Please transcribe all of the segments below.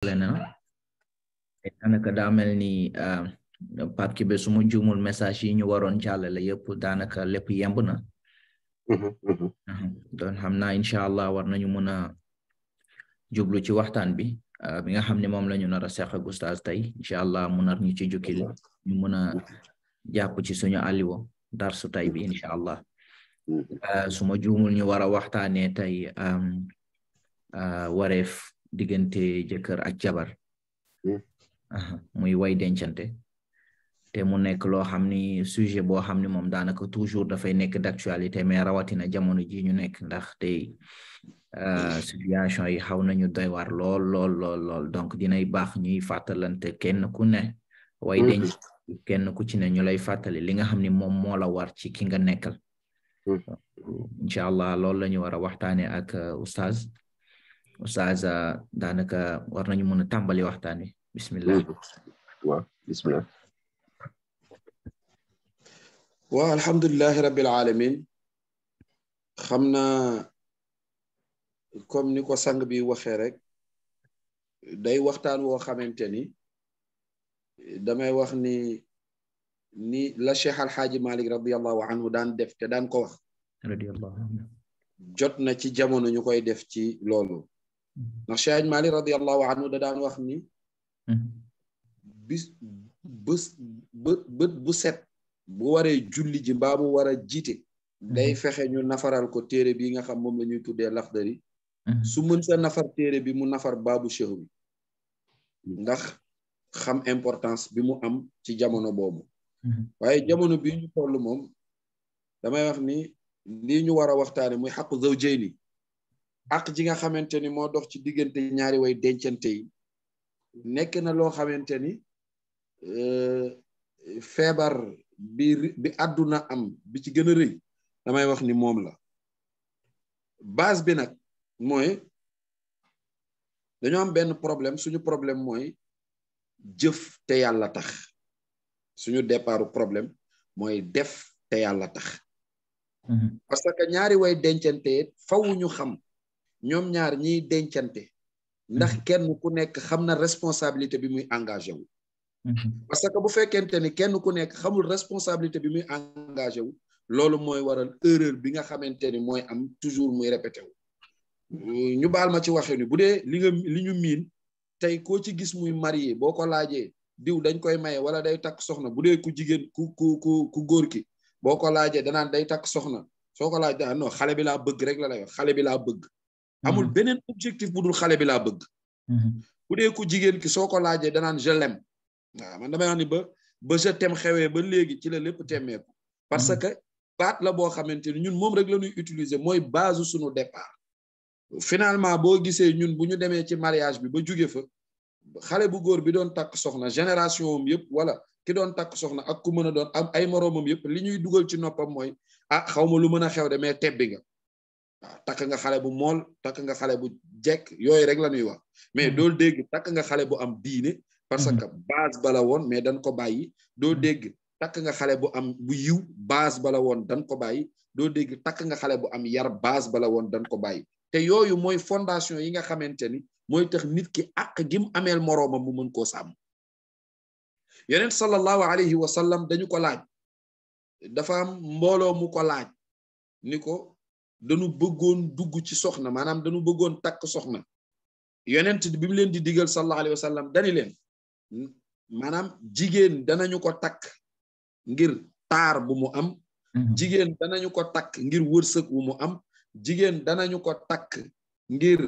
lena daanaka eh, daa mel ni ah, Pape Kebe suma ma message yi ñu waroon jàllale yëpp daanaka lépp yemb na mhm, mhm. ah, don xam naa incha allah war nañu mën a jublu ci waxtaan bi ah, bi nga xam ne moom la ñu nar a seq ak oustaz tey incha allah mu nar ñu ci jukkil mhm. ñu mën a jàpp ci suñu aliwo darsu tey bi incha allah su ma juumul ñu war a waxtaanee tey wareef diggante jëkkër ak jabar hmm. muy way dencante te mu nekk loo xam ni sujet boo xam ni moom daanaka toujours dafay nekk d'actualité mais rawatina jamono ji ñu nekk ndax tey euh, situation yi xaw nañu doy waar lool lool lool lool donc dinay baax ñuy fàttalante kenn ku ne way denc hmm. kenn ku ci ne ñu lay fàttali li nga xam ni moom moo la war ci ki nga nekkal hmm. incha allah loolu lañu ñu war a waxtaane ak euh, oustaz Oustaz daanaka war nañu mën a tàmbali waxtaan wi bismillah waaw hmm. bismillah waaw alhamdulilahi rabbil alamin xam na comme ni ko sang bi waxee rek day waxtaan woo xamante ni damay wax ni ni la cheikh alxaaji malik radiallahu anhu daan def te daan ko wax jot na ci jamono ñu koy def ci loolu Mhm. ndax Cheikh Mali radiyallahu anhu da daan wax ni mhm. bis bët bu set bu waree julli ji mbaa mu war a jiite mhm. day fexe ñu nafaral ko téere bi nga xam moom la ñuy tuddee laxdari su mën sa nafar téere bi mu nafar baabu cheikh bi ndax xam importance bi mu am ci jamono boobu waaye jamono bi toll moom damay wax ni lii ñu war a waxtaane muy xaqu zawjayni ak ji nga xamante ni moo dox ci diggante ñaari way dencante yi nekk na loo xamante ni euh, feebar bi bi àdduna am bi ci gën a rëy damay wax ni moom la base bi nag mooy dañoo am benn problème suñu problème mooy jëf te yàlla tax suñu départu problème mooy def te yàlla tax mm-hmm. parce ñaari way dencante faw ñu xam ñoom ñaar ñiy dencante ndax mhm. kenn ku nekk xam na responsabilité bi muy engagé wu mhm. parce que bu fekkente ni kenn ku nekk xamul responsabilité bi muy engagé wu loolu mooy waral erreur bi nga xamante ni mooy am toujours muy répété wu ñu baal ma ci waxee ni bu dee li li ñu miin tey koo ci gis muy marié boo ko laajee diw dañ koy maye wala day takk soxna bu dee ku jigéen ku ku ku ku góor ki boo ko laajee danaan day takk soxna soo ko laaj danaan non xale bi laa bëgg rek la lay xale bi laa bëgg amul mm-hmm. beneen objectif bu dul xale bi laa bëgg. Mm-hmm. bu dee ku jigéen ki soo ko laajee danaan je l'aime waaw man damay ni ba ba je t'aime xewee ba léegi ci la lépp temmeeku. parce mm-hmm. que baat la boo xamante ni ñun moom rek la ñuy utiliser mooy base sunu départ. finalement boo gisee ñun bu ñu demee ci mariage bi ba jóge fa xale bu góor bi doon takk soxna génération am yëpp wala ki doon takk soxna ak ku mën a doon am ay moroomam yëpp li ñuy dugal ci noppam mooy ah xaw ma lu mën a xew de mais tebbi waaw takk nga xale bu mool takk nga xale bu jekk yooyu rek la ñuy wax mais mhm. doo dégg takk nga xale bu am diine parce mhm. que base bala woon mais dañ ko bàyyi doo mhm. dégg takk nga xale bu am bu yiw base bala woon dañ ko bàyyi doo dégg takk nga xale bu am yar base bala woon dañ ko bàyyi te yooyu mooy fondation yi nga xamante ni mooy tex nit ki àq gi mu ameel moroomam mu mën koo sàmm yeneen sallallahu alayhi wa sallam dañu ko laaj dafa am mbooloo mu ko laaj ko dañu bëggoon dugg ci soxna maanaam dañu bëggoon takk soxna yonent bi mu leen di diggal sallallahu alayhi wa dani leen maanaam jigéen danañu ko takk ngir taar bumu am mhm. jigéen danañu ko takk ngir wërsëg wu mu am jigéen danañu ko takk ngir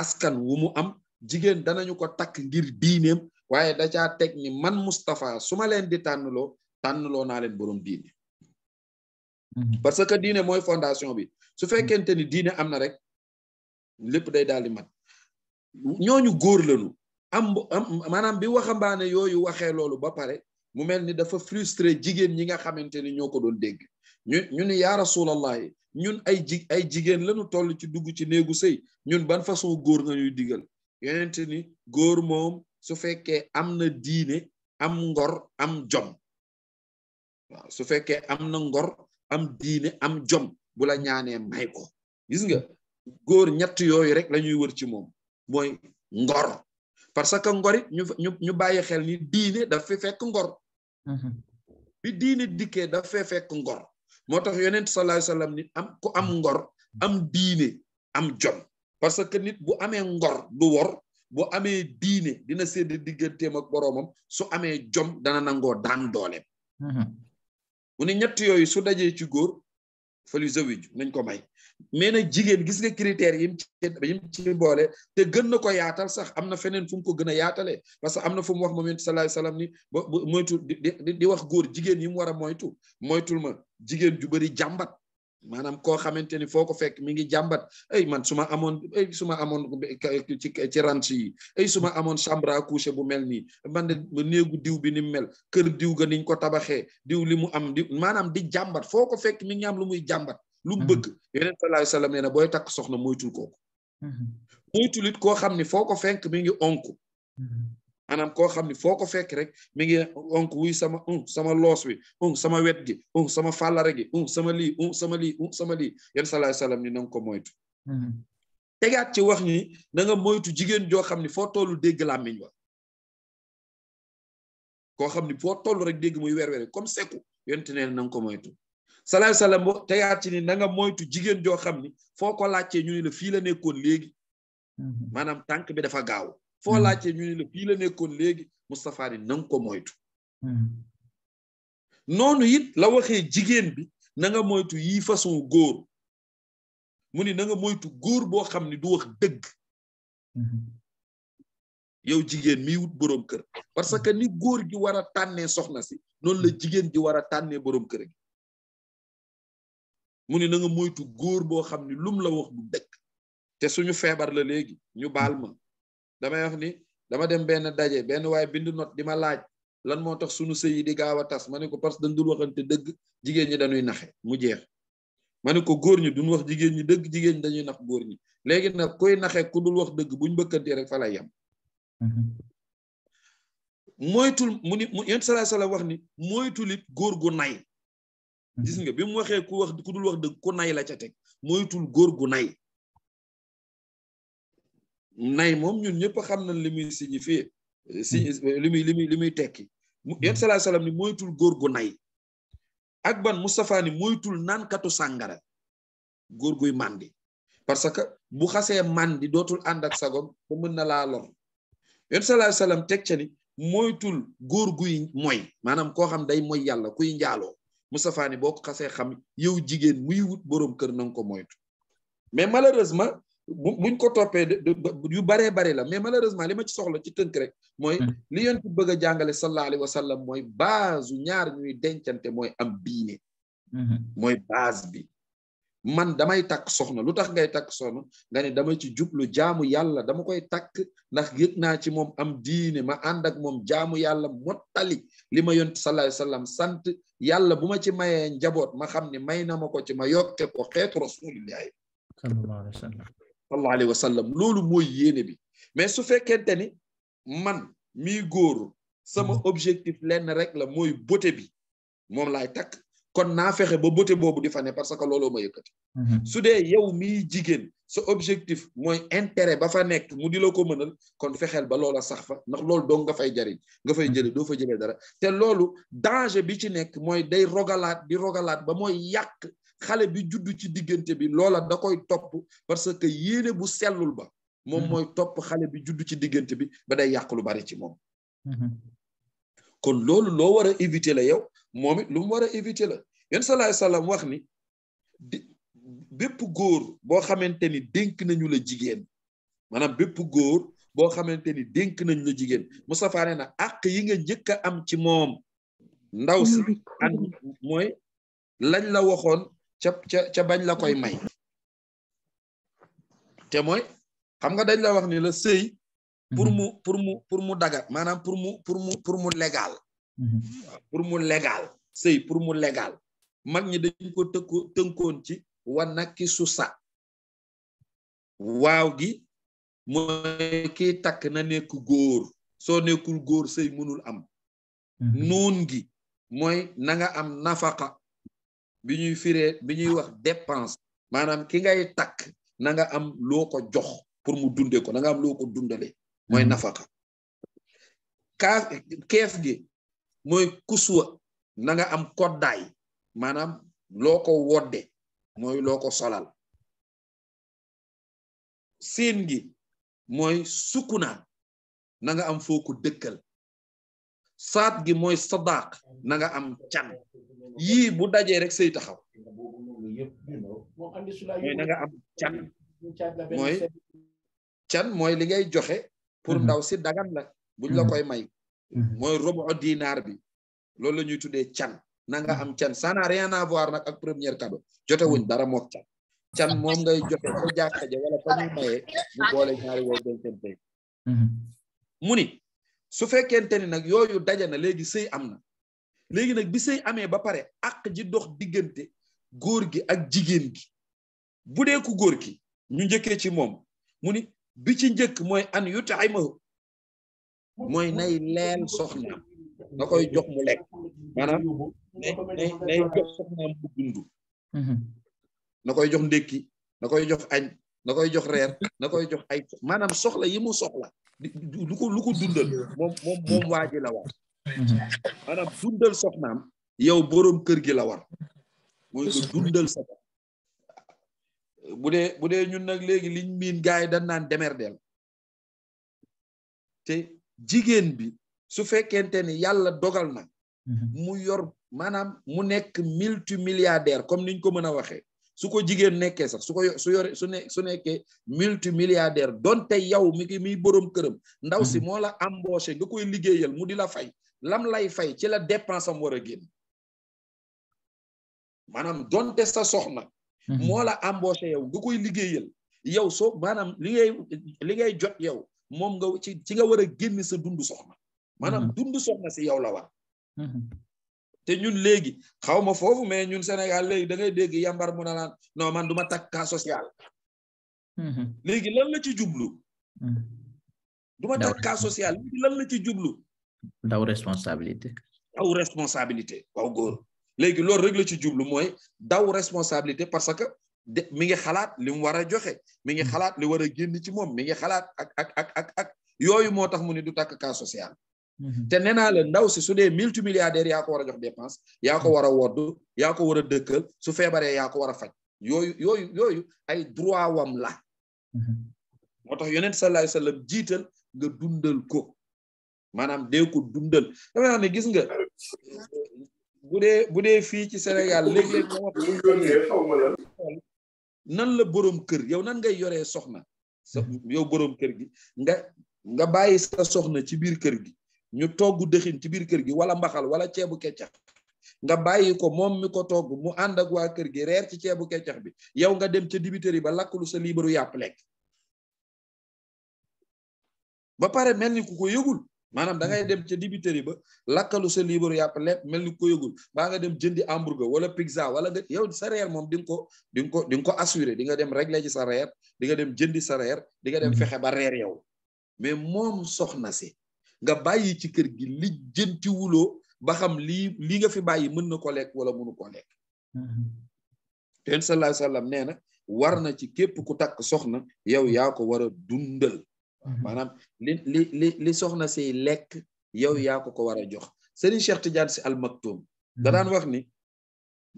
askan wu mu am jigéen danañu ko takk ngir diineem waaye da caa teg ni man Moustapha su ma leen di tànnloo tànnloo naa leen boroom diine mhm. parce que diine mooy fondation bi su fekkente ni diine am na rek lépp day daal di mat ñooñu góor lañu am maanaam bi waxambaane yooyu waxee loolu ba pare mu mel ni dafa frustré jigéen ñi nga xamante ni ñoo ko doon dégg ñu ñu ni yaa ñun ay ji ay jigéen lañu toll ci dugg ci néegu sëy ñun ban façon góor nga ñuy digal yonent ni góor moom su fekkee am na diine am ngor am jom su fekkee am na ngor am diine am jom bu la ñaanee may ko gis nga góor ñett yooyu rek lañuy wër ci moom mooy ngor parce que ngor ñu ñu bàyyi xel ni diine daf fi fekk ngor mhm. bi diine dikkee daf fe fekk ngor moo tax yonent sallallahu alayhi ni am ku am ngor am diine am jom parce que nit bu amee ngor du wor bu amee diine dina sédd digganteem ak boroomam su amee jom dana nangoo daan dooleem mhm. mu ne ñett yooyu su dajee ci góor fële zawiju nañ ko may mais nag jigéen gis nga critères yim ci yim ci boole te gën na ko yaatal sax am na feneen fu mu ko gën a yaatalee parce que am na fu mu wax moom yonent sallallahu alayhi wasallam ni bo moytu di di wax góor jigéen yi mu war a moytu moytul ma jigéen ju bëri jàmbat maanaam koo xamante ni foo ko fekk mi ngi jàmbat ay man su ma amoon ay su ma amoon ci ci ranch yi ay su ma amoon chambre à coucher bu mel nii man de néegu diw bi ni mu mel kër diw ga niñ ko tabaxee diw li mu am di maanaam di jàmbat foo ko fekk mi am lu muy jàmbat lu mu hmm. bëgg yeneen sallallahu alayhi wasallam nee na booy takk soxna moytul kooku hmm. moytul it koo xam ni foo ko fekk mi ngi onk hmm. maanaam koo xam ne foo ko fekk rek mi ngi onk wuy sama un sama loos wi un sama wet gi un sama fàllare gi sama li un sama lii sama lii yéen salaay salaam ni nanga ko moytu mm-hmm. tegaat ci wax ni na nga moytu jigéen joo xam ne foo tollu dégg làmmiñ wa koo xam ni foo toll rek dégg muy werwere comme seku yonte neen na ko moytu salaay salaam bo tegaat ci ni na nga moytu jigéen joo xam ni foo ko laajtee ñu ne la fii la nekkoon léegi mm-hmm. maanaam tànk bi dafa gaaw foo hmm. laajte ñu la fii la nekkoon léegi Moustapha ni nanga ko moytu hmm. noonu it la waxee jigéen bi nanga nga moytu yii façon góor mu ni na nga moytu góor boo xam ni du wax dëgg hmm. yow jigéen mi wut boroom kër parce que ni góor gi war a tànnee soxna si noonu la jigéen gi war a tànnee boroom kër gi mu ni na moytu góor boo xam ni lum la wax du dëgg te suñu feebar la léegi ñu baal ma damay wax ni dama dem benn daje benn waaye bindu not di ma laaj lan moo tax sunu sëy yi di gaaw a tas ma ne ko parce que dañ dul waxante dëgg jigéen ñi dañuy naxe mu jeex ma ne ko góor ñi duñ wax jigéen ñi dëgg jigéen ñi dañuy nax góor ñi léegi nag koy naxe ku dul wax dëgg buñ bëkkante rek fa lay yem mm-hmm. moytul mu ni wax ni moytul it góor gu nay mm-hmm. gis nga bi mu waxee ku ku dul wax dëgg ku nay la ca teg moytul góor gu nay nay moom ñun ñëpp xam nañ li muy signifier euh, si hmm. euh, li muy li muy li muy tekki yon salaa salaam ni moytul góor gu nay ak ban Moustapha ni moytul naankatu sàngara góor guy màndi parce que bu xasee màndi dootul ànd ak sagom ba mën na laa lor yon salaa salaam teg ca ni moytul góor guy moy maanaam koo xam day moy yàlla kuy njaaloo Moustapha ni boo xasee xam yow jigéen muy wut boroom kër nanga ko moytu mais malheureusement bu buñ ko toppee yu baree bare la mais malheureusement li ma ci soxla ci tënk rek mooy hmm. li yonent bëgg a jàngale sallallahu alayhi sallam mooy baas ñaar ñuy dencante mooy am biine hmm. mooy base bi man damay takk soxna lu tax ngay takk soxna nga ne dama ci jublu jaamu yàlla dama koy takk ndax yëg naa ci moom am diine ma ànd ak moom jaamu yàlla mottali li ma yonent sallallahu alayhi wa sant yàlla bu ma ci mayee njaboot ma xam ne may na ma ko ci ma yokke o xeetu rasulillahi sallallahu alayhi wa sallam loolu mooy yéene bi mais su fekkente ni man mi góor sama mhm. objectif lenn rek la mooy beauté bi moom laay takk kon naa fexe ba beauté boobu di fa ne parce que looloo ma yëkkati mhm. su dee yow mii jigéen sa objectif mooy intérêt ba fa nekk mu di la ko mënal kon fexeel ba loola sax fa ndax loolu doog nga fay jariñ nga fay jële mhm. doo fa jëlee dara ten loolu danger bi ci nekk mooy day rogalaat di rogalaat ba mooy yàq xale bi judd ci diggante bi loola da koy topp parce que yéene bu sellul ba moom mhm. mooy topp xale bi judd ci diggante bi ba day yàq lu bari ci moom mhm. kon loolu loo war a éviter la yow moom it lu war a éviter la yén salaay salaam wax ni di bépp góor boo xamante ni dénk nañu la jigéen maanaam bépp góor boo xamante ni dénk nañu la jigéen Moustapha nee na àq yi nga njëkk a am ci moom ndaw si an lañ la waxoon ca ca ca bañ la koy may te mooy xam nga dañ la wax ni la sëy pour mu pour mu pour mu dagat pour mu pour mu légal mm-hmm. pour mu légal sëy pour mu légal mag ñi dañ ko tënko tënkoon ci wanaki susa waaw gi mooy kii takk na nekk góor soo nekkul góor sëy mënul am mm-hmm. nuun gi mooy nanga am nafaqa bi ñuy firee bi ñuy wax dépense maanaam ki ngay takk na nga am loo ko jox pour mu dunde ko na am loo ko dundale mooy hmm. nafaka kaa keef gi mooy kusuwa na am koddaay maanaam loo ko wodde mooy ko solal siin gi mooy sukuna na nga am foo ko dëkkal saat gi mooy sadaq na am can yii bu dajee rek sëy taxaw mooy na nga am can mooy can mooy li ngay joxe pour mhm. ndaw si dagan la buñ la mhm. koy may mhm. mooy robo dinaar bi loolu la ñuy tuddee can na nga am can ça n'a rien à nag ak première cadeau jote wuñ dara mook can can moom ngay joxe ko jàkka ja wala fa mu boole ñaari way dencante mu ni su fekkente ni nag yooyu daje na léegi sëy am na léegi nag bi sëy amee ba pare àq ji dox diggante góor gi ak jigéen gi bu dee ku góor gi ñu njëkkee ci moom mu ni bi ci njëkk mooy an yut'imahu mooy nay leel soxnaam na koy jox mu lekk maanaam nay mhm. na koy jox ndékki na koy jox añ na koy jox reer na koy jox ay maanaam soxla yi mu soxla lu ko lu ko dundal moom moom moom la wax maanaam dundal soxnaam yow boroom kër gi la war mooy nga dundal sa bu dee bu dee ñun nag léegi liñ miin gars yi dañ naan demerdeel te jigéen bi su fekkente ni yàlla dogal na mu yor maanaam mu nekk multimilliardaire comme niñ ko mën a waxee su ko jigéen nekkee sax su ko su yore su ne donte yow mi ngi miy këram ndaw si moo la embauché nga koy liggéeyal mu di la fay lam lay fay ci la dépense am war a génn maanaam donte sa soxna. Mhm. moola la embauché yow nga koy liggéeyal yow soo maanaam li ngay li ngay jot yow moom nga ci ci nga war a génn sa dund soxna. maanaam mhm. dund soxna si yow la war. Mhm. te ñun léegi xaw ma foofu mais ñun Sénégal léegi da ngay dégg yambar mu ne laan non man duma ma takk cas social. léegi lan la ci jublu. duma ma takk cas social léegi lan la ci jublu. daw responsabilité. daw responsabilité waaw góor léegi loolu rek la ci jublu mooy daw responsabilité parce que de mi ngi xalaat li mu war a joxe mi ngi mm-hmm. xalaat li war a génn ci moom mi ngi xalaat ak ak ak ak ak yooyu moo tax mu ne du takk ka social. Mm-hmm. te nee naa la ndaw si su dee multimilliardaire yaa ko war a jox dépense yaa ko mm-hmm. war a wodd yaa ko war a dëkkal su feebaree yaa ko war a faj yooyu yooyu yooyu ay droit wam la. moo tax yonent sallallahu alayhi wasallam jiital nga dundal ko. maanaam dee ko dundal dafa naa ne gis nga bu dee bu fii ci Sénégal nan la boroom kër yow nan ngay yoree soxna sa yow boroom kër gi nga nga bàyyi sa soxna ci biir kër gi ñu togg dëxin ci biir kër gi wala mbaxal wala ceebu keccax nga bàyyi ko moom mi ko togg mu ànd ak waa kër gi reer ci ceebu keccax bi yow nga dem ca dibiteri ba lakkalu sa liibaru yàpp lekk ba pare mel ni ku ko yëgul maanaam da ngay dem ca dibiteri ba lakkalu se liibaru yàpp le mel ni ko yëgul baa nga dem jëndi hamburger wala pizza wala nga yow sa reer moom di nga ko di nga ko di nga ko di nga dem réglé ci sa reer di nga dem jëndi sa reer di nga dem mhm. fexe ba reer yow mais moom soxna si nga bàyyi ci kër gi li jënti wuloo ba xam lii lii nga fi bàyyi mën na ko lekk wala mënu ko lekk ten mhm. sallallahu wa sallam nee na war na ci képp ku takk soxna yow yaa ko war a dundal Mhm. maanaam li li li li soxna si lekk yow mhm. yaa ko ko war jox seeni Cheikh jan si almaktum mhm. da daan wax ni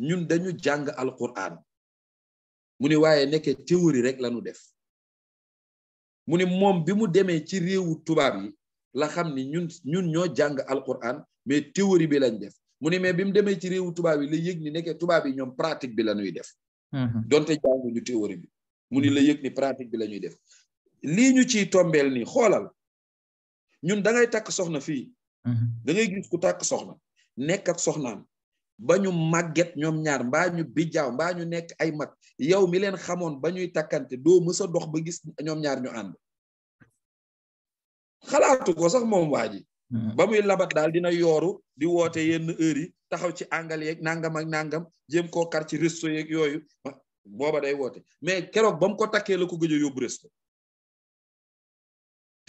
ñun dañu jàng alquran mu ni waaye nekkee théorie rek lañu def mu ni moom bi mu demee ci réewu tubaab yi la xam ni ñun ñun ñoo jàng alquran mais théorie bi lañ def mu ni mais bi mu demee ci réewu tubaab yi la yëg ni nekkee tubaab yi ñoom pratique bi la ñuy def donte jànguñu théorie bi mu ni la yëg ni pratique bi la ñuy def lii ñu ciy tombel ni xoolal ñun da ngay takk soxna fii mhm. da ngay gis ku takk soxna nekk ak soxnaam ba ñu màgget ñoom ñaar mbaa ñu bijjaaw mbaa ñu nekk ay mat yow mi leen xamoon ba ñuy takkante do mës dox ba gis ñoom ñaar ñu ànd xalaatu ko sax moom waa mhm. ba muy labat daal dina yooru di woote yenn heure yi taxaw ci angal yeeg nangam ak nangam jéem koo kar ci resto yeeg yooyu booba day woote mais keroog ba mu ko takkee la ko gëj a yóbbu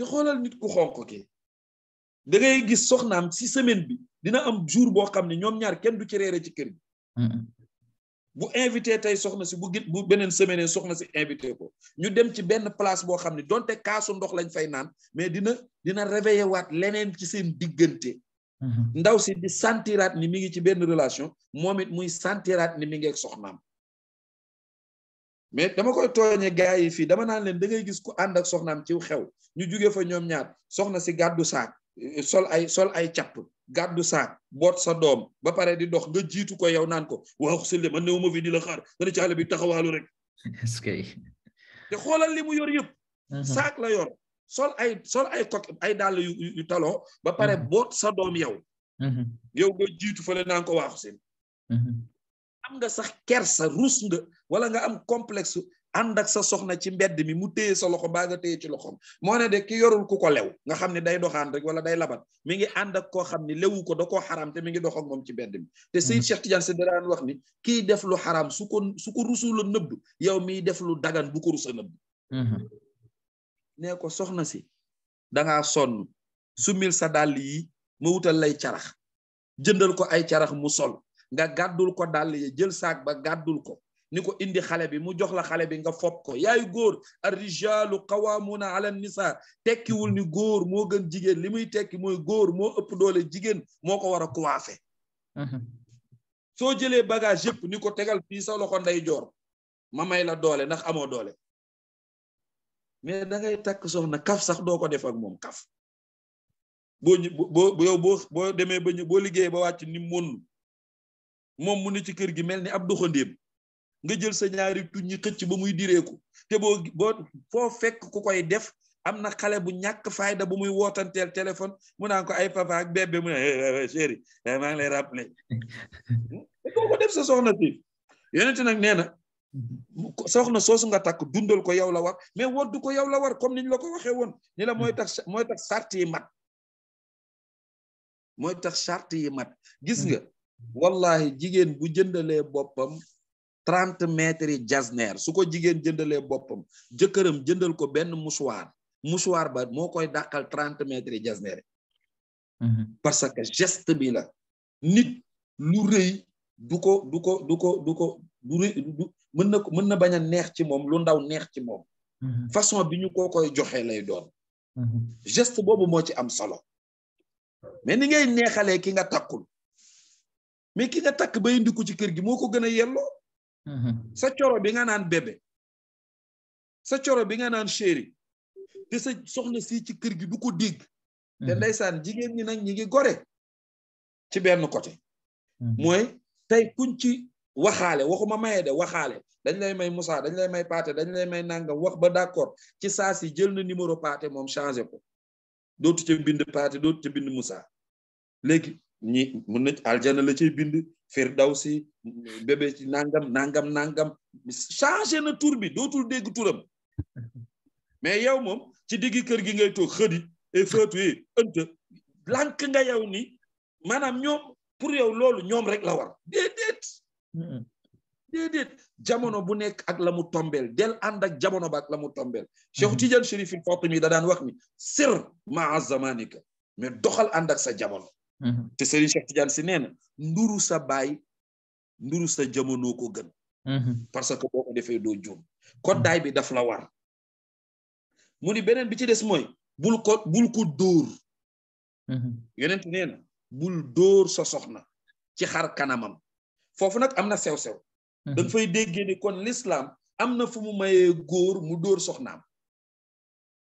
te xoolal nit ku xonq ki da ngay gis soxnaam si semaine bi dina am jour boo xam ne ñoom ñaar kenn du ci reere ci kër gi bu invité tey soxna si bu git bu beneen semaine soxna si invité ko ñu dem ci benn place boo xam ne donte kaasu ndox lañ fay naan mais dina dina réveillé leneen ci seen diggante mm-hmm. ndaw si di santiraat ni mi ngi ci benn relation moom it muy santiraat ni mi ngi soxnaam mais dama koy tooñe gars yi fii dama naan leen da ngay gis ku ànd ak soxnaam ci xew ñu jugee fa ñoom ñaar soxna si gàddu saak sol ay sol ay càpp gàddu saak boot sa doom ba pare di dox nga jiitu ko yow naan ko waaw sëlle man néew ma fi di la xar dana ci àll bi taxawaalu rek. te xoolal li mu yor yëpp. Uh-huh. saak la yor sol ay sol ay kok ay dàll yu yu talon ba pare uh-huh. boot sa doom yow. Uh-huh. yow nga jiitu fële naan ko waaxu si. am nga sax kersa ruus nga wala nga am complexe ànd ak sa soxna ci mbedd mi mu téye sa loxo baa nga téye ci loxoom moo ne de ki yorul ku ko lew nga xam ne day doxaan rek wala day labat mi ngi ànd ak koo xam ni lewu ko da koo te mi ngi dox ak moom ci mbedd mi te Seyd mm-hmm. Cheikh Tidiane Sy daan wax ni kiy def lu xaraam su ko su ko rusul nëbb yow miy def lu dagan bu ko rus a nëbb mm-hmm. ko soxna si dangaa sonn sumil sa dàll yi ma wutal lay carax jëndal ko ay carax mu sol nga gàddul ko dàll ya jël saak ba gàddul ko ni ko indi xale bi mu jox la xale bi nga fopp ko yaay góor arrijalu qawamuna ala nisa tekkiwul ni góor moo gën jigéen li muy tekki mooy góor moo ëpp doole jigéen moo ko war a coiffé soo jëlee bagage yëpp ni ko tegal fii sa loxo nday ma may la doole ndax amoo doole mais da ngay takk soxna kaf sax doo ko def moom kaf boo ñu boo yow boo boo demee ba ñu boo liggéeyee ba wàcc ni mun moom mu ne ci kër gi mel ni ab doxandéem nga jël sa ñaari tuñ ñi xëcc ba muy direeku te boo boo foo fekk ku koy def am na xale bu ñàkk fayda bu muy wootanteel téléphone mu naan ko ay papa ak bébé mu ne eh, eh, eh, chéri maa ngi lay rappelé koo ko def sa soxna si yonent nag nee na soxna soosu nga takk dundal ko yow la war mais woddu ko yow la war comme niñ la ko waxee woon ni la mooy tax mooy tax charte yi tax charte yi mat gis nga wallahi jigéen bu jëndalee boppam trente mètres yi jasneer su ko jigéen jëndalee boppam jëkkëram jëndal ko benn mouchoir mouchoir ba moo koy dàqal trente mètres yi mhm. parce que geste bi la nit lu rëy du ko du ko du ko du ko du mën na bañ a neex ci moom lu ndaw neex ci moom mhm. façon bi ñu ko koy joxee lay doon mhm. geste boobu moo ci am solo mais ni ngay neexalee ki nga takkul mais ki nga takk ba indi ko ci kër gi moo ko gën a yelloo. Mhm. sa coro bi nga naan bébé sa coro bi nga naan chéri te sa soxna si ci kër gi du ko dégg. te mhm. ndeysaan jigéen ñi nag ñi ngi gore ci benn côté. Mhm. mooy tey kuñ ci waxaale waxuma maye de waxaale dañ lay may Moussa dañ lay may Paate dañ lay may nangam wax ba d'accord ci saa si jël na numéro Paate moom changé ko dootu ci bind Paate dootu ca bind Moussa léegi. ñi mën nañ aljana la cay bind firdawsi bébé ci nangam nangam nangam changé na tur bi dootul dégg turam mais yow moom ci diggi kër gi ngay toog xëdi et feetu yi eh, ënt lànk nga yow ni maanaam ñoom pour yow loolu ñoom rek la war déedéet déedéet jamono bu nekk ak la mu tombeel del ànd ak jamono ba ak la mu tombeel Cheikh ci mm-hmm. Chérif il Fatimi da daan wax ni sir maa zamanika mais doxal ànd ak sa jamono Mm-hmm. te Serigne Cheikh Tidiane si nee na nduru sa baay nduru sa jamono ko gën. Mm-hmm. parce que boo ko defee doo juum. koddaay mm-hmm. bi daf la war. mu ni beneen bi ci des mooy bul ko bul ko dóor. yeneen nee na bul dóor sa soxna ci xar kanamam foofu nag am na sew-sew. da nga fay kon l'islam am na fu mu mayee góor mu dóor soxnaam.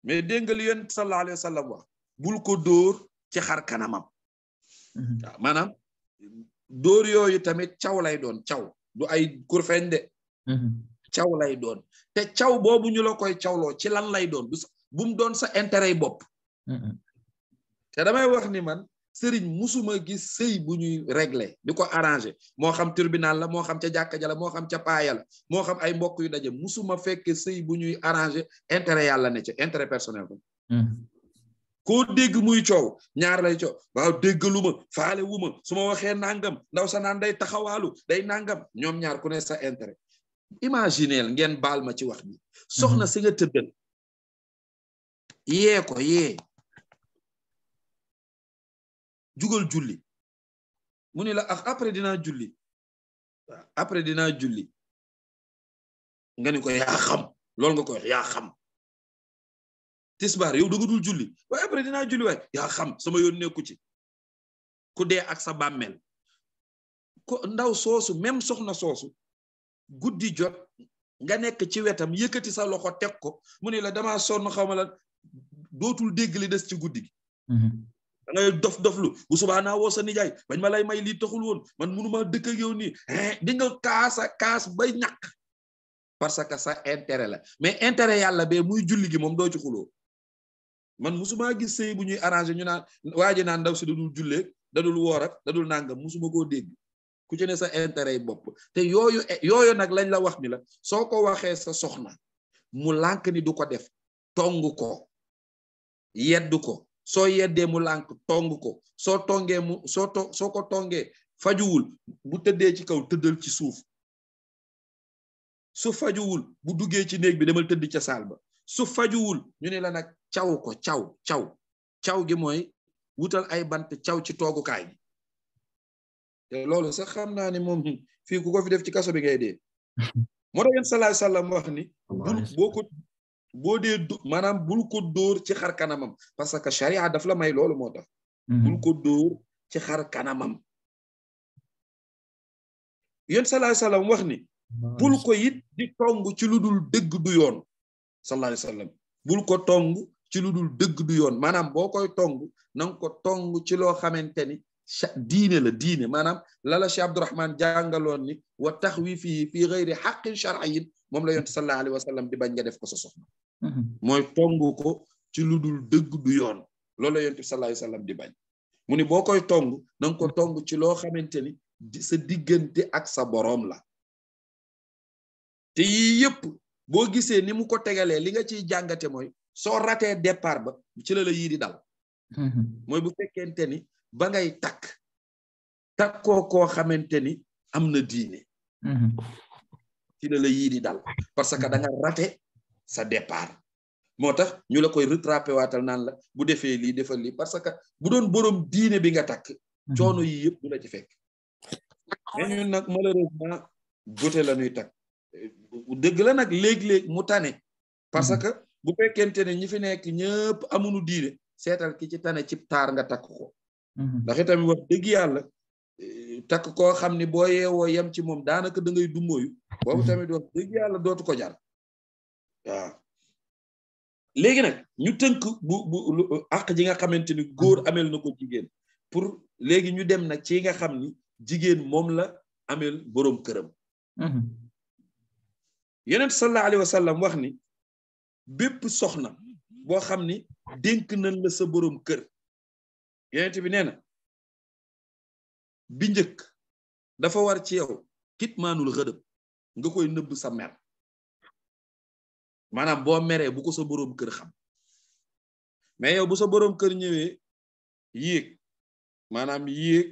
mais dégg nga li yonent bul ko dóor ci xar kanamam. waaw mhm. ah, maanaam dóor yooyu tamit caw lay doon caw du ay kurfeñ de mhm. caw lay doon te caw boobu ñu la koy cawloo ci lan lay doon bu mu doon sa intérêt yi bopp mhm. te damay wax ni man sëriñ musuma gis sëy bu ñuy régler di ko arranger moo xam tribunal la moo xam ca jàkka ja la moo xam ca paaya moo xam ay mbokk yu daje musuma fekke sëy bu ñuy arranger intérêt yàlla ne ca intérêt personnel ba koo dégg muy coow ñaar lay coow waaw déggalu ma faale wu ma su waxee nangam ndaw sa naan day taxawaalu day nangam ñoom ñaar ku ne sa intérêt imagineel ngeen baal ma ci wax bi soxna mhm. si nga tëddal yee ko yee jugal julli mu la ak ah, après dinaa julli après dinaa julli nga nga ko wax tisbaar yow da nga dul julli waaye après dinaa julli waay yaa xam sama yoon nekku ci ku dee ak sa bàmmeel ko ndaw soosu même soxna soosu guddi jot nga nekk ci wetam yëkkati sa loxo teg ko mu ne la damaa sonn xaw ma la dootul dégg des ci guddi gi mhm. da ngay dof doflu bu subaa naa woo sa nijaay bañ ma lay may lii taxul woon man mënuma dëkk ak yow nii eh, di nga kaasa kaas bay ñàkk parce que sa intérêt la mais intérêt yàlla be muy julli gi moom doo ci man musuma gis sëy bu ñuy arrangé ñu naan waa ji ndaw si dadul julleeg dadul woor ak dadul nangam musuma koo dégg ku ci sa intérêt yi bopp te yooyu nag lañ la wax ni la soo ko waxee sa soxna mu lànk ni du ko def tong ko yeddu ko soo yeddee mu lànk tong ko soo tongee mu soo to soo ko tongee fajuwul bu tëddee ci kaw tëddal ci suuf su fajuwul bu duggee ci néeg bi demal tëdd ca saal ba su fajuwul ñu ne la nag caw ko caw caw caw gi mooy wutal ay bant caw ci toogukaay gi te loolu sax xam naa ne moom fii ku ko fi def ci kaso bi ngay dee moo tax yéen salaay sallam wax ni bul boo ko boo dee du maanaam bul ko dóor ci xar kanamam parce que charia daf la may loolu moo tax mhm. ko dóor ci xar kanamam yéen salaay sallam ni bul ko it di tong ci lu dul dëgg du yoon sallallahu wa sallam bul ko tong ci lu dul dëgg du yoon maanaam boo koy tong na ko tong ci loo xamante ni diine la diine maanaam lala Cheikh Abdourahman jàngaloon ni wa taxwiifihi fii gayri xaqin shar'iyyin moom la yonent sallallahu alayhi wa sallam bañ nga def ko sa soxna mhm. mooy tong ko ci lu dul dëgg du yoon loolu la di bañ mu ni boo koy tong na ko tong ci loo xamante ni sa diggante ak sa boroom la te yii yëpp boo gisee ni mu ko tegalee li nga ciy jàngate mooy soo ratee départ ba ci lala la yii di dal mm-hmm. mooy bu fekkente ni ba ngay takk takkoo koo xamante ni am na diine mm-hmm. ci la la yii di dal parce que da nga rate sa départ moo tax ñu la koy rattrapé waatal naan la bu defee lii defal lii parce que bu doon boroom diine bi nga takk mm-hmm. coono yii yëpp du la ci fekk mais ñun nag malheureusement gote la ñuy takk dëgg la nag léeg-léeg mu tane parce mm. que bu fekkente ne ñi fi nekk ñëpp amuñu diine seetal ki ci tane ci taar nga takk ko mm-hmm. ndax itamit wax dëgg yàlla eh, takk koo xam ni boo yeewoo yem ci moom daanaka da ngay dummóoyu boobu mm-hmm. tamit wax dëgg yàlla dootu ko jar waaw léegi nag ñu tënk bu bu àq ji nga xamante ni góor mm-hmm. ameel na ko jigéen pour léegi ñu dem nag ci nga xam ni jigéen moom la ameel boroom këram yeneen sallallahu alayhi wa sallam wax ni bépp soxna boo xam ni dénk nañ la sa boroom kër yonent bi nee bi njëkk dafa war ci yow kitmaanul xëdëm nga koy nëbb sa mer maanaam bo meree bu ko sa boroom kër xam mais yow bu sa boroom kër ñëwee yéeg maanaam yéeg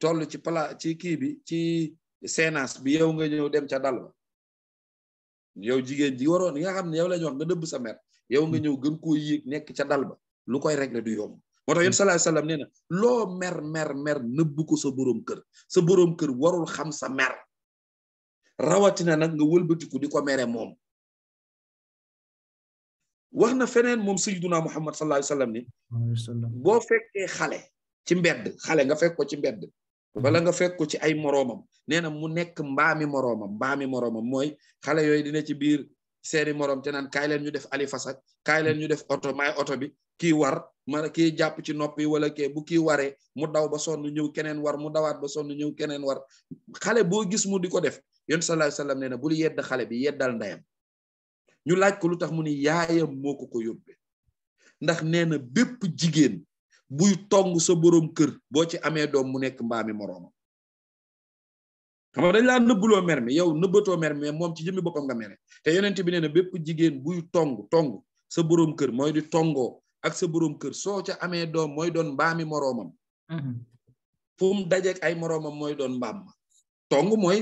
toll ci pala ci kii bi ci séenance bi yew nga ñëw dem ca dal yow jigéen ji waroon nga xam ne yow la ñu nga dëbb sa mer yow nga hmm. ñëw gën koo yéeg nekk ca dal ba lu koy régler du yomb moo tax yéen sallallahu alayhi wasallam nee loo mer mer mer nëbb ko sa boroom kër sa boroom kër warul xam sa mer rawatina nag nga wëlbatiku di ko mere moom wax na feneen moom sayyiduna Muhammad sallallahu alayhi wasallam ni boo fekkee xale ci mbedd xale nga fekk ci mbedd wala mhm. nga fekk ko ci ay moroomam nee na mu nekk mbaami moroomam mbaami moroomam mooy xale yooyu dina ci biir seeni moroom te naan kaay leen ñu def ali fasak kaay leen ñu def oto maay oto bi kii war ma kii jàpp ci noppi wala kii bu kii waree mu daw ba sonn ñëw keneen war mu dawaat ba sonn ñëw keneen war xale boo gis mu di ko def yonent sallallahu alayhi wasallam nee na bul yedd xale bi yeddal ndeyam ñu laaj ko lu tax mu ni yaayam moo ko ko ndax nee na bépp jigéen buy tong sa boroom kër boo ci amee doom mu nekk mbaami moroomam xam nga dañ laa nëbbuloo mer mi yow nëbbatoo mais moom ci jëmmi boppam nga mere te yonent bi nee na bépp jigéen buy tong tong sa boroom kër mooy di tongoo ak sa boroom kër soo ca amee doom mooy doon mbaami moroomam mhm. fu mu dajeek ay moroomam mooy doon mbam tong mooy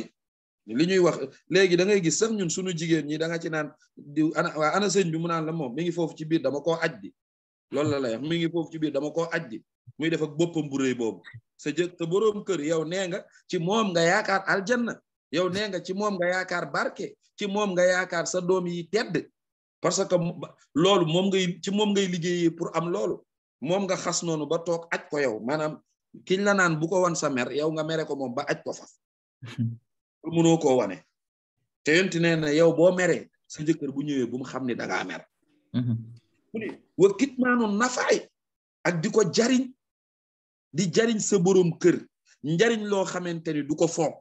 li ñuy wax léegi da ngay gis sax ñun suñu jigéen ñi da nga ci naan di ana waa ana bi mu naan la moom mi ngi foofu ci biir dama ko aj di loolu la lay mi ngi foofu ci biir dama ko ajji muy def ak boppam bu rëy boobu sa jëkk sa boroom kër yow nee nga ci moom nga yaakaar aljanna yow nga ci moom nga yaakaar barke ci moom nga yaakaar sa doom yi tedd parce que loolu moom ngay ci moom ngay liggéeyee pour am loolu moom nga xas noonu ba toog aj ko yow maanaam kiñ la naan bu ko wan sa mer yow nga mere ko moom ba aj ko fa mënoo koo wane te yonti nee na yow boo mere sa jëkkër bu ñëwee bu mu xam ne dangaa mer ne wa kitmaanu nafaay ak di ko jariñ di jariñ sa boroom kër njariñ loo xamante ni du ko fonk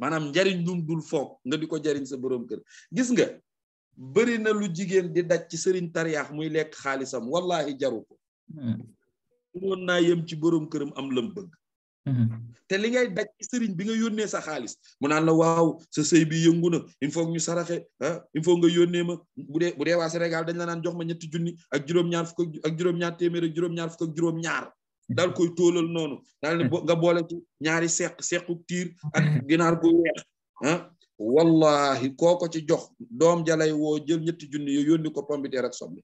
maanaam njariñ lum dul fonk nga di ko jariñ sa boroom kër gis nga bari na lu jigéen di daj ci sëriñ tariyaax muy lekk xaalisam wallahi jaru ko hmm. mënoon naa ci boroom këram am lam Mhm. te li ngay daj sëriñ bi nga yónnee sa xaalis mu naan la waaw sa sëy bi yëngu na il faut ñu saraxe ah il faut nga yónnee ma bu dee bu dee waa Sénégal dañ la naan jox ma ñetti junni ak juróom-ñaar fukk ak juróom-ñaar téeméer ak juróom-ñaar fukk ak juróom koy tóolal noonu daal ne nga boole ci ñaari seq sequ tiir ak ginaar gu weex ah wallahi koo ko ci jox doom jalay woo jël ñetti junni yo yónni ko pombiteer ak soble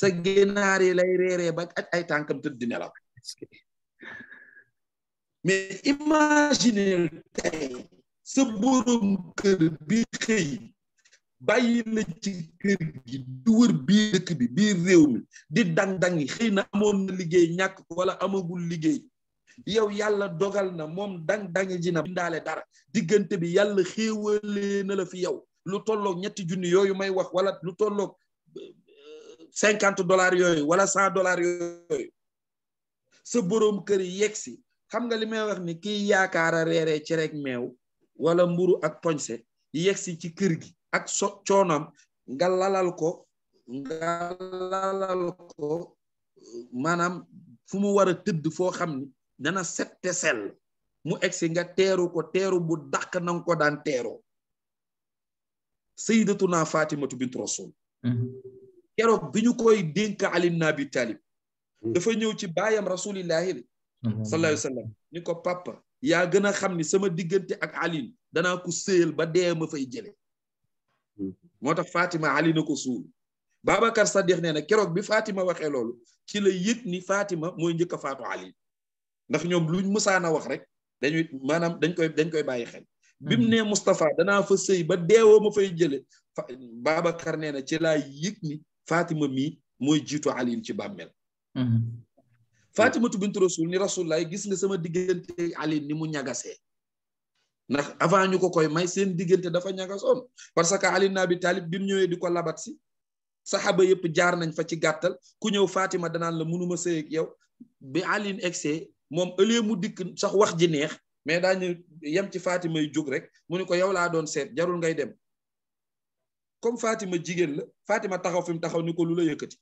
sa ginaar yi lay reeree ba aj ay tànkam tëdd di nelaw mais imaginez tey sa borom kër bi xëy bàyyi la ci kër gi di wër biir dëkk bi biir réew mi di dang-dang yi xëy na amoon na liggéey ñàkk wala amagul liggéey yow yàlla dogal na moom dang-dang ji na bindaale dara diggante bi yàlla xéewalee la fi yow lu tolloog ñetti junni yooyu may wax wala lu tolloog euh, cinquante dollars yooyu wala cent dollars yooyu sa borom kër yegsi xam nga li ni kiy yaakaar a ci rek meew wala mburu ak poñse yegsi ci kër gi ak so coonam nga lalal ko nga lalal ko maanaam fu mu war a tëdd foo xam ni dana sette sell mu egsi nga teeru ko teeru bu daq nanga ko daan na sayyidatuna fatimatu bint rasul mhm. keroog bi ñu koy dénk ali na bi mhm. dafa ñëw ci baayam rasulillahi sallallahu alayhi wa sallam ni ko papa yaa gën a xam ni sama diggante ak alin danaa ko séyal ba dee ma fay jële hmm. moo tax Fatima Ali na ko suul Babacar Saddiq nee na keroog bi Fatima waxee loolu ci la yëg ni Fatima mooy njëkk faato alin ndax ñoom luñ musaan a wax rek dañuy maanaam dañ koy dañ koy bàyyi xel bi mu hmm. nee Moustapha danaa fa sëy ba deewoo ma fay jële Babacar nee na ci laa yëg ni Fatima mii mooy jiitu Ali ci bàmmeel hmm. Fatimatu bintu rasul ni rasulullaay gis nga sama diggante Ali ni mu ñagasee ndax avant ñu ko koy may seen diggante dafa ñagasoon parce que Ali ibn Abi Talib bi mu ñëwee di ko labat si aba yëpp jaar nañ fa ci gàttal ku ñëw Fatima danaan la mënuma sëy ak yow bi Ali egsee moom ëllëg mu dikk sax wax ji neex mais daañu yem ci Fatima yu jóg rek mu ne ko yow laa doon seet jarul ngay dem comme Fatima jigéen la Fatima taxaw fi mu taxaw ni ko lu la yëkkati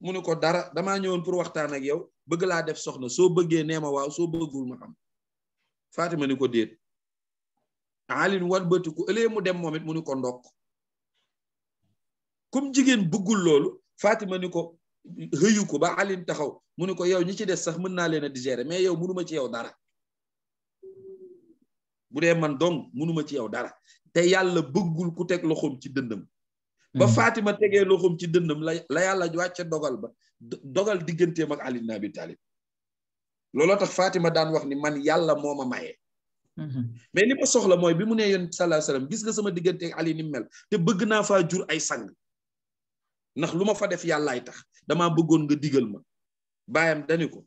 mu ne ko dara damaa ñëwoon pour waxtaan ak yow bëgg laa def soxna soo bëggee nee ma waaw soo bëggul am xam Fatima ni ko déet alin wan bëti ku ëlee mu dem moom it mu ni ko ndokk comme jigéen bëggul loolu Fatima ni ko xëyu ko ba alin taxaw mu ni ko yow ñi ci des sax mën naa leen a digérer mais yow mënuma ci yow dara bu dee man dong mënuma ci yow dara te yàlla bëggul ku teg loxoom ci dëndam ba hmm. Fatima tegee loxoom ci dënnam la la yàlla wàcce dogal ba dogal digganteem ak Ali ibn Abi Talib looloo tax Fatima daan wax ni man yàlla moo ma maye. Hmm. mais li soxla mooy bi mu nee yoon sallallahu alayhi wasallam gis nga sama diggante ak Ali ni mel te bëgg naa fa jur ay sang ndax lu ma fa def yàllaay tax damaa bëggoon nga diggal ma baayam dani ko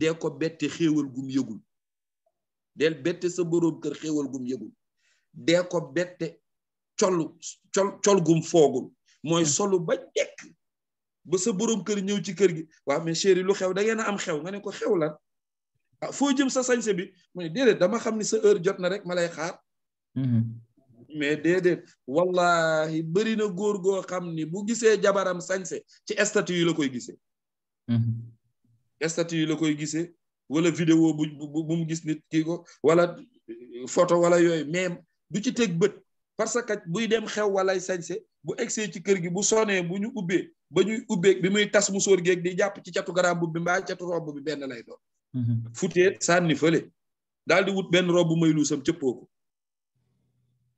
dee ko xéewal gum yëgul del bette sa boroom kër xéewal gum yëgul colu col col gum foogul mooy hmm. solu ba jekk ba sa boroom kër ñëw ci kër gi waaw mais chéri lu xew da ngeen a am xew nga ne ko xew lan ah, foo jëm sa sañse bi mu ne dama xam ni sa heure jot na rek ma lay xaar hmm. mais déedéet wallahi bëri na góor goo xam ni bu gisee jabaram sañse ci statut yi la koy gisee hmm. statut yi la koy gise wala vidéo bu bu mu gis nit kii wala photo wala yooyu mais bu ci teg bët parce que buy dem xew walay sañse bu egsee ci kër gi bu sonee bu ñu ubbee ba ñuy ubbee bi muy tas musóor géeg di jàpp ci catu garaam bi mbaa catu robb bi benn lay doon mhm. fute sànni fële daal di wut benn robb may luusam cëppoo ko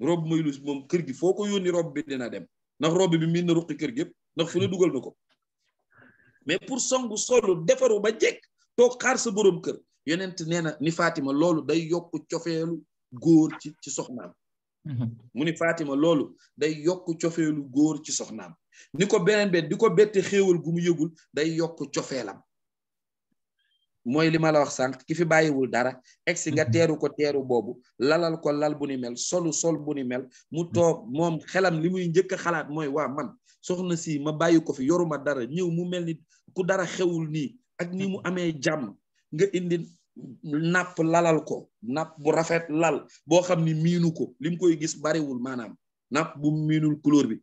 robb may moom kër gi foo ko yónni robb bi dina dem ndax robb bi miin na ruqi kër gépp ndax fu ne dugal na ko mais pour songu solu defaru ba jekk toog xaar sa boroom kër yonent nee na ni Fatima loolu day yokk cofeelu góor ci ci soxnaam Mhm. mu ni Fatima loolu day yokk cofelu góor ci soxnaam ni ko beneen bet di ko bette xéewal gu yëgul day yokku cofeelam mooy li ma la wax sànq ki fi bàyyiwul dara egsi nga mhm. teeru ko teeru boobu lalal ko lal bu ni mel solu sol bu mel mu mhm. toog moom xelam li muy njëkk a xalaat mooy waa man soxna si ma bàyyi ko fi yoruma dara ñëw mu mel ni ku dara xewul nii ak ni mu amee jàmm nga indi napp lalal ko napp bu rafet lal boo xam ni miinu ko lim koy gis bariwul maanaam napp bu miinul couleur bi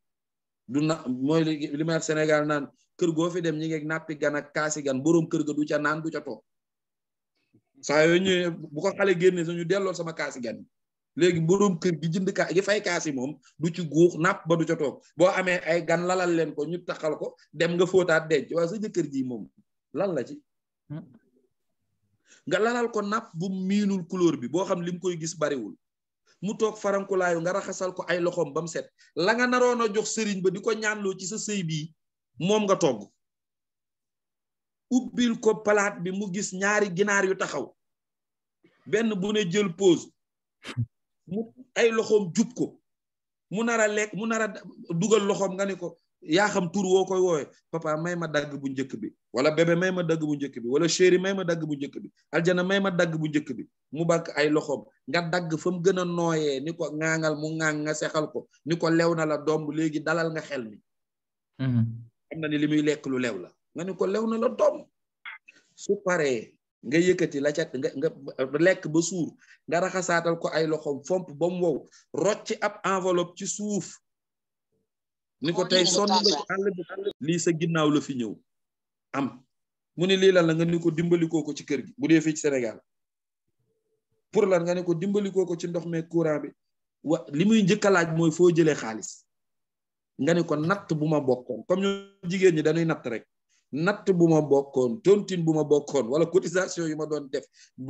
du na mooy li ma Sénégal naan kër goo fi dem ñi ngeeg nappi gan kaasi gan boroom kër ga du ca naan du ca toog saa yoo ñëwee bu ko xale génne sañu delloo sama kaasi gan léegi boroom kër gi jënd ka gi fay kaasi moom du ci guux napp ba du ca toog boo amee ay gan lalal leen ko ñu taxal ko dem nga fóotaat denc waaw sa jëkkër ji moom lan la ci hmm. nga lalal ko napp bu miinul couleur bi boo xam lim koy gis bariwul mu toog farankulaayu nga raxasal ko ay loxoom ba set la nga naroon a jox sëriñ ba di ko ñaanloo ci sa sëy bii moom nga togg ubbil ko palaat bi mu gis ñaari ginaar yu taxaw benn bu ne jël pause mu ay loxoom jub ko mu nar a mu nar dugal loxoom nga ne ko yaa xam tur woo koy woowee papa may ma dagg bu njëkk bi wala bébé may ma dagg bu njëkk bi wala chéri may ma dagg bu njëkk bi aljana may ma dagg bu njëkk bi mu bakk ay loxoom nga dagg fa mu gën a nooyee ni ko ŋaangal mu ŋaang nga sexal ko ni ko lew na la doom léegi dalal nga xel mi mm-hmm. xam na ni li muy lekk lu lew la nga ni ko lew na la doom su paree nga yëkkati la ca nga nga ba suur nga raxasaatal ko ay loxoom fomp ba mu wow rocci ab enveloppe ci suuf ni ko tey son nga àll lii sa ginnaaw la fi ñëw am mu ne lii lan la nga ni ko dimbalikoo ko ci kër gi bu dee fii ci Sénégal pour lan nga ne ko dimbalikoo ko ci ndox meeg courant bi wa li muy njëkk a laaj mooy foo jëlee xaalis nga ne ko natt bu ma bokkoon comme ñoo jigéen ñi dañuy natt rek natt bu ma bokkoon tontine bu ma bokkoon wala cotisation yu ma doon def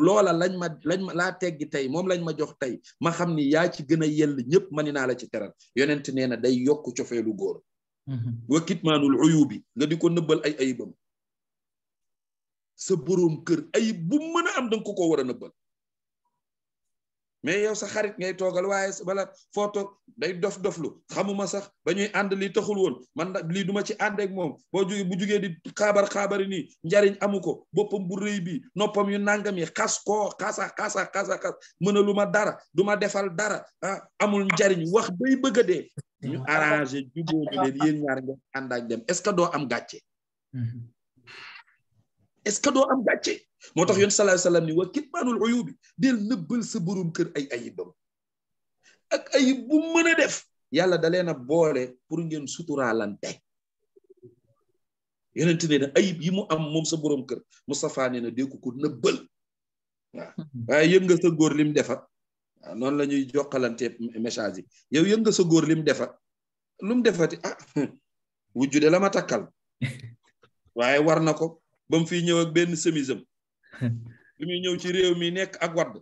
loola lañ ma lañ ma laa teggi tey moom lañ ma jox tey ma xam ni yaa ci gën a yell ñëpp mani naa la ci teral yonent nee na day yokk cofeelu góor mm-hmm. wa kitmaanul uyubi nga di ko nëbbal ay ayibam sa boroom kër ayib bum mën a am danga ko ko war a nëbbal mais yow sa xarit ngay toogal waaye bala foo toog day dof-doflu xamuma sax ba ñuy ànd lii taxul woon man lii duma ci ànd ak moom boo jugee bu jugee di xaabar xaabari nii njariñ amu ko boppam bu rëy bi noppam yu nangam yi xas ko xasa xasa xasa xas mënalu ma dara du ma defal dara a ah, amul njariñ wax bay bëgg a dee. ñu arrangé jubóobu leen ñaar nga ànd doo am gàcce. Mm-hmm. est-ce que doo am gàcce moo tax yoon sallallahu alayhi wasallam ni wa kitmaanul uyubi na nëbbal sa borom kër ay ayibam ak ayib bu mën def yàlla da leen a boole pour ngeen suturaalante yonent ne na ayib yi mu am moom sa borom kër Moustapha ne na dégg ko nëbbal waaw waaye yëg nga sa góor lim defa waaw noonu la ñuy jokkalante message yi yow yëg nga sa góor lim defa lu mu defati ah wujju la ma takkal waaye war ba mu fiy benn semisam bi muy ñëw ci réew mi nekk ak wadd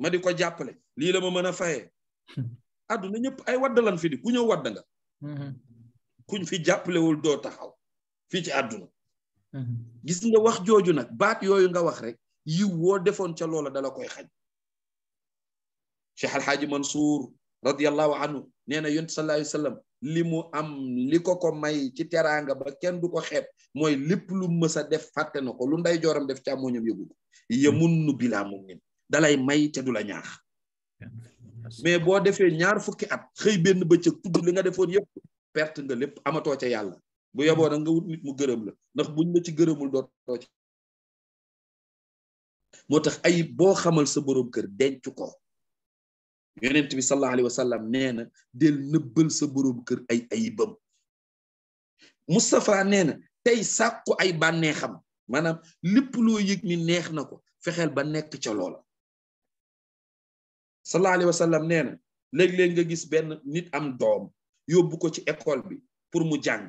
ma di ko jàppale lii la ma mën a fayee àdduna ñëpp ay wadd lan fi di ku ñëw wadd nga mm-hmm. kuñ fi jàppalewul doo taxaw fii ci àdduna mm-hmm. gis nga wax jooju nag baat yooyu nga wax rek yiw woo defoon ca loola dala koy xañ Cheikh Alxaaji Mansour radiyallahu anhu nee na yont sallallahu alayhi li mu am li ko ko may ci teraanga ba kenn du ko xep mooy lépp lu mës a def fàtte na lu nday jooram def càmmoñam yëgu ko yemun nu bilaa mu nin dalay may te du la ñaax mais boo defee ñaar fukki at xëy benn bëccëg tudd li nga defoon yëpp perte nga lépp amatoo ca yàlla bu yoboo a nga wut nit mu gërëm la ndax buñ ma ci gërëmul dootoo ci moo tax ayib boo xamal sa boroom kër denc ko yonent bi sallallahu alayhi wa sallam nee na del nëbbal sa boroom kër ay ayibam Moustapha nee tey sàkku ay bànneexam maanaam lépp loo yëg ni neex na ko fexeel ba nekk ca loola sallallahu alayhi wa sallam nee na nga gis benn nit am doom yóbbu ko ci école bi pour mu jàng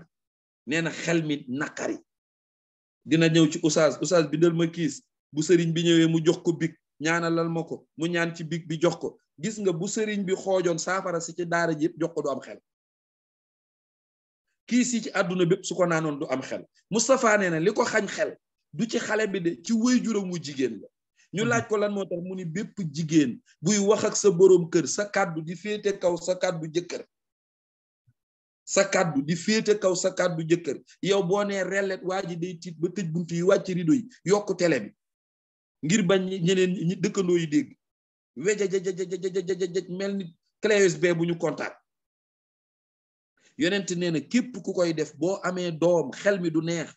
nee na xel mi naqari dina ñëw ci oustaz oustaz bi del ma kiis bu sëriñ bi ñëwee mu jox ko big ñaanalal ma ko mu ñaan ci big bi jox ko gis nga bu sëriñ bi xoojoon saafara si ci daara ji jox ko du am xel kii si ci àdduna bépp su ko naanoon du am xel Moustapha nee na li ko xañ xel du ci xale bi de ci wéy juróom wu jigéen la ñu mhm. laaj ko lan moo tax mu ni bépp jigéen buy wax ak sa boroom kër sa kàddu di féete kaw sa kàddu jëkkër sa kàddu di féete kaw sa kàddu jëkkër yow boo nee rellet waa ji day tiit ba tëj bunt yi wàcc rido yi yokk télé bi ngir bañ ñeneen ñi dëkkandoo yi dégg wejajajajajajajaj mel ni clé USB bu ñu contact yonent nee na képp ku koy def boo amee doom xel mi du neex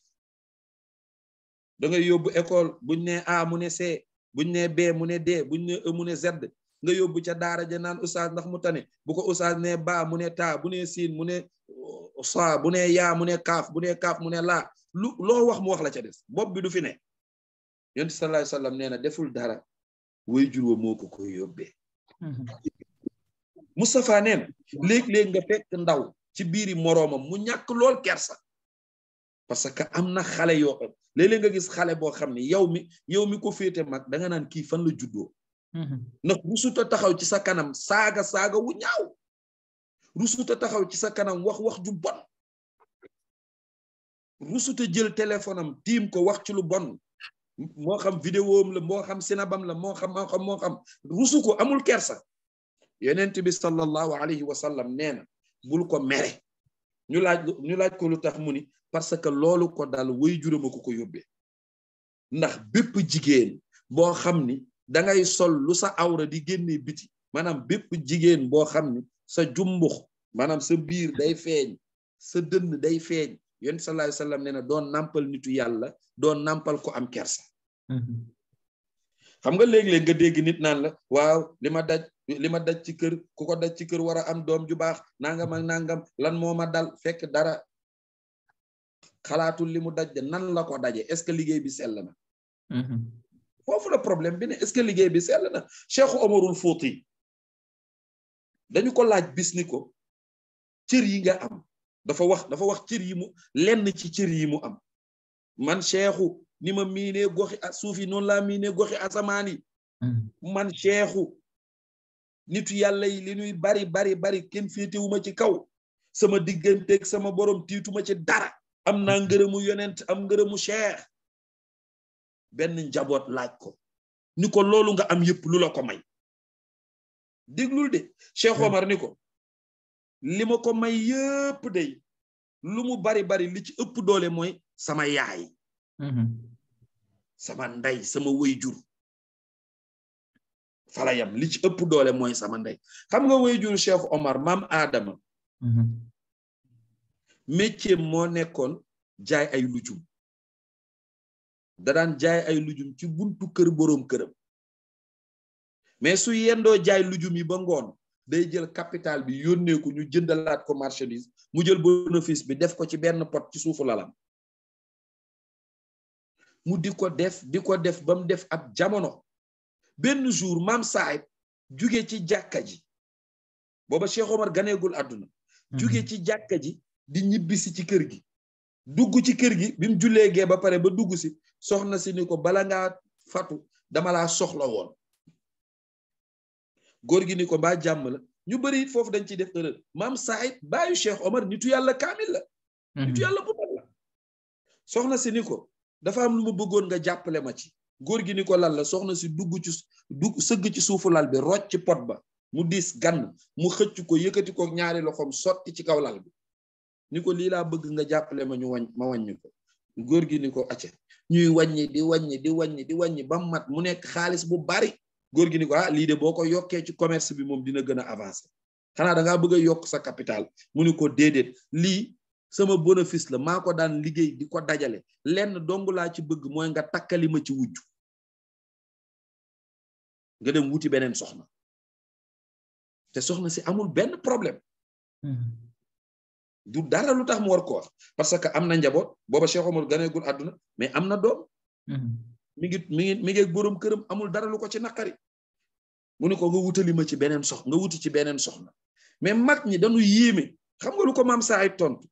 da ngay yóbbu école buñ ne A mu ne C buñ ne B mu ne D buñ ne E mu ne Z nga yóbbu ca daara ja naan oustaz ndax mu tane bu ko oustaz ne ba mu ne ta bu ne siin mu ne sa bu ne yaa mu ne kaaf bu ne kaaf mu ne laa lu loo wax mu wax la ca des bopp bi du fi ne yonent sallallahu alayhi wasallam nee na deful dara way jur wa moo ko ko yóbbee mm-hmm. Moustapha neen léeg-léeg nga fekk ndaw ci biiri moroomam mu ñàkk lool kersa parce que am na xale yoo xam nga gis xale boo xam ne yow mi yow mi ko féete mag da nga naan kii fan la juddoo mm-hmm. ndax rusuta taxaw ci sa kanam saaga saaga wu ñaaw rusuta taxaw ci sa kanam wax wax ju bon rusuta jël téléphone am tiim ko wax ci lu bon moo xam vidéo la moo xam sinabam la moo xam moo xam moo xam rusu ko amul kersa yonent bi sallallahu alayhi wa sallam nee na bul ko mere ñu laaj ñu laaj ko lu tax mu ni parce que loolu ko dal woy jurama ko ko yóbbee ndax bépp jigéen boo xam ni da ngay sol lu sa awra di génnee biti maanaam bépp jigéen boo xam ni sa jumbux maanaam sa biir day feeñ sa dënn day feeñ yonent sallallahu alayhi wa sallam nee na doon nàmpal nitu yàlla doon nàmpal ko am kersa mhm. xam nga léeg-léeg nga dégg nit naan la waaw li ma daj li ma daj ci kër ku ko daj ci kër war a am doom ju baax nangam ak nangam lan moo ma dal fekk dara xalaatul li mu daj nan la ko daje est-ce que liggéey bi sell na mhm. foofu la problème bi ne est-ce liggéey bi sell na Cheikh Omarul Fouti dañu ko laaj bis ni ko yi nga am dafa wax dafa wax cër yi mu lenn ci cër yi mu am man cheikhu ni ma miinee goxi suuf yi noonu laa miinee goxi asamaan yi hmm. man cheikhu nitu yàlla yi bari bari bari kenn féetewuma ci kaw sama digganteeg sama borom tiituma ci dara am na ngërëmu yonent am ngërëmu cheikh benn njaboot laaj ko ni ko loolu nga am yëpp lu la ko may de Cheikh Omar ni ko li ma ko may yëpp day lu mu bari bari li ci ëpp doole sama yaay mm-hmm. sama ndey sama wayjur fala yam li ci ëpp doole mooy sama ndey xam nga wayjur Cheikh Omar maam Adama mm-hmm. métier moo nekkoon jaay ay lujum da daan jaay ay lujum ci buntu kër boroom këram mais su yendoo jaay lujum yi ba ngoon day jël capital bi yónnee ko ñu jëndalaat ko marchandise mu jël bénéfice bi def ko ci benn pot ci suufu lalam mu di ko def di ko def ba mu def ab jamono benn jour mam saay juge ci jàkka ji booba Cheikh Omar ganeegul àdduna mhm. juge ci jàkka ji di ñibbisi ci kër gi dugg ci kër gi bi mu jullee ba pare ba dugg si soxna si ni ko bala ngaa fatu dama la soxla góor gi ni ko mbaa jàmm la ñu bëri foofu dañ ciy def erreur maam Saïd baayu Cheikh Omar nitu yàlla kaamil la. Mhm. nitu yàlla bu mag la. soxna si ni ko dafa am lu ma bëggoon nga jàppale ma ci góor gi ni ko lal la soxna si dugg ci dugg ci suufu lal bi rocc ci pot ba mu diis gann mu xëcc ko yëkkati ko ñaari loxoom sotti ci kaw lal bi ni ko lii laa bëgg nga jàppale ma ñu wañ ma wàññi ko. góor gi ni ko acce ñuy wàññi di wàññi di wàññi di wàññi ba mat mu nekk xaalis bu bari góor gi ni ko ah lii de boo ko yokkee ci commerce bi moom dina gën a avancer xanaa da ngaa bëgg a yokk sa capital mu ni ko déedéet lii sama bénéfice la maa ko daan liggéey di ko dajale lenn dong laa ci bëgg mooy nga takkali ma ci wujj nga dem wuti beneen soxna te soxna si amul benn problème mm-hmm. du dara lu tax mu war ko wax parce que am na njaboot booba Cheikh Omar ganeegul àdduna mais am na doom mm-hmm. mi ngi mi ngi mi ngi boroom këram amul dara lu ko ci naqari mu ne ko nga wutali ci beneen sox nga wuti ci beneen soxna mais mag ñi dañu yéeme xam nga lu ko maam saa ay tontu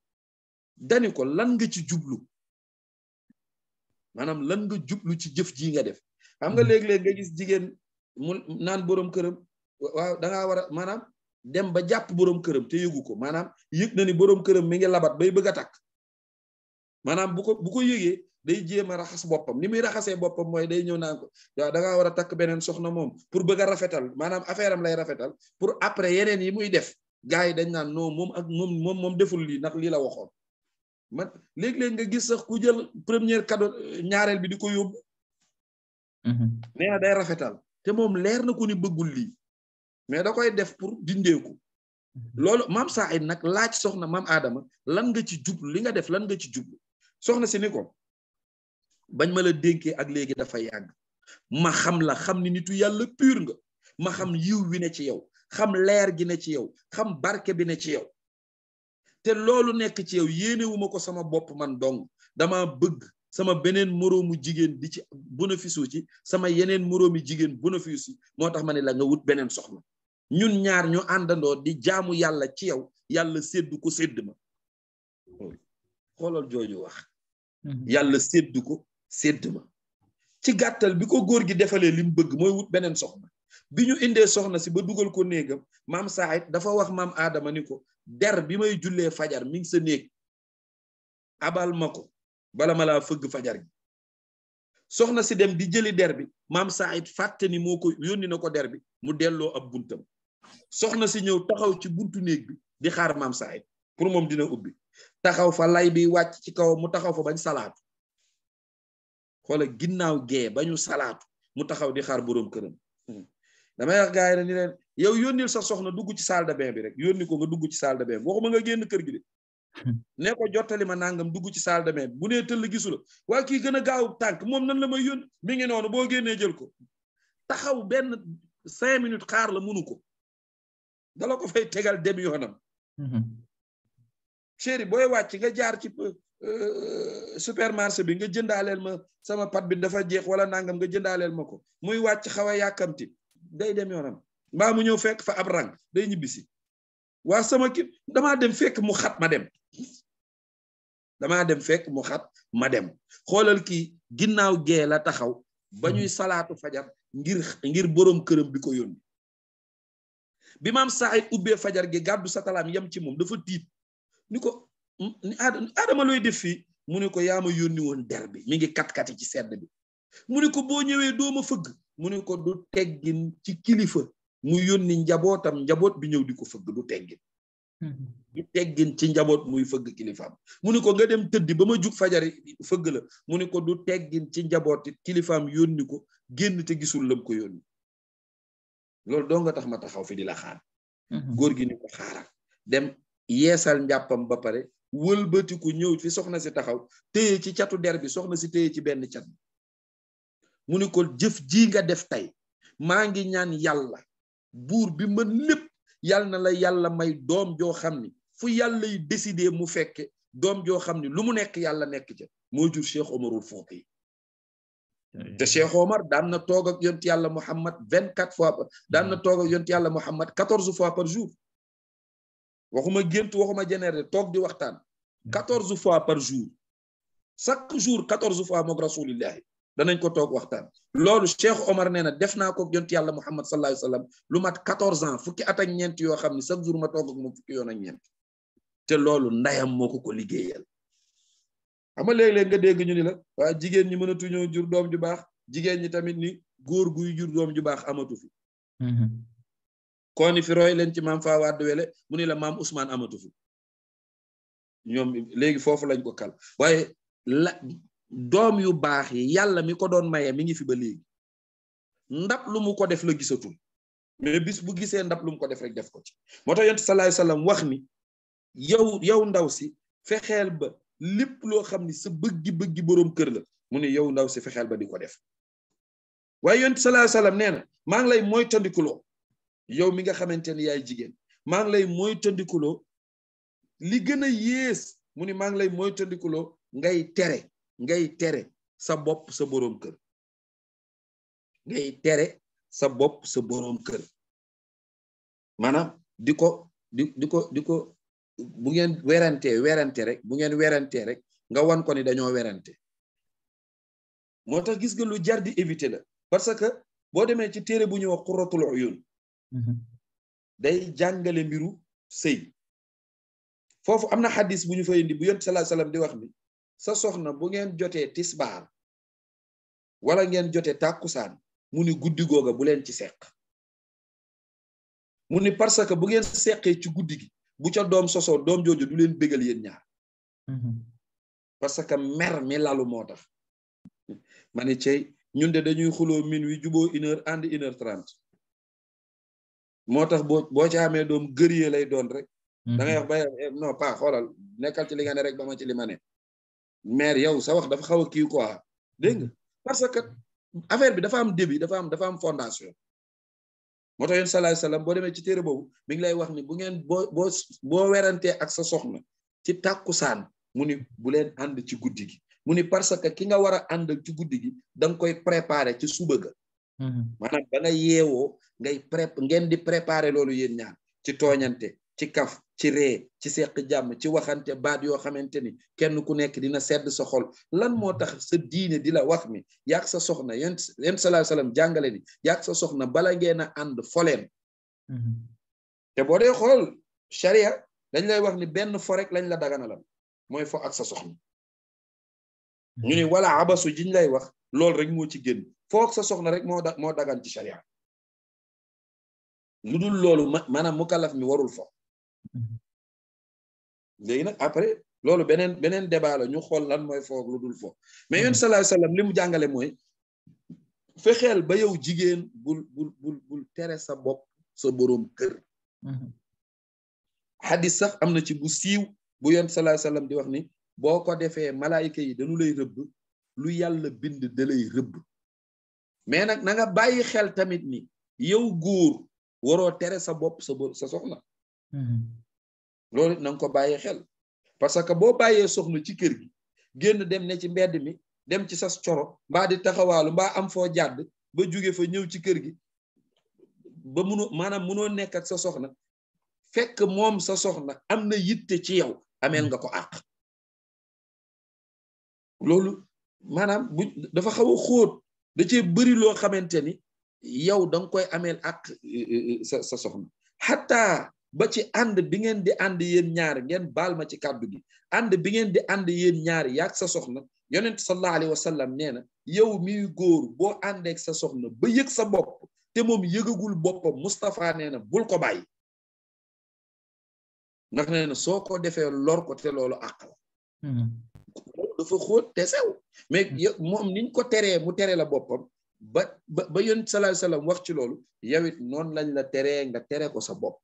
dani ko lan nga ci jublu maanaam lan nga jublu ci jëf ji nga def xam nga hmm. léeg-léeg nga gis jigéen mu naan boroom këram waaw da ngaa war a maanaam dem ba jàpp boroom këram te yëgu ko maanaam yëg na ni boroom këram mi ngi labat bay bëgg a takk maanaam bu ko bu day jéem a raxas boppam ni muy raxasee boppam mooy day ñëw naan ko waaw da ngaa war a takk beneen soxna moom pour bëgg rafetal maanaam affaire am lay rafetal pour après yeneen yi muy def gars yi dañ naan non moom ak moom moom moom deful lii ndax lii la waxoon man nga gis sax ku jël première kado ñaareel bi di ko yóbbu. Mhm. nee day rafetal te moom leer na ko ni bëggul li mais da koy def pour dindeeku mhm. loolu maam Saïd nag laaj soxna mam Adama lan nga ci jublu li nga def lan nga ci jublu soxna si ni ko. bañ ma la dénkee ak léegi dafa yàgg ma xam la xam ni nitu yàlla pur nga ma xam yiw wi ne ci yow xam leer gi ne ci yow xam barke bi ne ci yow te loolu nekk ci yow yéenewuma ko sama bopp man dong dama bëgg sama beneen moroomu jigéen di ci bénéfice ci sama yeneen moroomi jigéen bénéfice moo tax ma ne la nga wut beneen soxna ñun ñaar ñu àndandoo di jaamu yàlla ci yow yàlla séddu ko sédd ma xoolal jooju wax mm-hmm. yàlla séddu ko sédd ma ci gàttal bi ko góor gi defalee li mu bëgg mooy wut beneen soxna bi ñu indee soxna si ba dugal ko néegam maam Saïd dafa wax maam Adama ni ko der bi may jullee fajar mi ngi sa néeg abal ma ko bala mala fëgg fajar gi soxna si dem di jëli der bi maam Saïd fàtte ni moo ko yónni na ko der bi mu delloo ab buntam soxna si ñëw taxaw ci buntu néeg bi di xaar maam Saïd pour moom dina ubbi taxaw fa lay bi wàcc ci kaw mu taxaw fa bañ salaatu xoola ginnaaw gee ba ñu salaatu mu taxaw di xaar boroom këram hmm. damay wax gars yi ne ni leen yow yónnil sa soxna dugg ci salle de bi rek yónni ko nga dugg ci salle de bain bi waxuma nga génn kër gi de hmm. ne ko jottali ma nangam dugg ci salle de bain bu nee tëll gisu la waa kii gën a gaaw tànk moom nan la may yónni mi ngi noonu boo génnee jël ko taxaw benn cinq minutes xaar la munu ko dala ko fay tegal dem yoonam hmm. chéri booy wàcc nga jaar ci Euh, supermarché bi nga jëndaaleel ma sama pat bi dafa jeex wala nangam nga jëndaaleel ma ko muy wàcc xaw a yàkkamti day dem yoonam mbaa mu ñëw fekk fa ab rang day ñibbisi waa sama ki damaa dem fekk mu xat ma dem damaa dem fekk mu xat ma dem xoolal kii ginnaaw gee la taxaw ba ñuy salaatu fajar ngir borom boroom këram bi ko yónni bi maam Saïd ubbee fajar gi gàddu satalaam yem ci moom dafa tiit ni Hmm? Adama looy def fii mu ne ko yaa ma woon der bi mi ngi kat-kati ci sedd bi mu ne ko boo ñëwee doo ma fëgg mu ne ko teggin ci kilifa mu yónni njabootam njaboot bi ñëw di ko fëgg mm-hmm. du teggin ci njaboot muy fëgg kilifaam mu ne ko nga dem tëddi ba ma jug fajari fëgg la mu ne ko du teggin ci njaboot it kilifaam yónni ko génn te gisul lam ko yónni loolu doo nga tax ma taxaw fi di la xaar mm-hmm. góor gi dem yeesal njàppam ba pare wëlbatiku ñëw fi soxna si taxaw téye ci catu der bi soxna si téye ci benn cat bi mu ni ko jëf ji nga def tey maa ngi ñaan yàlla buur bi mën lépp yàlla na la yàlla may doom joo xam ni fu yàlla yi décider mu fekke doom joo xam ni lu mu nekk yàlla nekk ca moo jur Cheikh Omarul Fouti te Cheikh Omar daan na toog ak yont yàlla Muhammad vingt quatre fois daan na hmm. toog ak yont yàlla Muhammad quatorze fois par jour waxuma gént waxuma jeneer toog di waxtaan quatorze fois par jour chaque jour quatorze fois moog rasulillahi danañ ko toog waxtaan loolu Cheikh Omar nee na def naa ko jont yàlla Muhammad sallallahu alayhi wa lu mat quatorze ans fukki at ak ñeent yoo xam ne chaque jour ma toog ak moom fukki yoon te loolu ndayam moo ko ko ama xam nga léeg nga dégg ñu ni la waa jigéen ñi mënatuñoo jur doom ju baax jigéen ñi tamit ni góor guy jur doom ju baax amatu fi mm-hmm. kooni fi roy leen ci maam Fawade Wele mu ni la maam Ousmane amatu ñoom léegi foofu lañ ko kal waaye la doom yu baax yi yàlla mi ko doon maye mi ngi fi ba léegi ndab lu mu ko def la gisatul mais bis bu gisee ndab lu mu ko def rek def ko ci moo tax yonent sallallahu wax ni yow yow ndaw si fexeel ba lépp loo xam ni sa bëggi-bëggi boroom kër la mu ne yow ndaw si fexeel ba di ko def waaye yonent sallallahu alayhi wasallam nee na maa ngi lay mooy tandikuloo yow mi nga xamante ni yaay jigéen maa ngi lay mooy tandikuloo li gën a yées mu ni maa ngi lay moytandikuloo ngay tere ngay tere sa bopp sa boroom ngay tere sa bopp sa boroom kër maanaam di ko di di ko ko bu ngeen werante werante rek bu ngeen werante rek nga wan ko ni dañoo werante moo tax gis nga lu jar di éviter la parce que boo demee ci téere bu ñuy wax Qurratul Uyun mhm. day jàngale mbiru sëy foofu am na xadis bu ñu fay indi bu yont sallallahu alayhi di wax ni sa soxna bu ngeen jotee tisbaar wala ngeen jotee tàkkusaan mu ni guddi bu leen ci seq mu ni parce que bu ngeen seqee ci guddi bu ca doom sosoo doom jooju du leen bégal yéen ñaar mm-hmm. parce que mer mi lalu moo tax ma ni cey ñun de dañuy xuloo minuit juboo une heure and une heure moo tax boo boo ci amee doom gëriyee lay doon rek da ngay mhm. wax ba eh, non pas xoolal nekkal ci li nga rek ba ma ci li ma ne. maire yow sa wax dafa xaw a kii quoi dégg mhm. parce que affaire bi dafa am début dafa am dafa am fondation. moo sa yéen salaay salaam boo demee ci téere boobu mi ngi lay wax ni bu ngeen boo boo boo werantee ak sa soxna ci tàkkusaan mu ni bu leen ànd ci guddi mu ni parce que ki nga war a ànd ci guddi gi da nga koy préparer ci suba ga. Mhm. maanaam ba nga yeewoo ngay pré ngeen di préparer loolu yéen ñaar ci tooñante ci kaf ci ree ci seq jàmm ci waxante baat yoo xamante ni kenn ku nekk dina sedd sa xol lan moo tax sa diine di la wax mi yaag sa soxna yéen yéen salaa salaam jàngale ni yaag sa soxna bala ngeen a ànd foleen mm-hmm. te boo dee xool sharia dañ lay wax ni benn fo rek lañ la daganalam mooy fo ak sa soxna mm-hmm. ñu ni wala abasu jiñ lay wax loolu rek moo ci génn fo ak sa soxna rek moo moo dagan ci sharia lu dul loolu maanaam mukallaf mi warul fo Mhm. léegi nag après loolu beneen beneen débat la ñu xool lan mooy foog lu dul foog mais yéen sallallahu alayhi wasallam li mu jàngale mooy fexeel ba yow jigéen bul bul bul tere sa bopp sa boroom kër. xadis mhm. sax am na ci bu siiw bu yéen sallallahu alayhi wasallam di wax ni boo ko defee malaayika yi dañu lay rëbb lu yàlla bind da lay rëbb. mais nag na nga bàyyi xel tamit ni yow góor waroo tere sa bopp sa sa soxna. Mhm. loolu it ko bàyyi xel parce que boo bàyyee soxna ci kër gi génn dem ne ci mbedd mi dem ci sas coro mbaa di taxawaalu mbaa am foo jàdd ba jóge fa ñëw ci kër gi ba mëno maanaam mënoo nekk ak sa soxna fekk moom sa soxna am na yitte ci yow amel nga ko àq loolu maanaam bu dafa xaw a xóot da cee bëri loo xamante ni yow da koy ameel àq euh, euh, sa soxna xataa ba ci ànd bi ngeen di ànd yéen ñaar ngeen baal ma ci kàddu gi ànd bi ngeen di ànd yéen ñaar yaag sa soxna yonent sallallahu alayhi wa sallam nee na yow miy góor boo àndeeg sa soxna ba yëg sa bopp te moom yëgagul boppam Moustapha nee na bul ko bàyyi ndax nee na soo ko defee lor ko te loolu àq la hmm. dafa xóot te sew mais hmm. moom niñ ko teree mu tere la boppam ba ba yonent sallallahu alayhi wax ci loolu yow it noonu lañ la tere nga tere ko sa bopp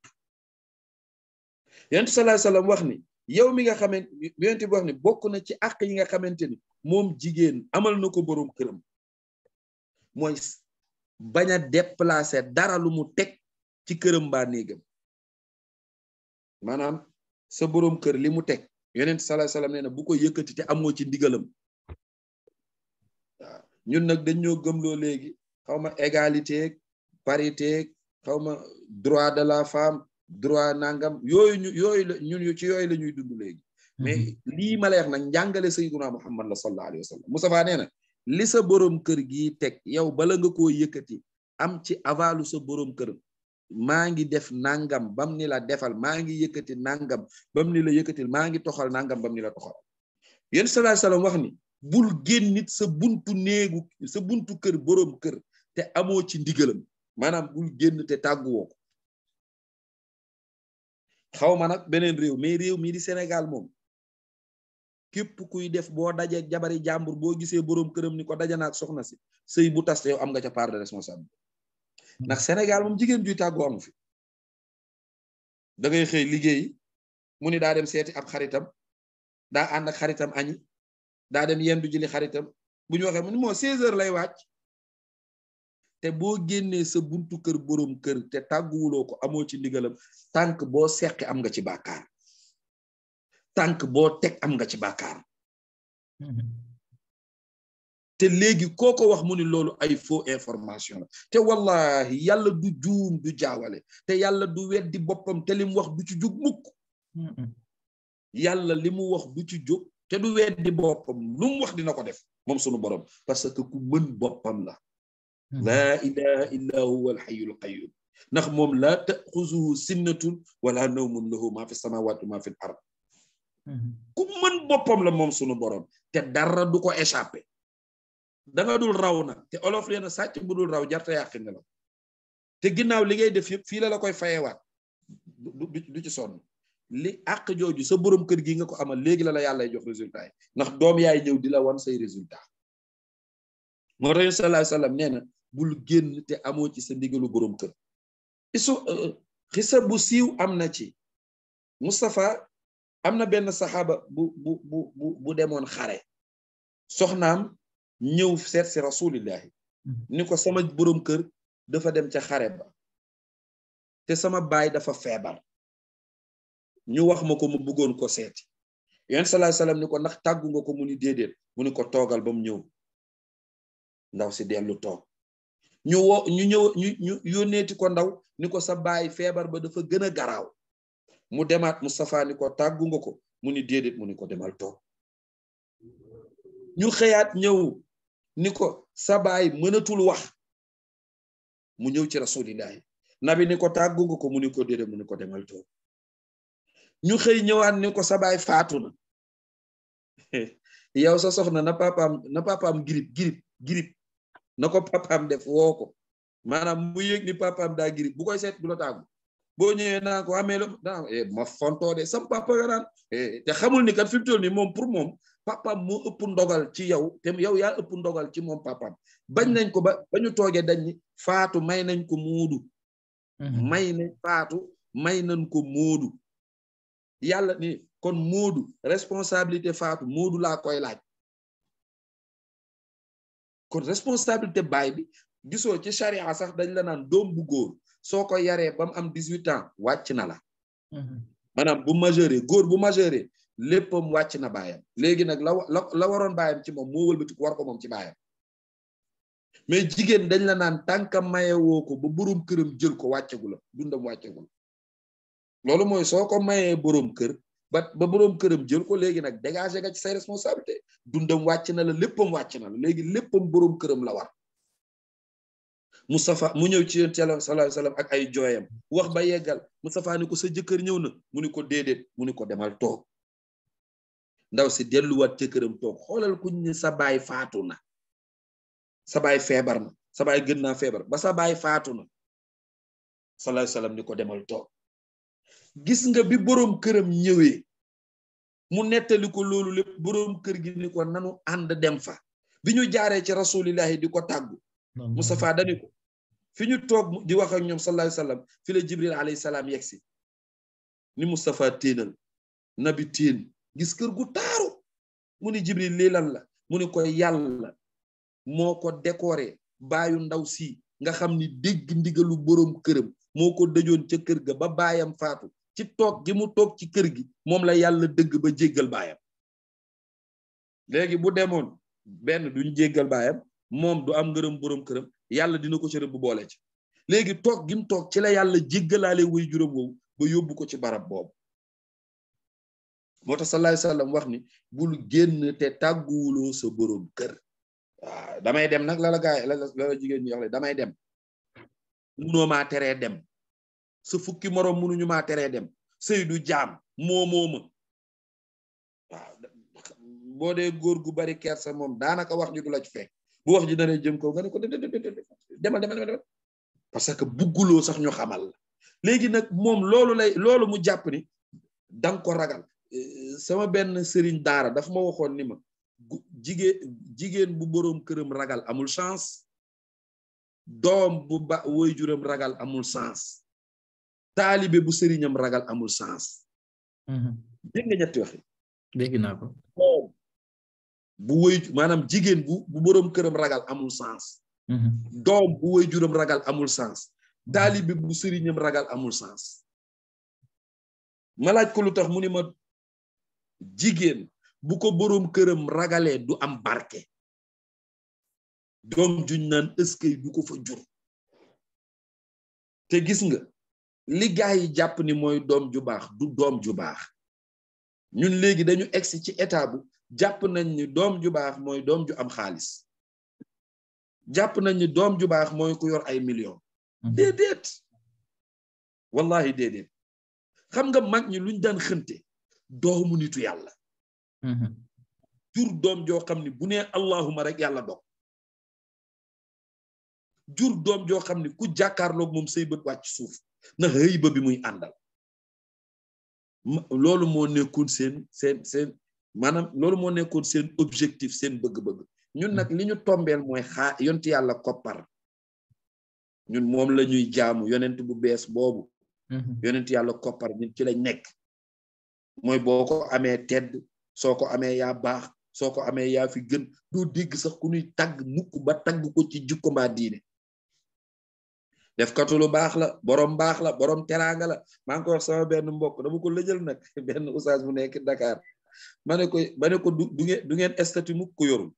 yonent sallallahu alayhi wasallam wax ni yow mi nga xamante yonent bi wax ni bokk na ci àq yi nga xamante ni moom jigéen amal na ko boroom këram mooy bañ a déplacer dara lu mu teg ci këram mbaa néegam maanaam sa boroom kër li mu teg yonent sallallahu alayhi wasallam nee ko yëkkati te amoo ci ndigalam waaw ñun nag dañ ñoo gëmloo léegi xaw ma égalité parité xaw ma droit de la femme droit nangam yooyu ñu ci yooyu la ñuy dund léegi mhm. mais lii ma lay wax nag njàngale sayyiduna muhammad la sallallahu alayhi wa sallam Moustapha na li sa borom kër gii teg yow bala nga koo yëkkati am ci avalu sa borom kër maa ngi def nangam bam ni la defal maa ngi yëkkati nangam bam ni la yëkkatil maa ngi toxal nangam bam ni la toxal yéen sallallahu alayhi wa wax ni bul génn nit sa buntu néegu sa buntu kër borom kër te amoo ci ndigalam maanaam bul génn te tàgguwoo ko xaw ma nag beneen réew mais réew mii di Sénégal moom képp kuy def boo dajee jabari jàmbur boo gisee boroom këram ni ko dajanaak soxna si sëy bu tas yow am nga ca part de ndax Sénégal moom jigéen juy tàggoo fi da ngay xëy liggéey mu ni daa dem seeti ab xaritam daa ànd xaritam añi daa dem yendu jili xaritam bu ñu waxee mu ni moo 16 lay wàcc te boo génnee sa buntu kër boroom kër te tàgguwuloo ko amoo ci ndigalam tànk boo seqi am nga ci bàkkaar tànk boo teg am nga ci bàkkaar te léegi koo ko wax mu ni loolu ay fo information la te wallahi yàlla du juum du jaawale te yàlla du weddi boppam te lim wax du ci jóg mukk yàlla li mu wax du ci jóg te du weddi boppam lu wax dina ko def moom sunu borom parce que ku mën boppam la Mhmm. laa ilaha illa huwa alxayul qayum ndax moom laa taxuzuhu sinnatun wala nawmun lahu maa fi samawaati maa fi l ard mhmm. ku mën boppam la moom sunu borom te dara du ko échappé danga dul raw na te olof nee na sàcc bu dul raw jarta yàqi nga la te ginnaaw li ngay def yëpp fii la la koy fayewaat du du ci sonn li àq jooju sa borom kër gi nga ko amal léegi la la yàlla jox résultat yi ndax doom yaay ñëw di la wan say résultat moo tax sallallahu alayhi wa sallam nee na bul génn te amoo ci sa ndigalu boroom kër isu euh, xisa bu siiw am na ci Moustapha am na benn saxaba bu bu bu bu demoon xare soxnaam ñëw seet si rasulillahi mhm. ni ko sama boroom kër dafa dem ca xare ba te sama baay dafa feebar ñu wax ma ko mu bëggoon ko seeti yonent sallallahu alayhi wasallam ko ndax tàggu nga ko mu ni déedéet mu ni ko toogal ba mu ñëw ndaw si dellu toog ñu woo ñu ñëw ñu ñu yónneeti ko ndaw ni ko sa baay feebar ba dafa gën a garaaw mu demaat Moustapha ni ko tàggu nga ko mu ni déedéet mu ni ko demal toog ñu xëyaat ñëw ni ko sa baay mënatul wax mu ñëw ci rasulillahi nabi ni ko tàggu nga ko mu ni mu ni ko demal toog ñu xëy ñëwaat ni ko sa baay faatu na yow sa soxna na papaam na papaam girib girib girib na ko papaam def woo ko maanaam mu yëg ni papaam daa giri bu koy seet du la tàggu boo ñëwee naa ko amee la daa eh, ma fontoo de sam papa nga naan eh, te xamul ni kat fi mu toll moom pour moom papaam moo ëpp ndogal ci yow te yow ya ëpp ndogal ci moom papaam bañ nañ ko ba ba toogee dañ ni may nañ ko muudu mhm. may nañ faatu may nañ ko móodu yàlla ni kon móodu responsabilité faatu móodu laa koy laaj kon responsabilité baay bi gisoo ci a sax dañ la naan doom bu góor soo ko yaree ba mu am dix-huit ans wàcc na la mhm. maanaam bu majeure góor bu majeure léppam wàcc na baayam léegi nag la la la waroon baayam ci moom moo wëlbati war ko moom ci baayam mais jigéen dañ la naan tànka mayewoo ko ba boroom këram jël ko wàccegu la dundam wàccegu la loolu mooy soo ko mayee boroom kër ba ba boroom këram jël ko léegi nag dégagé nga ci say responsabilité dundam wàcc na la léppam wàcc na la léegi léppam boroom këram la war Moustapha mu ñëw ci yonent yàlla sallallahu ak ay jooyam wax ba yeggal Moustapha ni ko sa jëkkër ñëw na mu ni ko déedéet mu ni demal toog ndaw si delluwaat ca këram toog xoolal kuñ ni sa baay faatu na sa baay feebar na sa baay gën naa feebar ba sa baay faatu na sallallahu alayhi ni ko demal toog gis nga bi boroom këram ñëwee mu nettali ko loolu lépp boroom kër gi ni ko nanu ànd dem fa bi ñu jaaree ci rasulillahi di ko tàggu Mustafa dani fi ñu toog di wax ak ñoom sallallahu alayhi wasallam fi la jibril alayhi salaam yegsi ni Mustafa téenal nabi gis kër gu taaru mu ni jibril la mu ni ko yàlla moo ko décoré baayu ndaw si nga xam ni dégg ndigalu boroom këram moo ko dëjoon ca kër ga ba baayam faatu ci toog gi mu toog ci kër gi moom la yàlla dëgg ba jéggal baayam léegi bu demoon benn du jéggal baayam moom du am ngërëm borom këram yàlla dina ko ci bu boole ci léegi toog gi mu toog ci la yàlla jéggalaale way juróom woowu ba yóbbu ko ci barab boobu moo tax sallallahu alayhi wasallam wax ni bul génn te tàgguwuloo sa borom kër waaw damay dem nag la la gaay la la jigéen ñi wax damay dem munoo maa dem su fukki moroom mënuñu maa teree dem Seydou jaam moomoo ma waaw boo dee góor gu bari kersa moom daanaka wax ji du la ci fekk bu wax ji danay jëm kaw nga ne ko demal demal demal parce que bugguloo sax ñu xamal la léegi nag moom loolu lay loolu mu jàpp ni danga ko ragal e, sama benn sëriñ daara dafa ma waxoon ni ma jigéen jigéen bu boroom këram ragal amul chance doom bu ba waajuram ragal amul chance taalibe bu sëriñam ragal amul sens. Mhm. dégg nga ñetti waxi. ko. bu woy maanaam jigéen bu bu boroom këram ragal amul sens. Mhm. doom bu woy juram ragal amul sens. Mhm. taalibe bu sëriñam ragal amul sens. ma laaj ko lu tax mu ni ma jigéen bu ko boroom këram ragalee du am barke. doom juñ ko fa jur. te gis nga. li gaa yi jàpp ni mooy doom ju baax du doom ju baax ñun léegi dañu egsi ci état bu jàpp nañ ni doom ju baax mooy doom ju am xaalis jàpp nañ ni doom ju baax mooy ku yor ay millions. Mhm. déedéet wallahi déedéet xam nga mag ñi luñ daan xënte doomu nitu yàlla. Mhm. jur doom joo xam ni bu nee allahuma rek yàlla dog jur doom joo xam ni ku jàkkaarloog moom say bët wàcc suuf. ndax rëy ba bi muy àndal loolu moo nekkoon seen seen seen maanaam loolu moo nekkoon seen objectif seen bëgg-bëgg ñun nag mm. li ñu tombeel mooy xaa yonti yàlla koppar ñun moom la ñuy jaamu yonent bu bees boobu mm-hmm. yonent yàlla koppar ñun ci lañ nekk mooy boo ko amee tedd soo ko amee yaa baax soo ko amee yaa fi gën doo dégg sax ku ñuy tagg mukk ba tagg ko ci jukko diine def katu lu baax la borom baax la borom teraanga la maa ngi ko wax benn mbokk dama ko lëjal nag benn oustaz bu nekk Dakar ma ne ko ma ne ko du du du ngeen statut mukk ku yorul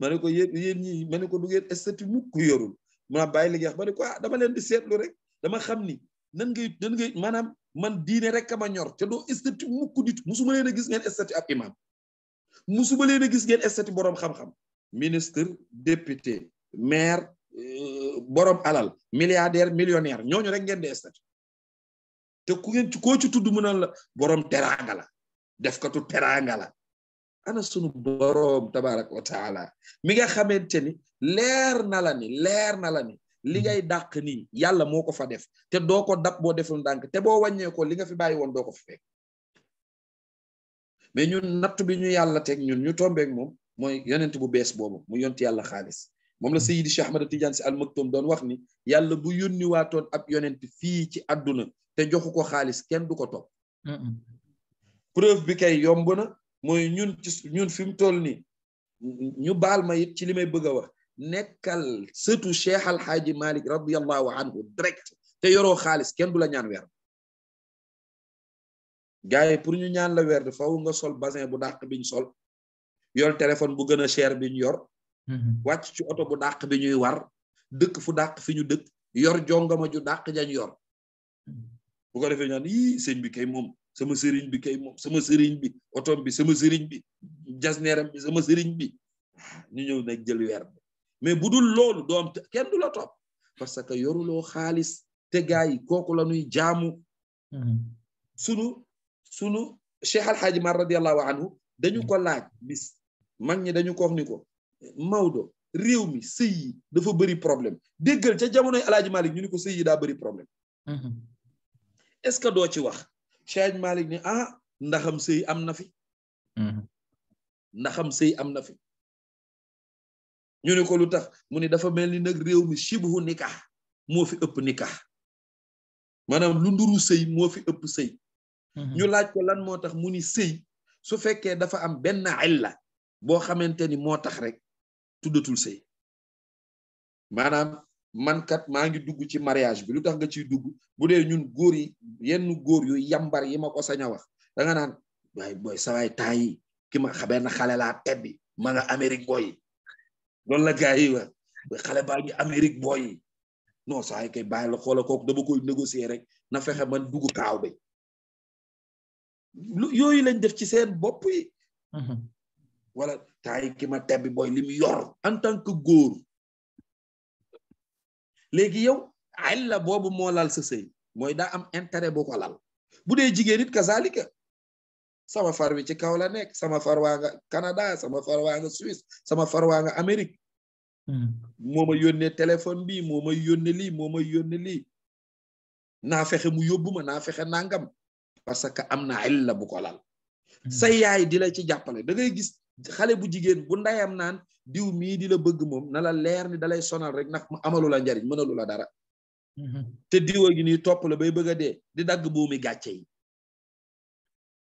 ma ne ko yéen yéen ñii ma ne ko du ngeen statut mukk ku yorul muna bàyyi li nga wax ma ko ah, dama leen di seetlu rek dama xam ni nan ngay nan ngay maanaam man diine rek ma ñor te doo statut mukk nit musuma leen a gis ngeen statut ab imam musuma leen a gis ngeen statut boroom xam-xam ministre député maire boroom alal milliardaire millionnaire ñooñu rek ngeen di te ku ngeen ci koo ci tudd mu naan la borom teraanga def katu teraanga la ana sunu borom tabarak wa taala mi nga xamante ni leer na la leer na la ni li ngay dàq nii yàlla moo ko fa def te doo ko dab boo deful ndànk te boo wàññee ko li nga fi bàyyi woon doo ko fi fekk mais bi ñu yàlla teg ñun ñu tombeek moom mooy yonent bu bees boobu mu yont yàlla xaalis moom la mm. Seydi Cheikh Ahmad Tidiane si al Maktoum doon wax ni yàlla bu yónni waatoon ab yonent fii ci àdduna te joxu ko xaalis kenn du ko topp preuve bi kay yomb na mooy ñun ci ñun fi mu toll nii ñu baal ma it ci li may bëgg a wax nekkal sëtu Cheikh Al Hadji Malick anhu direct te yoro xaalis kenn du la ñaan weer gars yi pour ñu ñaan la weer faw nga sol basin bu dàq biñ sol yor téléphone bu gën a cher biñ yor Mhm. wàcc ci oto bu dàq bi war dëkk fu dàq fi ñu dëkk yor jongama ju dàq jañ yor bu ko defee ñu naan yii bi kay moom sama sëriñ bi kay moom sama sëriñ bi otom bi sama sëriñ bi jasneeram bi sama sëriñ bi ñu ñëw nag jël weer bi mais bu dul loolu doom kenn du la topp parce que yoruloo xaalis te gaa yi kooku la ñuy jaamu mhm. sunu sunu cheikh alxaaji mar radiallahu anhu dañu ko laaj bis mag ñi dañu ko Maodo réew mi sëy yi dafa bëri problème déggal ca jamonoy Alaaji Malik ñu ni ko sëy yi daa bëri problème mhm. est-ce que doo ci wax Cheikh Malik ni ah ndaxam sëy am na fi mhm. ndaxam sëy am na fi ñu ne ko lu tax mu ne dafa mel ni nag réew mi shibhu nikah moo fi ëpp nika maanaam lu nduru sëy moo fi ëpp sëy mhm. ñu laaj ko lan moo tax mu ni sëy su fekkee dafa am benn illa boo xamante ni moo tax rek tuddatul sëy maanaam man kat maa ngi dugg ci mariage bi lu tax nga ciy dugg bu dee ñun góor yi yenn góor yu yambar yi ma ko sañ a wax da naan waaye booy sawaay temps yi ki ma benn xale laa tebbi ma nga Amérique booy loolu la gars yi wax xale baa ngi Amérique booy yi non sawaay kay bàyyi la xoola kooku dama koy négocier rek na fexe man dugg kaaw bi yooyu lañ def ci seen bopp wala ka ki ma tebbi booy li mu yor en tant que góor léegi yow ay la boobu moo lal sa sëy mooy daa am intérêt bu ko bu dee jigéen it kazalika sama far wi ci kaw la nekk sama far waa Canada sama far waa nga sama far waa nga Amérique hmm. moo ma yónnee téléphone bi moo ma yónnee lii moo naa fexe mu yóbbu ma naa fexe nangam parce que am na ay la bu ko hmm. yaay di la ci jàppale da ngay gis xale bu jigéen bu ndayam naan diw mii di la bëgg moom na la leer ni dalay sonal rek ndax amalu la njariñ mënalu la dara mm-hmm. te diwa gi nii topp la bay bëgg a de di dagg buumi gàcce yi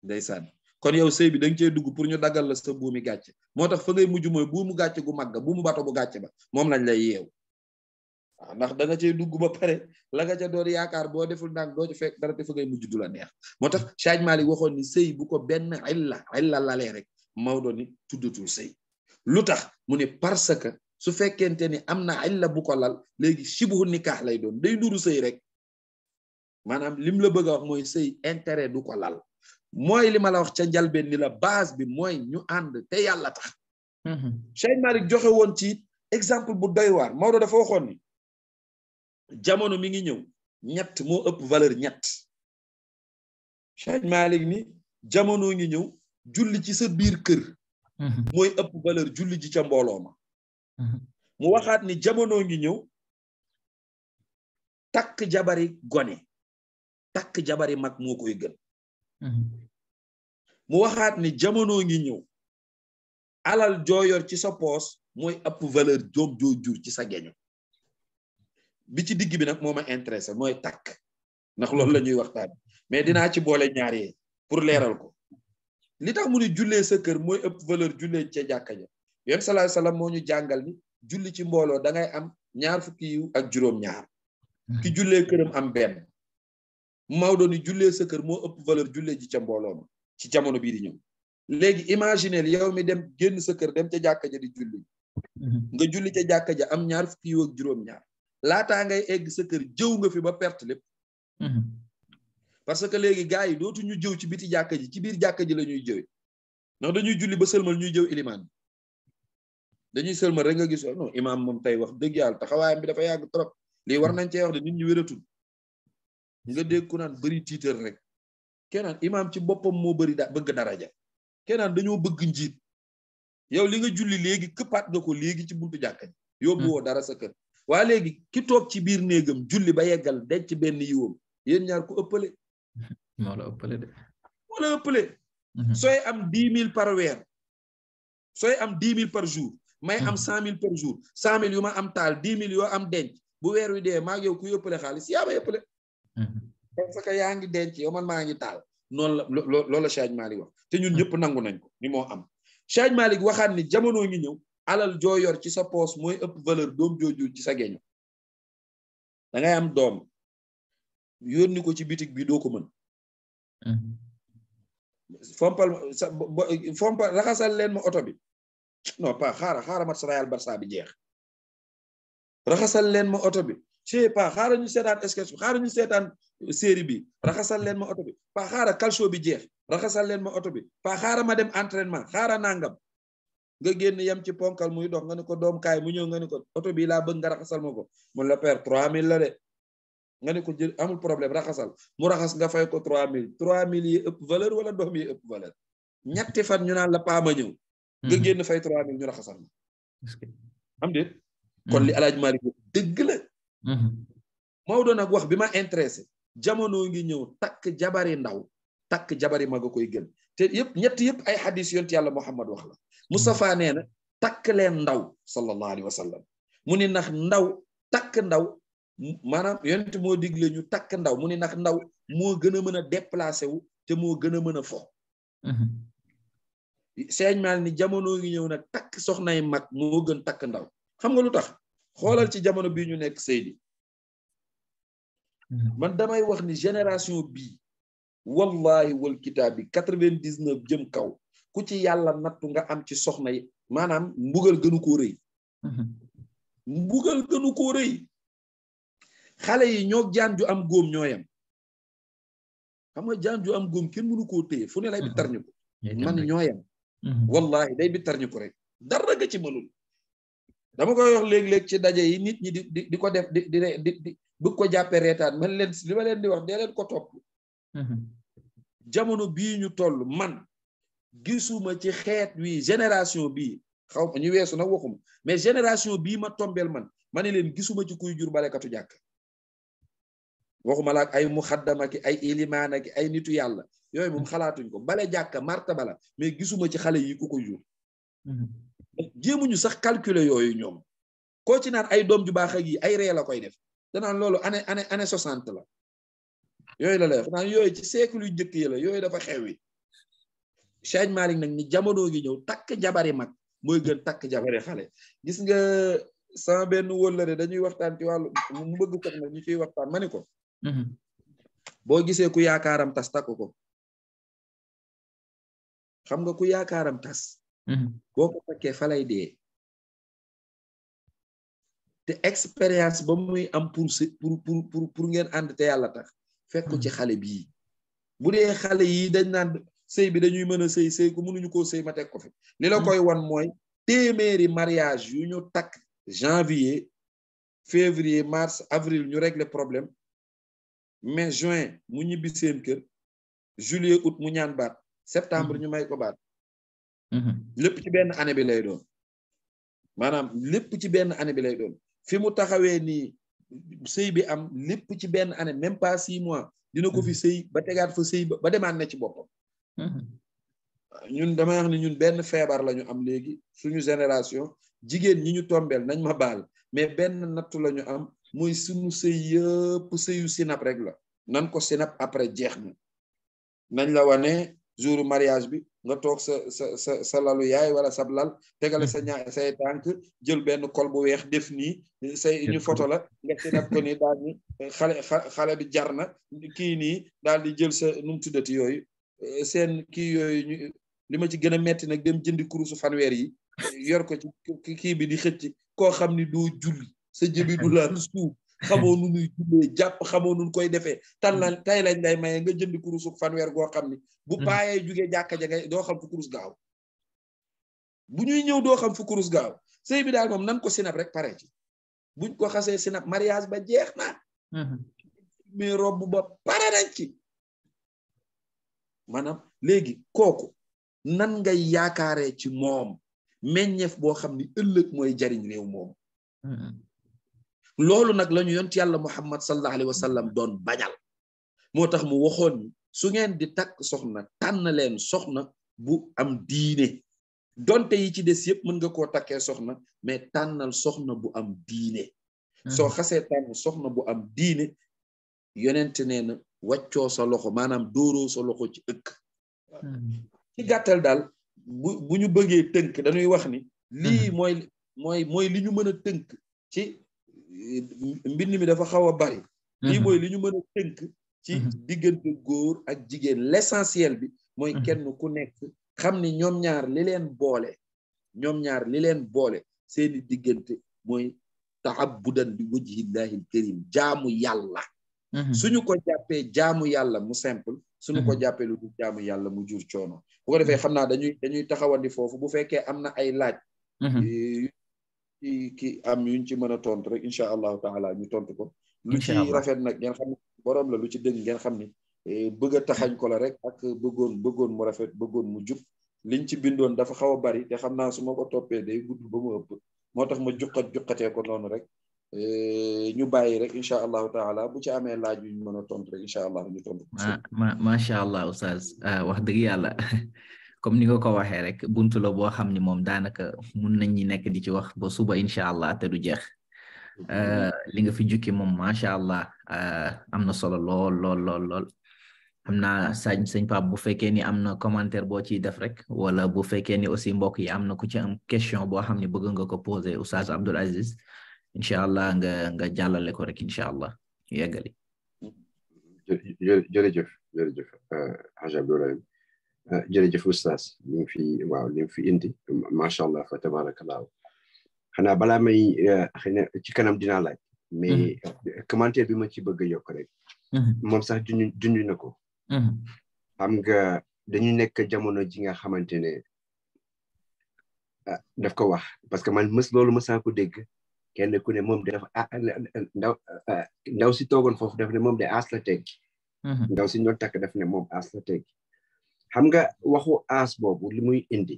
ndeysaan kon yow sëy bi da nga cee pour ñu daggal la sa buumi gàcce moo tax fa ngay mujj mooy buumu gàcce gu màgg buumu bato bu gàcce ba moom lañ lay yeew waaw ndax da cee dugg ba la nga ca yaakaar boo deful ndànk doo ci fekk dara te fa ngay mujj neex moo tax Cheikh Malick waxoon ni sëy bu ko benn illa illa lalee rek Maodo ni tuddatul sëy lu tax mu ne parce que su fekkente ni am na illa bu ko lal léegi sibuhu nikaax lay doon day duru sëy rek maanaam lim la bëgg a wax mooy sëy intérêt du ko lal mooy li ma la wax ca njalbeen ni la base bi mooy ñu ànd te yàlla tax. Mm-hmm. Cheikh Malick joxe woon ci exemple bu doy waar Maodo dafa waxoon jamono mi ngi ñëw ñett moo ëpp valeur ñett Cheikh Malick ni jamono ngi ñëw. julli ci sa biir kër mhm. mooy ëpp valeur julli ji ca mbooloo mhm. mu waxaat ni jamono ngi ñëw takk jabari gone takk jabari mag moo koy gën mhm. mu waxaat ni jamono ngi ñëw alal joo ci sa poos mooy ëpp valeur joom joo jur ci sa geño bi ci digg bi nag moo ma intéressé mooy takk ndax loolu la ñuy waxtaan mais dinaa ci boole ñaar yi pour leeral ko li tax mu ne jullee sa kër mooy ëpp valeur jullee ca jàkka ja yéen salaay salaam moo ñu jàngal ni julli ci mbooloo da am ñaar fukki yiw ak juróom-ñaar ki jullee këram am benn Maodo ni jullee sa kër moo ëpp valeur jule ji ca mbooloo ci jamono bii di ñëw léegi imagineel yow mi dem génn sa kër dem ca jàkka ja di julli mm-hmm. nga julli ca jàkka ja am ñaar fukki yiw ak juróom-ñaar laataa ngay egg sa kër jëw nga fi ba perte lépp mm-hmm. parce que léegi gars yi dootu ñu jëw ci biti jàkka ji ci biir jàkka ji la ñuy jëwee ndax dañuy julli ba sëlmal ñuy jëw ilimaan bi dañuy sëlmal rek nga gis oh non imaam moom tey wax dëgg yàlla taxawaayam bi dafa yàgg trop lii war nañ cee wax de nit ñi wératul nga dégg ku naan bëri tiitar rek kenaan imaam ci boppam moo bëri da bëgg daraja kenaan dañoo bëgg njiit yow li nga julli léegi këppaat nga ko léegi ci buntu jàkka ji yóbbu dara sa kër waa léegi ki toog ci biir néegam julli ba yeggal denc benn yiwam moo la de. moo la ëppale. Mhm. am dix mille par weer sooy am dix mille par jour. may am mhm. cent mille par jour cent mille yu ma am taal dix mille yoo am denc bu weer wi dee maa ku yëppale xaalis yaa ma yëppale. Mhm. parce que yaa ngi denc yow man maa ngi taal noonu la loolu la Cheikh Malick te ñun ñëpp nangu nañ ko ni moo am Cheikh Malick waxaat ni jamono ngi ñëw alal jooyor ci sa poos mooy ëpp valeur doom jooju ci sa géño da am doom yónni ko ci bitig bi doo ko mën. Mm-hmm. fompal sa fompal raxasal leen ma oto bi non pas xaaral xaaral mat Real Barça bi jeex raxasal leen ma oto bi c'est pas xaaral ñu seetaan sketch bi xaaral ñu seetaan série bi raxasal leen ma oto bi pas xaaral calcio bi jeex raxasal leen ma oto bi pas xaaral ma dem entraînement xaara nangam nga génn yam ci ponkal muy dox nga ne ko doom kaay mu ñëw nga ne ko oto bi laa bëgg nga raxasal ma ko mun la père 3000 la de. nga ne ko jël amul problème raxasal mu raxas nga fay ko trois mille trois mille yi ëpp valeur wala doom yi ëpp valeur ñetti fan ñu naan la paama ñëw nga mhm. génn fay trois mille ñu raxasal ma am déet mhm. kon li alaaj Malick dëgg la mhm. Maodo nag wax bi ma intéressé jamono ngi ñëw takk jabari ndaw takk jabari mag a koy gën te yëpp ñett yëpp ay xadis yont yàlla Muhammad wax la Mustafa na takk leen ndaw sallallahu alayhi wa sallam mu ni ndax ndaw takk ndaw maanaam yonent moo digle ñu takk ndaw mu ni nag ndaw moo gën a mën a déplacé wu te moo gën a mën a fo mm-hmm. sëñ Maal ni jamono ngi ñëw nag takk soxnay mag moo gën takk ndaw xam nga lu tax xoolal ci jamono bii ñu nekk Seydi mm-hmm. man damay wax ni génération bii wallahi wal kitaab bi quatre-vingt-dix-neuf jëm kaw ku ci yàlla nattu nga am ci soxna yi maanaam mbugal gënu koo rëy mm-hmm. mbugal gënu xale yi ñoo jaan ju am góom ñoo yem xam nga jaan ju am góom kenn mënu koo téye fu ne lay bi tarñu ko man ñoo yem mm-hmm. wallahi day bi tarñu ko rek dara nga ci mënul dama koy wax léeg-léeg ci daje yi nit ñi di di di ko def di di di di ko jàppee reetaan man leen li ma leen di wax dee leen ko top mm-hmm. jamono bii ñu toll man gisuma ci xeet wi génération bi xaw ma ñu weesu nag waxuma mais génération bii ma tombel man ma ne leen gisuma ci kuy jur balekatu jàkk waxuma la ak ay muxaddama ki ay ilimaana ki ay nitu yàlla yooyu moom xalaatuñ ko bale jàkka marta bala mais gisuma ci xale yi ku ko jur mhm. jéemuñu sax calculer yooyu ñoom koo ci naan ay doom ju baax ak yi ay ree la koy def danaan loolu année année année soixante la yooyu la lay wax yooyu ci siècle yu njëkk yi la yooyu dafa xewwi Cheikh Malick nag ni jamono gi ñëw takk jabari mag mooy gën takk jabari xale gis nga sama benn wóllare dañuy waxtaan ci wàllu mu bëgg sax nag ñu ciy waxtaan ma ni ko Mm-hmm. boo gisee ku yaakaaram tas takku xam nga ku yaakaaram tas mm-hmm. boo ko takkee fa lay dee te expérience ba muy am pour pour pour pour ngeen ànd te yàlla tax fekk ci mm-hmm. xale bi bu dee xale yi dañ naan sëy bi dañuy mën a sey sëy ku mënuñu koo sey ma teg ko fi li la koy wan mooy téeméeri mariage yu ñu takk janvier février mars avril ñu régler problème mai juin mu ñibbi seen kër juillet août mu ñaan baat septembre mhm. ñu may ko baat mhm. lépp ci benn année bi lay doon maanaam lépp ci benn année bi lay doon fi mu taxawee nii sëy bi am lépp ci benn année même pas six mois dina ko fi mhm. sëy ba tegaat fa sëy ba demaan na ci bopp ñun dama wax ne ñun benn feebar lañu am léegi suñu génération jigéen ñi ñu tombel nañ ma baal mais benn nattu la ñu am muy sunu sëy yëpp sëyu sénap rek la nan ko sénap après jeex na nañ la wane jouru mariage bi nga toog sa sa sa sa lalu yaay wala sab lal tegale sa ñaa say tànk jël benn kol bu weex def nii say ñu photo la nga sénap ko nii daal ni xale bi jar na kii nii daal di jël sa nu mu tuddati yooyu eh, seen kii yooyu ñu li ma ci gën a metti nag dem jëndi kurusu fanweer yi yor ko ci kii bi di xëcc koo xam ni doo julli sa jëbi du la suuf xamoo nu nuy jàpp xamoo nu koy defee tan la tay lañ lay maye nga jënd kurusu fanweer goo xam ni bu mm. paayee jugee jàkka ja doo xam fu kurus gaaw bu ñuy ñëw doo xam fu kurus gaaw sëy bi daal moom nan ko sinap rek pare ci buñ ko xasee sinap mariage ba jeex na mais mm-hmm. robb ba pare nañ ci maanaam léegi kooku nan ngay yaakaaree ci moom meññeef boo xam ni ëllëg mooy jariñ réew moom mm-hmm. loolu nag la ñu yont yàlla muhammad sallallahu alayhi wa sallam doon bañal moo tax mu waxoon su ngeen di takk soxna tànn leen soxna bu am diine donte yi ci des yëpp mën nga koo takkee soxna mais tànnal soxna bu am diine hmm. soo xasee tànn soxna bu am diine yonente nee waccoo sa loxo maanaam dóoroo sa loxo ci ëkk hmm. ci gàttal daal bu bu ñu bëggee tënk dañuy wax ni lii hmm. mooy li ñu mën a tënk ci mbind mi dafa xaw a bari mhm. lii mooy li ñu mën a tënk ci mhm. diggante góor ak jigéen l'essentiel bi mooy mhm. kenn ku nekk xam ni ñoom ñaar li boole ñoom ñaar li leen boole seeni diggante mooy taabbudan bi wajhillahi alkarim jaamu yàlla suñu ko jàppee jaamu yàlla mu simple suñu ko jàppee lu du yàlla mu jur coono bu defee xam naa dañuy taxawandi foofu bu fekkee am na ay laaj ci ki am yuñ ci mën a tontu rek incha allah taala ñu tontu ko. lu ci rafet nag ngeen xam ne borom la lu ci dëng ngeen xam ni e, bëgg a taxañ ko la rek ak bëggoon bëggoon mu rafet bëggoon mu jub liñ ci bindoon dafa xaw a bari te xam naa su ma ko toppee day gudd ba mu ëpp moo tax ma juqat juqatee ko noonu rek e, ñu bàyyi rek incha allahu taala bu ci amee laaj yu ñu mën a tontu rek incha allah ñu tontu. ma macha allah oustaz ah, wax dëgg yàlla. comme ni nga ko waxee rek buntu la boo xam ni moom daanaka mun nañ ñi nekk di ci wax ba suba incha allah te du jeex mm-hmm. euh, li nga fi jukki moom macha allah euh, am na solo lool lool lool lool xam sañ sëñ Pape bu fekkee ni am na commentaire boo ci def rek wala bu fekkee ni aussi mbokk yi am na ku ci am question boo xam ne bëgg nga ko poser Oustaz Abdul Aziz incha allah nga nga jàllale ko rek incha allah yeggali. Mm-hmm. jërëjëf jërëjëf euh, Haji Abdoulaye Ah, jërëjëf oustaz li nga fi waaw li nga fi indi macha allah fa tabarakallahu xanaa balaa may eh, xëy na ci kanam dinaa laaj. mais mhm. commentaire bi ma ci bëgg a yokk rek. Mhm. moom sax junj junj na ko. Mhm. am nga dañu nekk jamono ji nga xamante ne ah, daf ko wax parce que man mës loolu mësaa ko dégg kenn ku ne moom dafa ah, ah ndaw ndaw si toogoon foofu daf ne moom de asla teg. ndaw si ñoo takk daf ne moom aas teg. xam nga waxu aas boobu li muy indi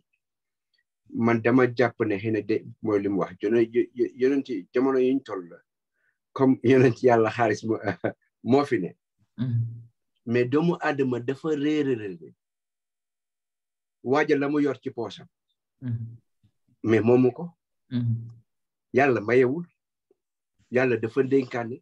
man dama jàpp ne xëy na de mooy li mu wax jono yonent jamono yiñ toll la comme yonent yàlla xaalis moo fi ne mm-hmm. mais doomu aadama dafa réere réere waaja la mu yor ci poosam mm-hmm. mais moomu ko mm-hmm. yàlla mayewul yàlla dafa dénkaane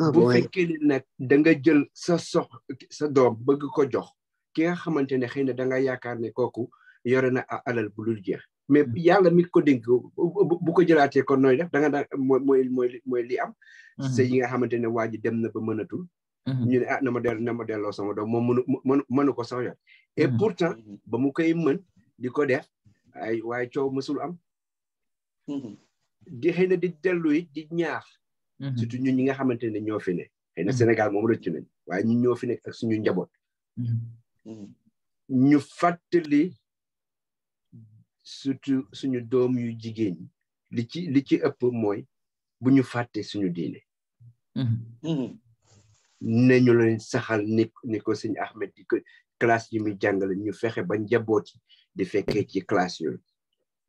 ah, bu fekkee ne nag da nga jël sa sox sa doom bëgg ko jox ki nga xamante ne xëy na da yaakaar ne kooku yore na alal bu dul jeex mais mm. yàlla mit ko dénk bu ko jëlaatee kon nooy def da nga daan mooy mooy mooy li am mm-hmm. sëy yi nga xamante ne waa ji dem na ba mënatul mm-hmm. ñu ne ah ma dell na ma delloo sama doom moom mënu mënu mënu ko sax yor et mm-hmm. pourtant ba mu koy mën di ko def ay waaye coow mësul am di xëy na di dellu it di ñaax surtout ñun ñi nga xamante ne ñoo fi ne xëy na Sénégal moom rëccu nañ waaye ñun ñoo fi nekk ak suñu njaboot ñu fàttali surtout suñu doom yu jigéen ñi li ci li ci ëpp mooy bu ñu fàtte suñu diine mm-hmm. Mm-hmm. ne ñu leen saxal ni ni ko sëñ Ahmed di classe yi muy jàngale ñu fexe ba njaboot yi di fekkee ci classe yooyu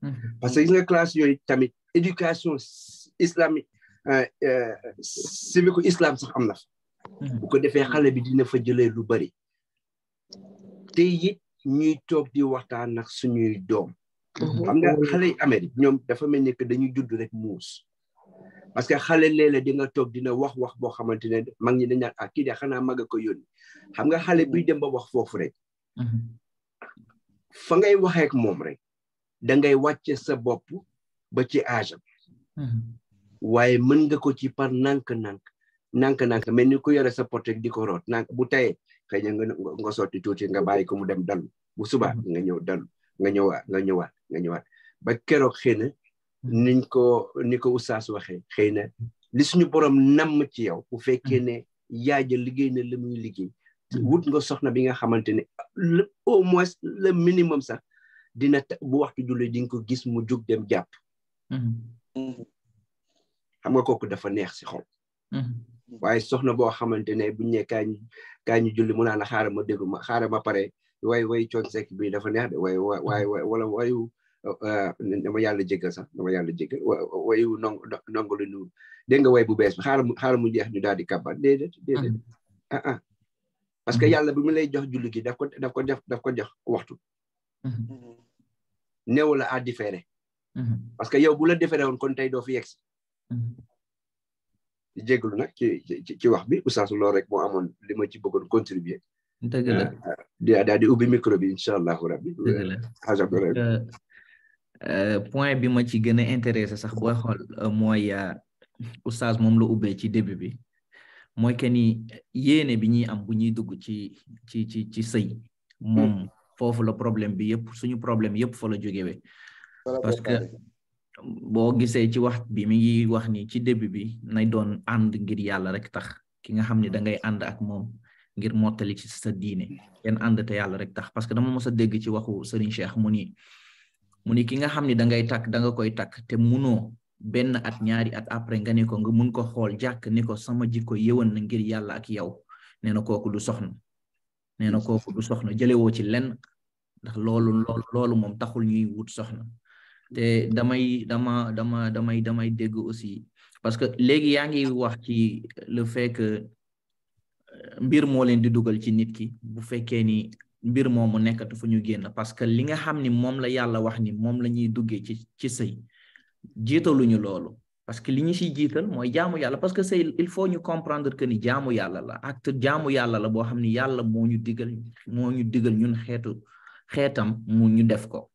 mm-hmm. parce que gis nga classe yooyu tamit éducation islamique euh, euh, civique islam sax am na bu ko defee xale bi dina fa jëlee lu bari te it ñuy toog di waxtaan ak suñuy doom. Mhm. xam nga xale yi Amérique ñoom dafa mel ni que dañuy judd rek muus. parce que xale léeg-léeg di nga toog dina wax wax boo xamante ne mag ñi dañ naan ah kii xanaa mag a ko yónni xam nga xale buy dem ba wax foofu rek. Mhm. fa ngay waxee ak moom rek da ngay wàcce sa bopp ba ci age am. Mhm. waaye mën nga ko ci par nànk-nànk. nànk-nànk mel ni ko yore sa potek di ko nank bu tayee xëy na nga nga sotti tuuti nga bàyyi ko mu dem dalu bu subaa nga ñëw dalu nga ñëwaat nga ñëwaat nga ñëwaat ba keroog xëy na mm-hmm. niñ ko ni ko oustaz waxee xëy na mm-hmm. li suñu borom namm ci yow bu fekkee mm-hmm. ne yaaja liggéey na la liggéey wut nga soxna bi nga xamante ne au moins le minimum sax dina bu waxtu julli di nga ko gis mu jug dem jàpp xam nga kooku dafa neex si xol waaye soxna boo xamante ne buñ ne kaay ñu kaay ñu julli mu naan xaaral ma déglu ma xaaral ma pare way way coon sek bi dafa neex de way waay wala wayu euh, euh, dama yàlla jéggal sax yàlla jéggal wayu nong nongo lu nuur dégg nga way bu bees bi xaaral mu jeex ñu daal di kàbbaat ah, ah. parce que yàlla bi mu lay jox julli gi daf ko daf ko def daf ko jox waxtu néew la à différé parce que yow bu la différé woon kon tey doo fi yegsi jéglu nag ci wax bi oustaz loolu rek moo amoon li ma ci bëggoon contribuer dëgg la euh, di daal di ubbi micro bi incha allahu rabbi dëgg ah, euh, euh, point bi ma ci gën a intéressé sax booy xool mooy oustaz moom la ubbee ci début bi mooy que ni yéene bi ñuy am bu ñuy dugg ci ci ci ci sëy moom hmm. foofu la problème bi yëpp suñu problème yëpp fa la jógewee parce que boo gisee ci wax bi mi ngi wax ni ci début bi nay doon ànd ngir yàlla rek tax ki nga xam ne da ngay mm. ànd ak moom ngir mottali ci sa diine kenn ànd te yàlla rek tax parce que dama mos a dégg ci waxu Serigne Cheikh mu ni mu ni ki nga xam ne da ngay takk da nga koy takk te munoo benn at ñaari at après nga ne ko nga mun ko xool jàkk ni ko sama jikko yewoon na ngir yàlla ak yow nee na kooku du soxna nee na kooku du soxna jëlewoo ci lenn ndax loolu loolu loolu moom taxul ñuy wut soxna te damay dama dama damay damay dégg aussi parce que léegi yaa ngi wax ci le fait que euh, mbir moo leen di dugal ci nit ki bu fekkee ni mbir moom mu nekkatu fu ñu génn parce que li nga xam ni moom la yàlla wax ni moom la ñuy duggee ci ci sëy jiitaluñu loolu parce que li ñu siy jiital mooy jaamu yàlla parce que sëy il faut ñu comprendre que ni jaamu yàlla la acte jaamu yàlla la boo xam ni yàlla moo ñu digal moo ñu digal ñun xeetu xeetam mu ñu def ko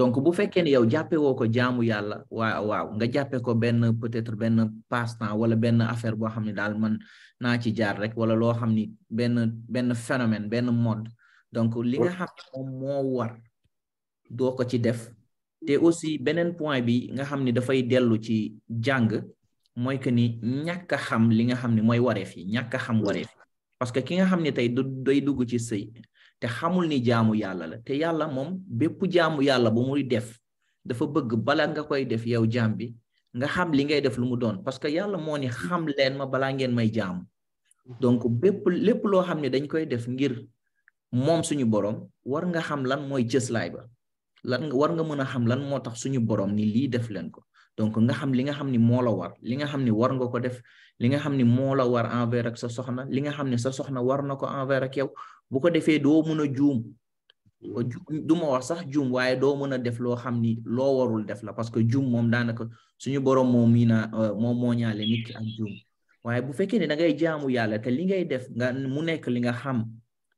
donc bu fekkee ne yow jàppe woo ko jaamu yàlla waaw waaw nga jàppe ko benn peut-être benn passe-temps wala benn affaire boo xam ne daal man naa ci jaar rek wala loo xam ni benn benn phénomène benn mode donc li nga xam moo war doo ko ci def te aussi beneen point bi nga xam ni dafay dellu ci jàng mooy que ni ñàkk xam li nga xam ne mooy wareef yi ñàkk a xam wareef parce que ki nga xam ne tey du day dugg ci sëy te xamul ni jaamu yàlla la te yàlla moom bépp jaamu yàlla bu muy def dafa bëgg bala nga koy def yow jaam bi nga xam li ngay def lu mu doon parce que yàlla moo ni xam leen ma balaa ngeen may jaamu donc bépp lépp loo xam ne dañ koy def ngir moom suñu borom war nga xam lan mooy cëslaay ba lan war nga mën a xam lan moo tax suñu borom ni lii def leen ko donc nga xam li nga xam ni moo la war li nga xam ni war nga ko def li nga xam ni moo la war envers ak sa soxna li nga xam ni sa soxna war na ko envers ak yow bu ko defee doo mun a mm-hmm. juum du ma wax sax juum waaye doo mën a def loo xam ni loo warul def la parce que juum moom daanaka suñu borom moo miina euh, moo mooñaale nit ki ak juum waaye bu fekkee ne da ngay jaamu yàlla te li ngay def nga mu nekk li nga xam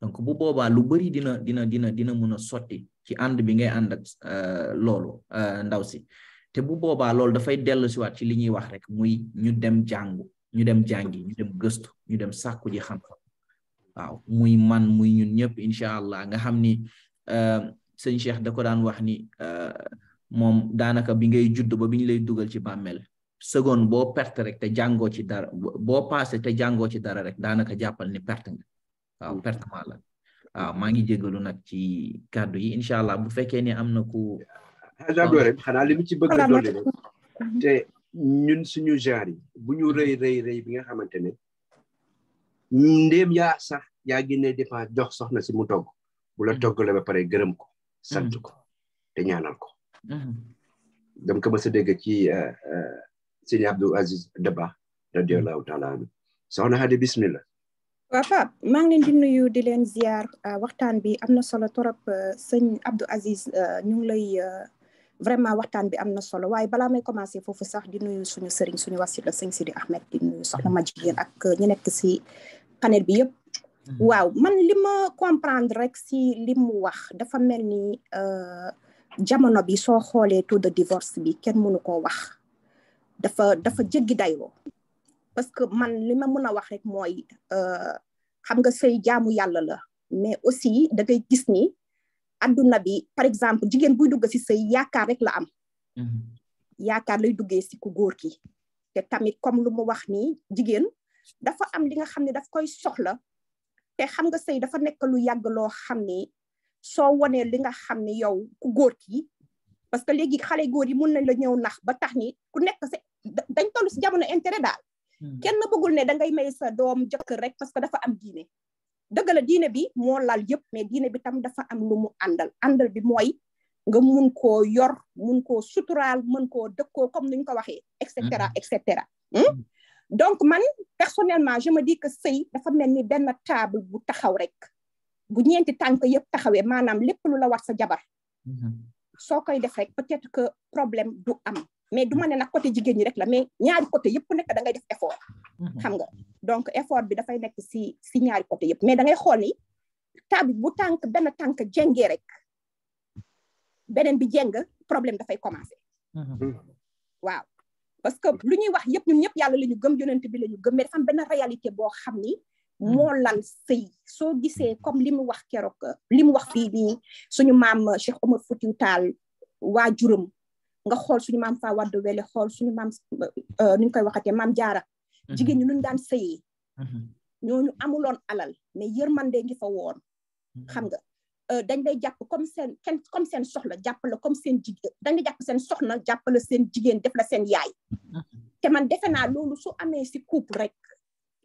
donc bu boobaa lu bari dina dina dina dina mën a sotti ci ànd bi ngay ànd ak euh, loolu euh, ndaw si te bu boobaa loolu dafay dellu siwaat ci li ñuy wax rek muy ñu dem jàngu ñu dem jàngi ñu dem gëstu ñu dem sàkku ji xam-xam waaw muy man muy ñun ñëpp incha allah nga xam ni euh, sëñ Cheikh da ko daan wax ni euh, moom daanaka bi ngay judd ba bi ñu lay dugal ci bàmmeel seconde bo perte rek te jàngoo ci dara boo passé te jàngoo ci dara rek daanaka jàppal ni perte nga waaw perte maa la waaw maa ngi jégalu nag ci kàddu yi incha allah bu fekkee ni am na ku. xanaa li ci bëgg a suñu genre yi bu bi nga xamante ne. ndéem yaa sax yaa génne dépense jox soxna si mu togg bu la mm-hmm. ba pare gërëm ko sant mm-hmm. ko te ñaanal ko mm-hmm. dam ko mës a dégg ci euh, euh, sëñ Abdou Aziz Daba radiallahu taala anu soxna Xadi bismillah waa Pape maa ngi leen di nuyu di leen ziar euh, waxtaan bi am na solo torop sëñ Abdou Aziz ñu ngi lay vraiment waxtaan bi am na solo waaye balaa may commencé foofu sax di nuyu suñu sëriñ suñu wasila sëñ Sidi Ahmed di nuyu soxna ma ak ñu nekk si panel bi yëpp. Mhm. waaw man li ma comprendre rek si li mu wax dafa mel ni euh, jamono bi soo xoolee taux de divorce bi kenn mënu koo wax dafa dafa jéggi dayoo parce que man li ma mën a wax rek mooy euh, xam nga sëy jaamu yàlla la mais aussi da ngay gis ni adduna bi par exemple jigéen buy dugg si sëy yaakaar rek la am mhm. yaakaar lay duggee si ku góor ki te tamit comme lu mu wax ni jigéen dafa am li nga xam ne dafa koy soxla te xam nga sëy dafa nekk lu yàgg loo xam ne soo wanee li nga xam ne yow ku góor ki parce que léegi xale góor yi mun nañ la ñëw nax ba tax ni ku nekk sa dañ toll si jamono intérêt daal hmm. kenn bëggul ne da ngay may sa doom jëkkër rek parce que dafa am diine dëgg la diine bi moo laal yëpp mais diine bi tam dafa am lu mu àndal àndal bi mooy nga mun ko yor mun ko sutural mën koo dëkkoo comme ni ñu ko waxee et cetera hmm. et cetera hmm? donc man personnellement je me dis que sëy dafa mel ni benn table bu taxaw rek bu ñeenti tànk yëpp taxawee maanaam lépp lu la war sa jabar mhm. soo koy def rek peut-être que problème du am mais du ma ne nag côté jigéen ñi rek la mais ñaari côté yëpp ku nekk da ngay mhm. xam nga donc effort bi dafay nekk si si ñaari côté yëpp mais da ngay xool ni table bu tànk benn tànk jengee rek beneen bi jeng problème dafay commencer mhm. hmm. waw parce que lu ñuy wax yëpp ñun ñëpp yàlla la ñu gëm yonent bi la ñu gëm mais dafa am benn réalité boo xam ni hmm. moo lal sëy soo gisee comme li mu wax keroog li mu wax fii nii suñu maam Cheikh Omar Foutiou Tall waajuram nga xool suñu maam Fa Wade Wele xool suñu maam euh, nu ñu koy waxatee maam Jaara hmm. jigéen ñi nuñ daan sëyee hmm. ñooñu amuloon alal mais yërmande ngi fa woon xam nga Euh, dañ lay jàpp comme seen kenn comme seen soxla jàpp la comme seen jigéen dañ lay jàpp seen soxna jàpp la seen jigéen def la seen yaay te man defe naa loolu su amee si couple rek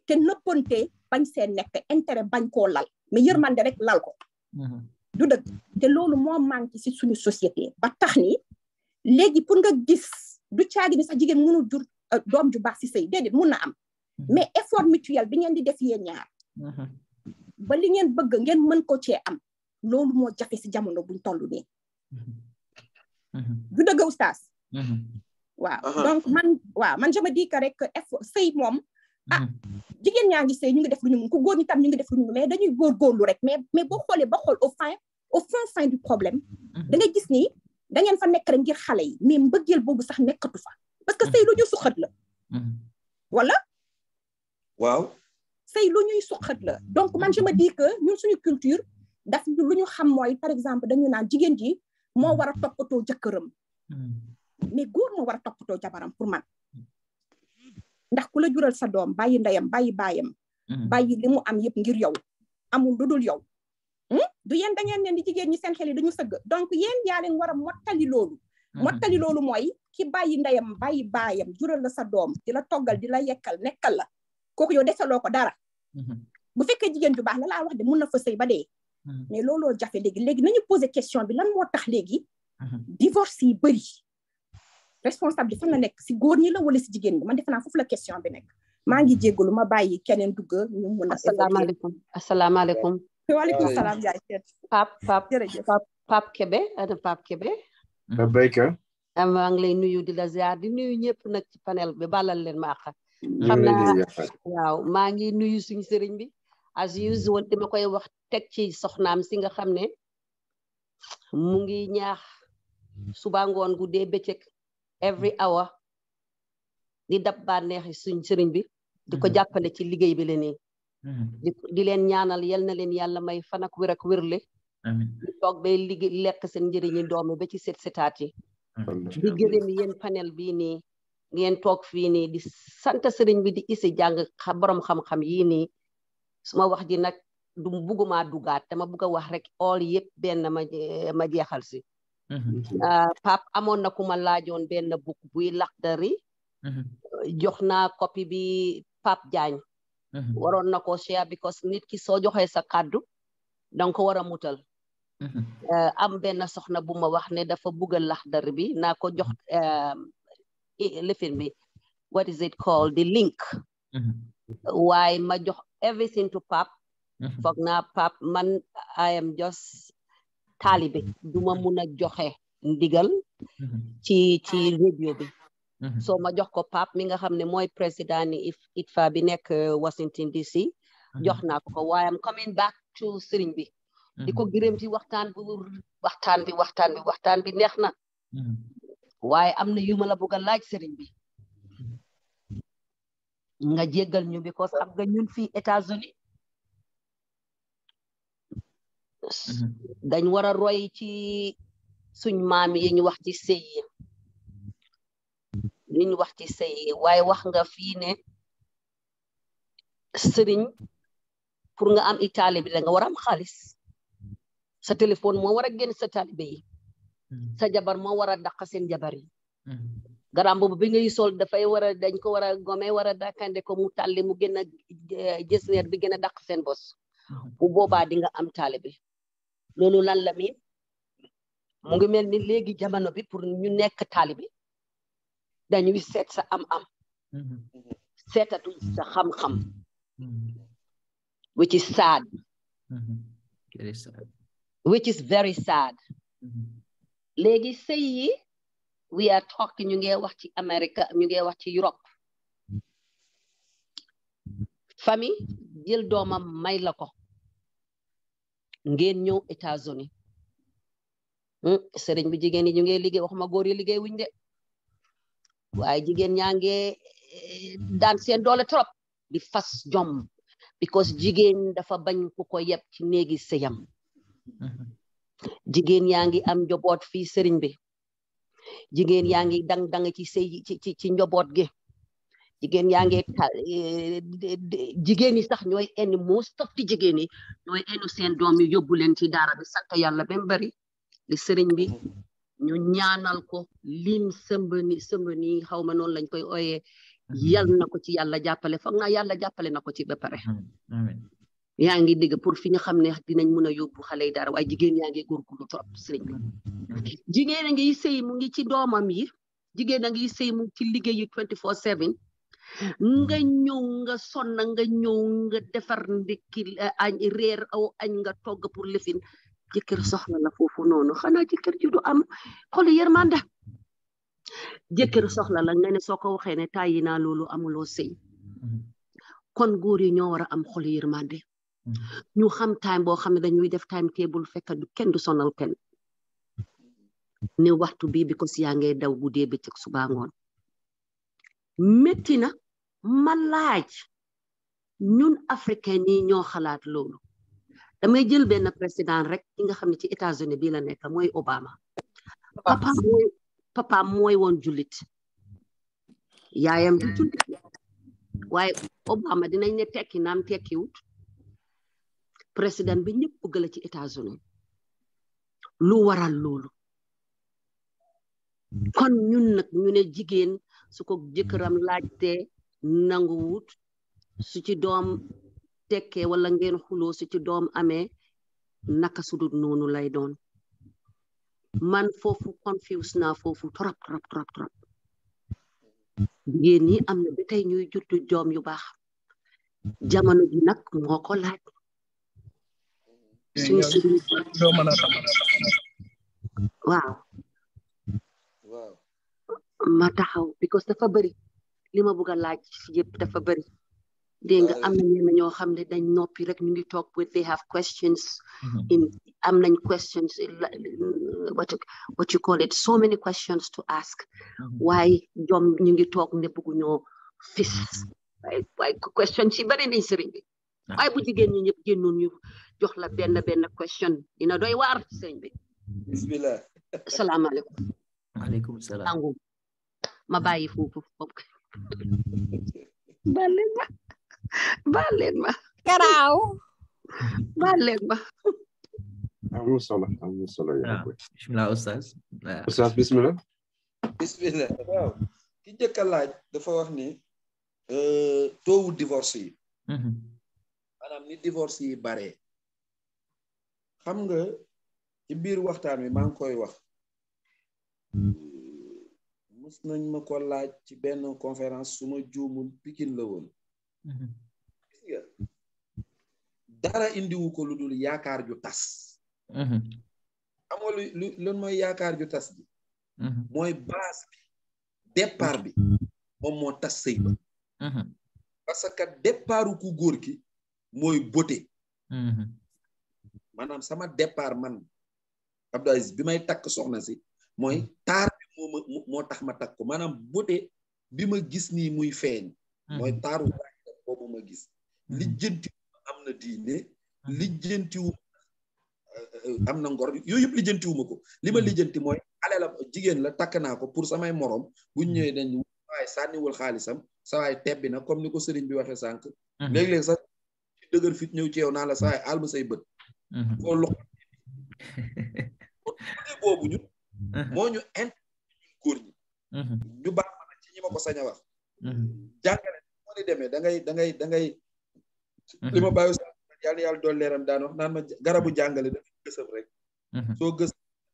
te nëppante bañ seen nekk intérêt bañ koo lal mais yërmande rek lal ko mm-hmm. du dëgg te loolu moo manqué si suñu société ba tax ni léegi pour nga gis du caagi ni sax jigéen mënul jur euh, doom ju baax si sëy déedéet mun na am mm-hmm. mais effort mutuel bi ngeen di def yee ñaar mm-hmm. ba li ngeen bëgg ngeen mën ko cee am loolu moo jafe si jamono buñ toll nii mm-hmm. Mm-hmm. du dëgg oustaz mm-hmm. waaw uh-huh. donc man waaw man je me dis rek effort sëy moom ah jigéen ñaa ngi sëy ñu ngi def lu ñu mun ko góor ñi tam ñu ngi def lu ñu mun mais dañuy góorgóorlu rek mais mais boo xoolee ba xool au fin au fin fin du problème da ngay gis ni dangeen fa nekk rek ngir xale yi mais mbëggeel boobu sax nekkatu fa parce que sëy lu ñuy suqat la wala waaw sëy lu ñuy suqat la donc man je me dis que ñun suñu culture daf lu ñu xam mooy par exemple dañu naan jigéen ji moo war a mm-hmm. toppatoo jëkkëram mm-hmm. mais góor moo war a toppatoo jabaram pour man mm-hmm. ndax ku la jural sa doom bàyyi ndeyam bàyyi baayam bàyyi li mu am yëpp ngir yow amul lu dul yow hmm? du yéen da ngeen leen di jigéen ñi seen yi dañu sëgg donc yéen yaa war a mottali loolu mottali loolu mooy ki bàyyi ndeyam bàyyi baayam jural la sa doom di la toggal di la yekkal nekkal la kooku yow desaloo ko dara bu fekkee jigéen ju baax la laa wax de mun na fa sëy ba de Mm-hmm. mais looloo jafe léegi léegi nañu poser question bi lan moo tax léegi mm-hmm. divorce yi bëri responsable bi fan la nekk si góor ñi la wala si jigéen ñi man defe naa la question bi nekk maa ngi jéggalu ma bàyyi keneen dugg ñu mun a asalaamaaleykum asalaamaaleykum waaleykum salaam yaay seet pap pap Kébé ana pap Kébé béyka ah, maa ngi lay nuyu di la ziar di nuyu ñëpp nag ci panel bi balal leen ma àq maa ngi nuyu suñu sëriñ bi as usual hmm. dama koy wax teg ci soxnaam si nga xam ne mu ngi ñaax suba ngoon guddee bëccëg every hmm. hour di dab bànneexi suñ sëriñ bi di ko hmm. jàppale ci liggéey bi la nii leen ñaanal yal na leen yàlla may fan ak wér ak wérle di toog bay liggéey lekk seen njëriñi doomi ba ci set setaat yi di panel bii nii ngeen toog fii nii di sant sëriñ bi di isi jàng borom xam-xam yii ma wax ji nag du bugguma dugaat dama bugg a wax rek ool yëpp benn ma eh, ma jeexal si mm-hmm. ah, pap amoon na ku ma laajoon benn buk buy laxdari mm-hmm. jox naa copie bi pap jaañ mm-hmm. waroon na ko share because nit ki soo joxee sa kàddu danga ko war a mutal eh, am benn soxna bu ma wax ne dafa bugg a laxdari bi naa ko jox eh, lifin bi what is it called the link waaye ma jox everything to Pape mm-hmm. foog naa Pape man I am just taalibe mm-hmm. duma mm-hmm. mun a joxe ndigal ci ci radio bi so ma jox ko Pape mi nga xam ne mooy président ni ITFA bi nekk uh, Washington DC jox naa ko ko waaye am coming back to sëriñ bi di ko gërëm ci waxtaan bu waxtaan bi waxtaan bi waxtaan bi neex na waaye am na yu ma la bëgg a laaj sëriñ bi nga jéggal ñu because xam nga ñun fii États-Unis dañ war a roy ci suñ maam yi ñu wax ci sëy yi li ñu wax ci sëy yi wax nga fii ne sëriñ pour nga am i taalibe da nga war a xaalis sa téléphone moo war a génn sa taalibe sa jabar moo war a dàq seen jabar yi mm-hmm. garam boobu bi ngay sol dafay war a dañ ko war a gome war a dàkkande ko mu tàlli mu gën a eh, jësneer bi gën a dàq seen bos mm-hmm. bu boobaa dinga am taale bi loolu lan la miin mu ngi mel ni léegi jamono bi pour ñu nekk taali bi dañuy seet sa am-am mm-hmm. seetatuñ sa xam-xam mm-hmm. which is sad which is very sad léegi sëy yi we are talking ñu ngi wax ci America ñu ngi wax ci Europe famille jël doomam may la ko ngeen ñëw États-Unis hmm, sëriñ bi jigéen yi ñu ngi liggéey waxuma góor yi liggéey wuñ de waaye jigéen ñaa ngi eh, daan seen doole trop di fas jom because jigéen dafa bañ ku ko yeb ci néegi sëyam mm-hmm. jigéen yaa ngi am njoboot fii sëriñ bi jigéen yaa hmm. ngi dang dang ci sëy ci ci njoboot gi jigéen yaa ngi tal eh, sax ñooy enu moo saf ci jigéen yi ñooy enu seen doom yi yóbbu leen ci daara bi sant yàlla ba bari li sëriñ bi ñu ñaanal ko lim sëmb ni sëmb xaw ma noonu lañ koy oye hmm. yal na ko ci yàlla jàppale foog na yàlla jàppale na ko ci ba pare hmm. yaa ngi dégg pour fi ñu xam ne dinañ mën a yóbbu xale yi dara waaye jigéen yaa ngi góorgóorlu trop sëriñ bi jigéen a ngi sëy mu ngi ci doomam yi jigéen a ngi sëy mu ngi ci liggéey yi 24/7 nga ñëw nga sonna nga ñëw nga defar ndekki eh, añ reer aw nga togg pour lifin jëkkër soxla la foofu noonu xanaa jëkkër ji du am xolu yërmande jëkkër soxla la nga ne soo ko waxee ne tàyyi naa loolu amuloo sëy kon góor yi ñoo war a am xolu yërmande Mm-hmm. ñu xam time boo xam ne dañuy def time table fekk du kenn du sonal kenn mm-hmm. ne waxtu bi because yaa ngay daw guddee bëccëg subaa ngoon metti na ma laaj ñun africain yi ñoo xalaat loolu damay jël benn président rek ki nga xam ne ci États-Unis bii la nekk mooy Obama papa mooy papa mooy woon jullit yaayam di jullit mm-hmm. waaye Obama dinañ ne tekki naam tekkiwut président hmm. bi ñëpp bëgg ci États-Unis lu waral loolu hmm. kon ñun nag ñu ne jigéen su ko hmm. jëkkëram laajte nanguwut su ci doom tekkee wala ngeen xuloo su ci doom ame naka sudut noonu lay doon man foofu confuse naa foofu trop trop trop jigéen ñi am na ba tey ñuy juddu joom yu baax jamono ji nag moo laaj suñu waaw ma taxaw because dafa bari li ma bëgg a laaj yëpp dafa bari dégg nga am na ñenn ñoo xam ne dañ noppi rek ñu ngi toog with they have questions mm-hmm. in am nañ questions what what you call it so many questions to ask mm-hmm. waaye jom ñu ngi toog ne bëgguñoo fis mm-hmm. waaye question ci bëri nañ sëriñ bi Ah. waaye bu jigéen ñi ñëpp génnoon ñu jox la benn benn question dina doy waar sëñ bi bismillah asalaamaaleykum waaleykum salaam ma bàyyi foofu foofu baal leen ma baal leen ma garaaw baal leen ma amul solo amul solo ah, bismillah ah. ki njëkk laaj dafa wax ni euh, toowu divorce yi mhm. maanaam ni divorce yi bare xam nga ci biir waxtaan wi maa ngi koy wax mus nañ ma ko laaj ci benn conférence su ma juumul pikin la woon mhm. dara indiwu ko lu dul yaakaar ju tas mhm. amoo lu loolu mooy yaakaar ju tas bi mhm. mooy base bi départ bi moom moo tas sëy ba parce que ku góor gi mooy beauté mm-hmm. maanaam sama départ man Abdou bi may takk soxna si mooy mm-hmm. taar bi moo ma moo tax ma takk ko maanaam beauté bi ma gis nii muy feeñ mm-hmm. mooy taaru boobu ma gis lijjantiwuma am na diine lijjantiwuma euh, euh, am na ngor yooyu yëpp lijjantiwuma ko li ma lijjanti mooy ale la jigéen la takk naa ko pour samay morom buñ ñëwee dañ waaye sànniwul xaalisam sawaay tebbi na comme ni ko sëriñ bi waxee sànq léeg-léeg sax dëgër fit ñëw ci yow naa la saay àll say bët. Mhm. foo lu boobu ñu mhm. moo ñu indi góor ñi. Mhm. ñu baax ma ci ñi ma ko sañ wax. jàngale moo di demee da ngay da ngay da ngay. ma bàyyi sax yàlla yàlla daan wax naan ma garabu jàngale dafa gësam rek. soo gës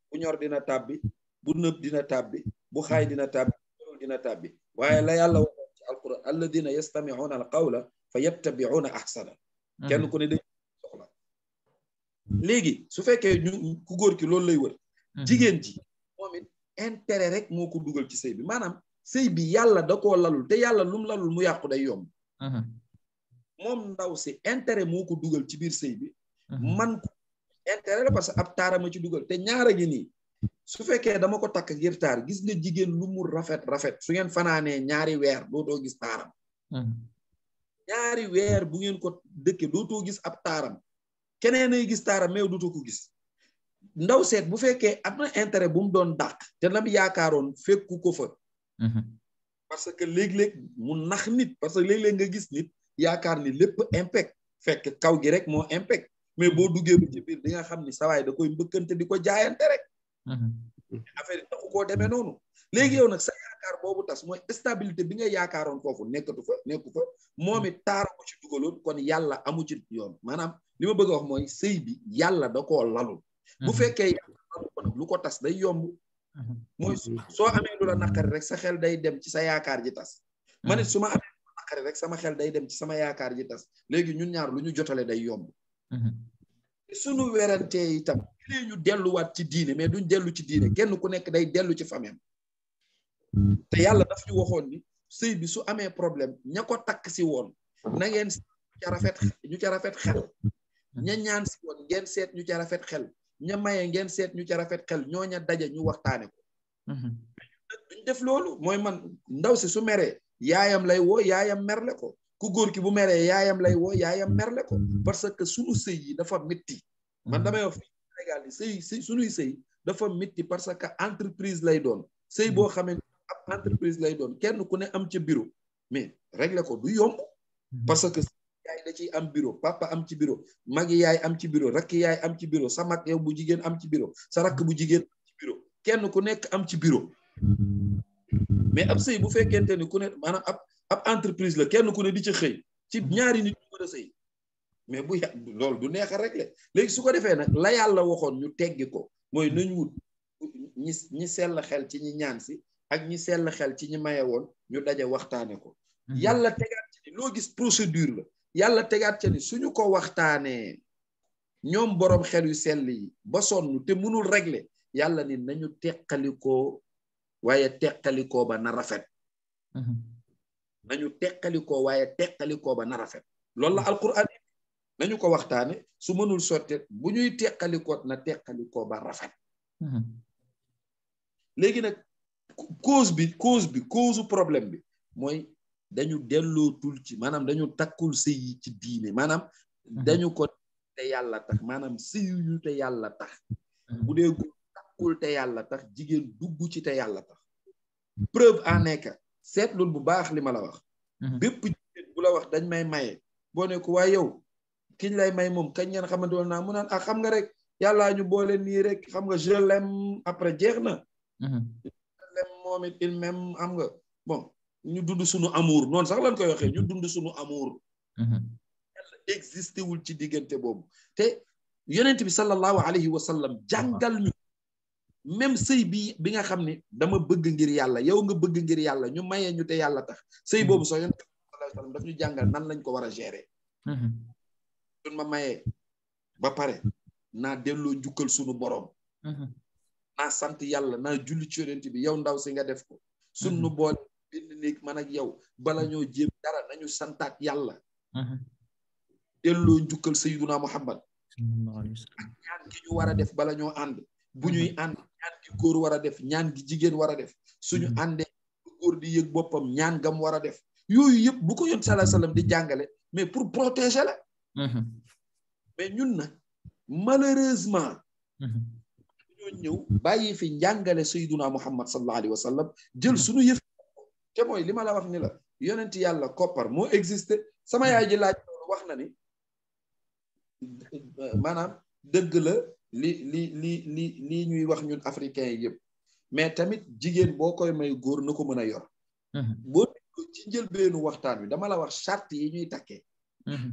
bu ñor dina tàbbi bu nëb dina tàbbi bu xaay dina tàbbi bu waaye la yàlla waxoon ci alquran alladina yastami'una alqawla fa yattabi'una ahsana kenn ku ne dañ soxla léegi su fekkee ñu ku góor ki loolu lay wër mhm. jigéen ji moom it intérêt rek moo ko dugal ci sëy bi maanaam sëy bi yàlla da koo lalul te yàlla lum lalul mu yàqu day yomb mhm. moom ndaw si intérêt moo ko dugal ci biir sëy bi mhm. man ko intérêt parce que ab taarama ci dugal te ñaar a ngi nii su fekkee dama ko takk ngir taar gis ne jigéen lu mu rafet rafet su ngeen fanaanee ñaari weer dootoo gis taaram ñaari weer bu ngeen ko dëkkee dootoo gis ab taaram keneen ay gis taaram mais dootoo ko gis ndaw seet bu fekkee am na interet bu mu doon dàq te lam yaakaaroon fekku ko fa mhm. parce que léeg-léeg mu nax nit parce que léeg-léeg nga gis nit yakar ni lépp impec fekk kaw gi rek moo impec mais boo duggee ba ci biir di nga xam ni sawaay da koy mbëkkante di ko jaayante rek mhm. affaire yi taxu koo demee noonu boobu tas mooy stabilité bi ngay yaakaaroon foofu nekkatu fa nekku fa moom it taara ko ci dugaloon kon yàlla amu ci yoon maanaam li ma bëgg a wax mooy sëy bi yàlla da koo lalul bu mhm. fekkee yàlla lalul lu ko tas day yomb mhm. mooy mhm. soo amee lu la naqari rek sa xel day dem ci sa yaakaar ji tas man it su ma amee lu la naqari rek sama xel day dem ci sama yaakaar ji tas léegi ñun ñaar lu ñu jotalee day yomb suñu werantee itam lée ñu delluwaat ci diine mais duñ dellu ci diine kenn ku nekk day dellu ci famem te mhm. yàlla daf ñu waxoon ni sëy bi su amee problème ña ko takk si woon na ngeen ñu ca rafet ñu ca rafet xel ña ñaan si woon ngeen seet ñu ca rafet xel ña maye ngeen seet ñu ca rafet xel ñoo ña daje ñu waxtaane ko mhm. duñ def loolu mooy man ndaw si su meree yaayam lay wo yaayam merle ko ku góor ki bu meree yaayam lay woo yaayam merle ko parce que suñu sëy yi dafa métti man mhm. damay wax fii Sénégal yi sëy sëy suñuy sëy dafa métti parce que entreprise lay doon sëy boo xamee entreprise lay doon kenn ku ne am ca bureau mais regle ko du yomb parce que yaay da ciy am bureau papa am ci biro mag yaay am ci bureau rakki yaay am ci biro sa mag yow bu jigéen am ci bureau sa rakk bu jigéen am ci bureau kenn ku nekk am ci biro mais ab sëy bu fekkente ni ku ne maanaam ab entreprise la kenn ku ne di ci xëy ci ñaari nit ñu mën a sëy mais bu yàgg lool du neex a léegi su ko defee nag la yàlla waxoon ñu teggi ko mooy nañ wut ñi ñi sell xel ci ñi ñaan si ak ñi sell xel ci ñi maye woon ñu daje waxtaane ko mhm. yàlla tegaat ci ni loo gis procédure la yàlla tegaat ca ni suñu ko waxtaanee ñoom boroom xel yu sell yi ba sonn te mënul régler yàlla ni nañu teqalikoo waaye teqalikoo ba na rafet mhm. nañu teqalikoo waaye teqalikoo ba na rafet loolu la alquran nañu ko waxtaane su mënul sotte bu ñuy teqalikoot na teqalikoo ba rafet mhm. léegi nag cause bi cause bi cause u problème bi mooy dañu dellootul ci maanaam dañu takkul sëy yi ci diine maanaam mhm. dañu ko te yàlla tax maanaam sëyuñu te yàlla tax mhm. bu dee góor takkul te yàlla tax jigéen dugg ci te yàlla tax preuve en est que seetlul bu baax li ma la wax mhm. bépp jigéen wax dañ may maye boo ne ko waaye yow kiñ lay may moom kañ ngeen xamante woon naa mu naan ah xam nga rek yàllaa ñu boole nii rek xam nga je l'aime après jeex na moom it il même xam nga bon ñu dund suñu amour noon sax lañ koy waxee ñu dund suñu amour. Mm-hmm. yàlla wul ci diggante boobu te yonent bi sallallahu alayhi wa sallam jàngal ñu. même sëy bi bi nga xam ne dama bëgg ngir yàlla yow nga bëgg ngir yàlla ñu mayee ñu te yàlla tax sëy boobu sax yonent bi sallam daf ñu jàngal nan lañ ko war a gérer. suñ mm-hmm. ma mayee ba pare naa delloo njukkal sunu boroom. Mm-hmm. naa sant yàlla na julli ci yonent bi yow ndaw si nga def ko sun nu mhm. boole bind néeg man ak yow bala mhm. ñoo jéem dara nañu santaat yàlla mhm. delloo njukkal sayyiduna muhammad ak ñaan gi ñu war a def bala ñoo ànd bu ñuy ànd ñaan gi góor war a def ñaan ki jigéen war a def suñu àndee góor di yëg boppam ñaan gam war a def yooyu yëpp bu ko yont salaa sallam di jàngale mais pour protéger la mais ñun nag malheureusement nañ ñëw bàyyi fi njàngale sayyiduna muhammad sallallahu alayhi wa sallam jël mhm. suñu yëf te mooy li ma la wax ni la yonent yàlla koppar moo existé sama yaay ji laaj wax na ni euh, maanaam dëgg la li li li li lii ñuy wax ñun africains yi yëpp mais tamit jigéen boo koy may góor na ko mën a yor mhm. boo ci njëlbeenu waxtaan wi dama la wax charte yi ñuy takkee mhm.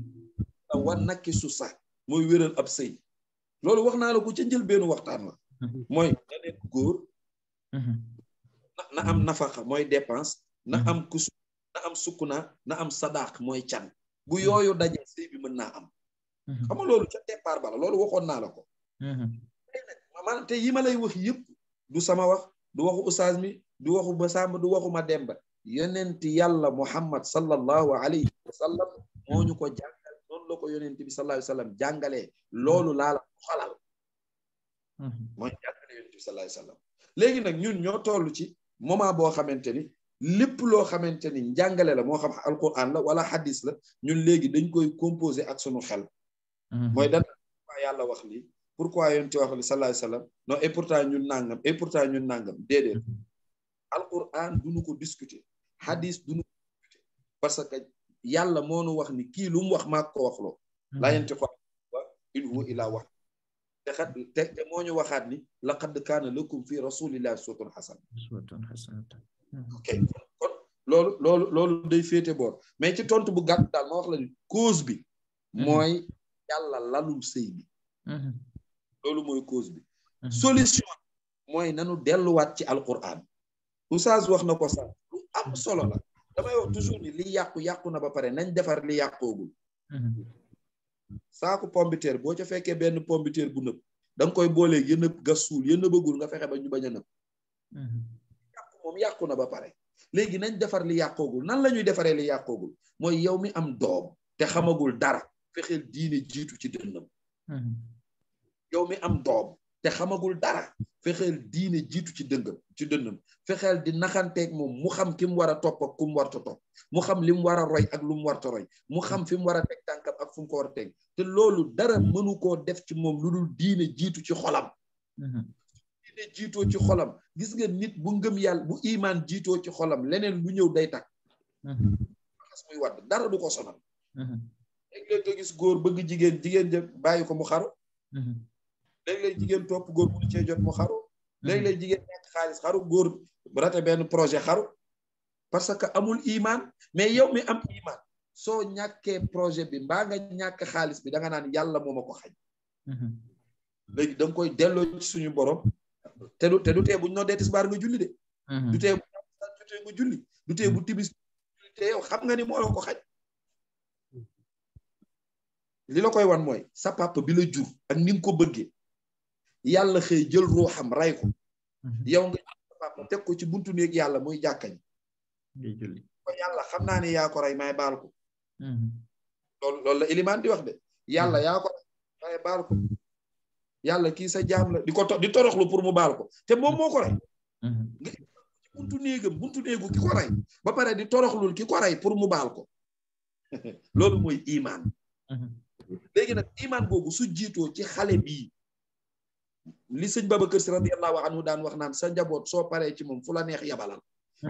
wan nakki su sax mooy wéral ab sëy loolu wax naa la ko jël njëlbeenu waxtaan la Mhm. mooy na nekk góor mhm. na am nafaqa mooy dépense na mhm. am kusu na am sukkuna na am sadaq mooy can gu yooyu dajee sëy bi mën naa am xam nga loolu ca départ bala loolu waxoon naa la ko maanaam te yi ma lay wax yëpp du sama wax du waxu ustaas mi du waxu Basamba du waxu Mademba yonent yàlla muhammad sallallahu alayhi wa moo ñu ko jàngal noonu la ko yonent bi sallallahu alayhi wa sallam jàngalee loolu laa la xolal Mm-hmm. mooy jàngale yonent léegi nag ñun ñoo toll ci moment boo xamante ni lépp loo xamante ni njàngale la moo xam alquran la wala hadis la ñun léegi dañ koy composé ak sunu xel mm-hmm. mooy dan pourquoi yàlla wax pour pourquoi yonent wax li salaay salaam non et pourtant ñun nàngam et pourtant ñun nàngam déedéet mm-hmm. alquran duñu ko discuter hadis duñu ko discuter parce que yàlla moonu wax ni kii lu mu wax maak ko wax loo laa yonent ko in wax te xat te te moo ñu waxaat ni laqad kaana lakum fi rasulillahi uswatun xasana uswatun xasana ok kon loolu loolu loolu day féete boor mais ci tontu bu gàtt daal ma wax la ni cause bi mhm. mooy yàlla lalul sëy bi mhm. loolu mooy cause bi mhm. solution mooy nanu delluwaat ci alquran oustaz wax na ko sax lu am solo la damay toujours ni li yàqu yàqu na ba pare nañ defar li yàqoogul saaku pombiteer boo ca fekkee benn pombiteer bu nëb da koy booleeg yéen a gas yéen a bëggul nga fexe ba ñu bañ a nëb yàqu moom yàqu na ba pare léegi nañ defar li yàqoogul nan la ñuy defaree li yàqoogul mooy yow mi am doom te xamagul dara fexeel diine jiitu ci dënnam hmm. yow mi am doom te xamagul dara fexeel diine jiitu ci dëngam ci dënnam fexeel di naxanteeg moom mu xam ki mu war a topp ak ku mu warta topp mu xam li mu war a roy ak lu mu warta roy mu xam fi mu war a teg tànkam ak fu ko war a teg te loolu dara mm-hmm. mënu koo def ci moom lu dul diine jiitu ci xolam mm-hmm. jiitoo ci xolam gis nga nit bu ngëm yàlla bu imaan jiitoo ci xolam leneen lu ñëw day takk mm-hmm. xas muy wadd dara du ko sonal léeg-léeg gis góor bëgg jigéen jigéen ja bàyyi ko mu xaru léeg-léeg jigéen topp góor mënu cee jot mu xaru léeg-léeg hmm. jigéen ñett xaalis xaru góor bu rate benn projet xaru parce que amul iman mais yow mi am iman soo ñàkkee projet bi mbaa nga ñàkk xaalis bi da nga naan yàlla moo ma ko xañ hmm. léegi da koy delloo ci suñu borom te du te du tee buñ noo dee tisbaar nga julli de hmm. du tee bu jotee bu tibis te yow xam nga ni moo ko xañ li la koy wan mooy sa papa bi la jur ak ni nga ko bëggee yàlla xëy jël xam ray ko mhm. yow nga papa teg ko ci buntu néeg yàlla muy jàkkañ ko yàlla xam naa ne yaa ko rey maay baal ko mhm. loolu la ilimaan di wax de yàlla mhm. yaa ko rey maay baal kii sa jaam la di ko di toroxlu pour mu baal ko te moom moo ko rey nga ci buntu néegam buntu néegu ki ko rey ba pare di toroxlul ki ko rey pour mu baal ko loolu mooy imaan léegi nag imaan googu su jiitoo ci xale bii li sëñ Babacar Si radiyallahu anhu daan wax naan sa njaboot soo paree ci moom fu la neex yabalal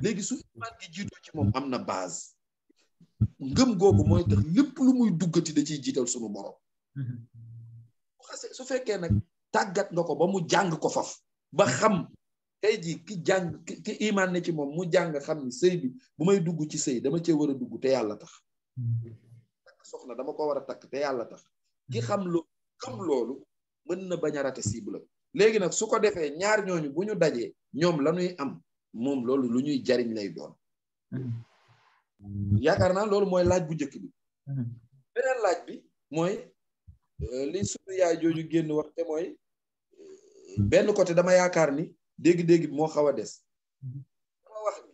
léegi su imaan gi jiitoo ci moom am na base ngëm googu mooy tax lépp lu muy duggati da ciy jiital sunu borom bu su fekkee nag tàggat nga ko ba mu jàng ko faf ba xam tey jii ki jàng ki imaan ne ci moom mu jàng xam ni sëy bi bu may dugg ci sëy dama cee war a dugg te yàlla tax mm-hmm. takk soxna dama ko war a takk te yàlla tax ki xam lu xam loolu mën na bañ a rate léegi nag su ko defee ñaar ñooñu bu ñu dajee ñoom la ñuy am moom loolu lu ñuy jariñ lay doon mm-hmm. yaakaar naa loolu mooy laaj bu njëkk bi mm-hmm. beneen laaj bi mooy euh, li suñu yaay jooju génn wax te mooy euh, benn côté dama yaakaar ni dégg-dégg bi moo xaw a des mm-hmm. dama wax ni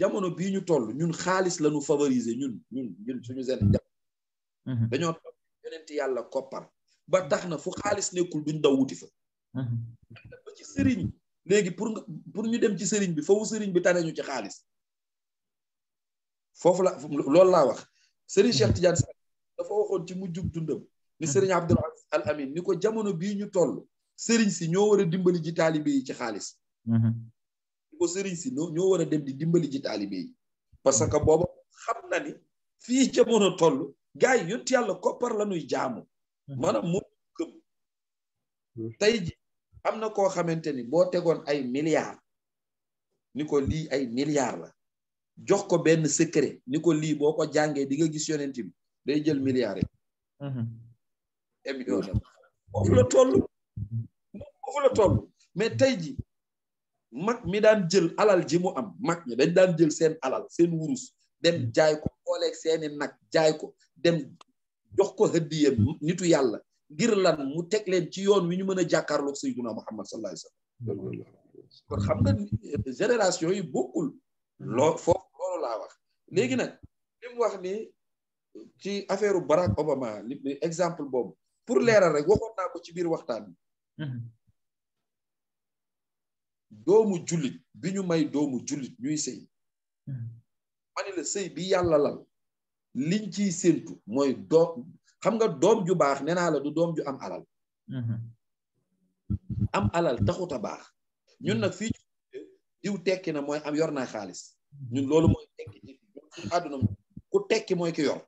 jamono bii ñu toll ñun xaalis la lañu favoriser ñun ñun ñun suñu seen jàpp dañoo topp yonent yàlla koppar ba tax na fu xaalis nekkul duñ daw wuti fa. Mhm. ba ci sëriñ léegi pour pour ñu dem ci sëriñ bi foofu sëriñ bi tane ñu ci xaalis foofu la loolu laa wax. sëriñ Cheikh Tidiane Sall dafa ci mujjug dundam. ni mhm. sëriñ Abdoul Aziz ni ko jamono bii ñu toll. sëriñ si ñoo war dimbali ji taalibe yi ci xaalis. Mhm. ni ko sëriñ si ñoo war a dem di dimbali ji taalibe yi. parce que booba xam na ni fii jamono toll gars yi yàlla koppar la ñuy jaamu. mana moo gëm tey ji am na koo xamante ni boo tegoon ay milliards ni ko lii ay milliards la jox ko benn secret ni ko lii boo ko jàngee di nga gis yonent bi day jël milliards yi émission la foofu la toll foofu la toll mais tey ji mag mi daan jël alal ji mu am mag ñi dañ daan jël seen alal seen wurus dem jaay ko booleeg seeni nag jaay ko dem jox ko hëddiyam nitu yàlla ngir lan mu teg leen ci yoon wi ñu mën a jàkkaarloog sayyiduna Muhammad sallallahu alayhi wasallam kon xam na euh, génération yi bokkul loo foofu loolu laa wax léegi nag li wax ni ci affaire Barack Obama li exemple boobu pour leeral rek waxoon naa ko ci biir waxtaan doomu jullit bi ñu may doomu julit ñuy sëy hmm. ma la sëy bi yàlla lal liñ ci séntu mooy doom xam nga doom ju baax nee naa la du doom ju am alal mhm. am alal taxut a baax ñun nag fii diw tekki na mooy am yor na xaalis ñun loolu mooy tekki ci ku tekki mooy ki yor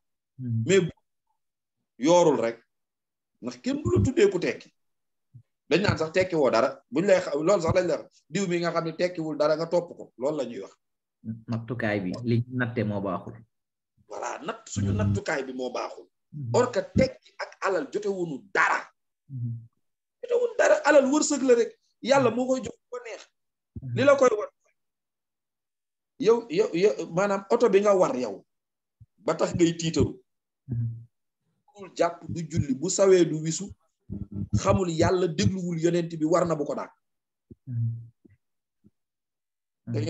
mhm. mais bu yoorul rek ndax kenn du la tuddee ku tekki dañ naan sax tekki woo dara buñ lay loolu sax lañ la diw mi nga xam ne tekkiwul dara nga topp ko loolu la ñuy wax nattukaay bi li natte moo baaxul voilà natt suñu mm-hmm. nattukaay bi moo baaxul mm-hmm. or que tekki ak alal jotewunu dara mm-hmm. jotewunu dara alal wërsëg la rek yàlla moo koy jox ko neex li la koy yow yow yow maanaam oto bi nga war yow ba tax ngay tiitaru dul jàpp du julli bu sawee du wisu xamul yàlla dégluwul yonent bi war na bu ko daak da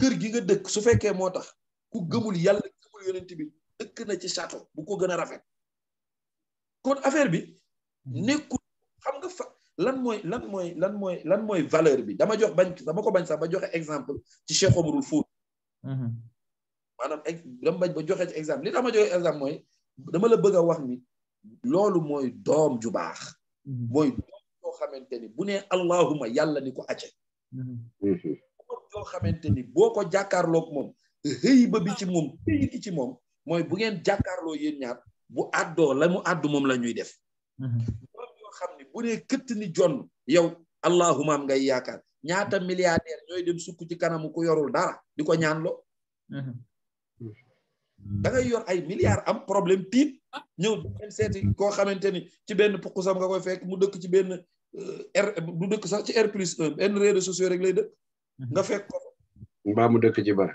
kër gi nga dëkk su fekkee moo tax ku gëmul yàlla gëmul yonent bi ëkk na ci château bu ko gën a rafet kon affaire bi nekkul xam nga fa lan mooy lan mooy lan mooy lan mooy valeur bi dama jox bañ dama ko bañ sax ba joxe exemple ci Cheikh Omarul Fouti mm-hmm. maanaam dama bañ ba joxe ci exemple li tax ma joxe exemple mooy dama la bëgg a wax ni loolu mooy doom ju baax mm-hmm. mooy doom joo xamante ni bu nee allahuma yàlla ko acce mm-hmm. doom moom xëy ba bi ah. ci moom xëy gi moom mooy bu ngeen jàkkaarloo yéen ñaar bu àddoo la mu àddu moom la ñuy def mm-hmm. moom ñoo xam ne bu dee këtt ni jonn yow allahumaam ngay yaakaar ñaata mm-hmm. milliardaire ñooy dem sukk ci kanamu ku yorul dara di ko ñaan lo mm-hmm. da ngay yor ay milliards am problème tiit ñëw dem seeti koo xamante ni ci benn puqusam nga koy fekk mu dëkk ci benn euh, R du sax ci R plus rek lay dëkk nga ko mbaa mu dëkk ci bara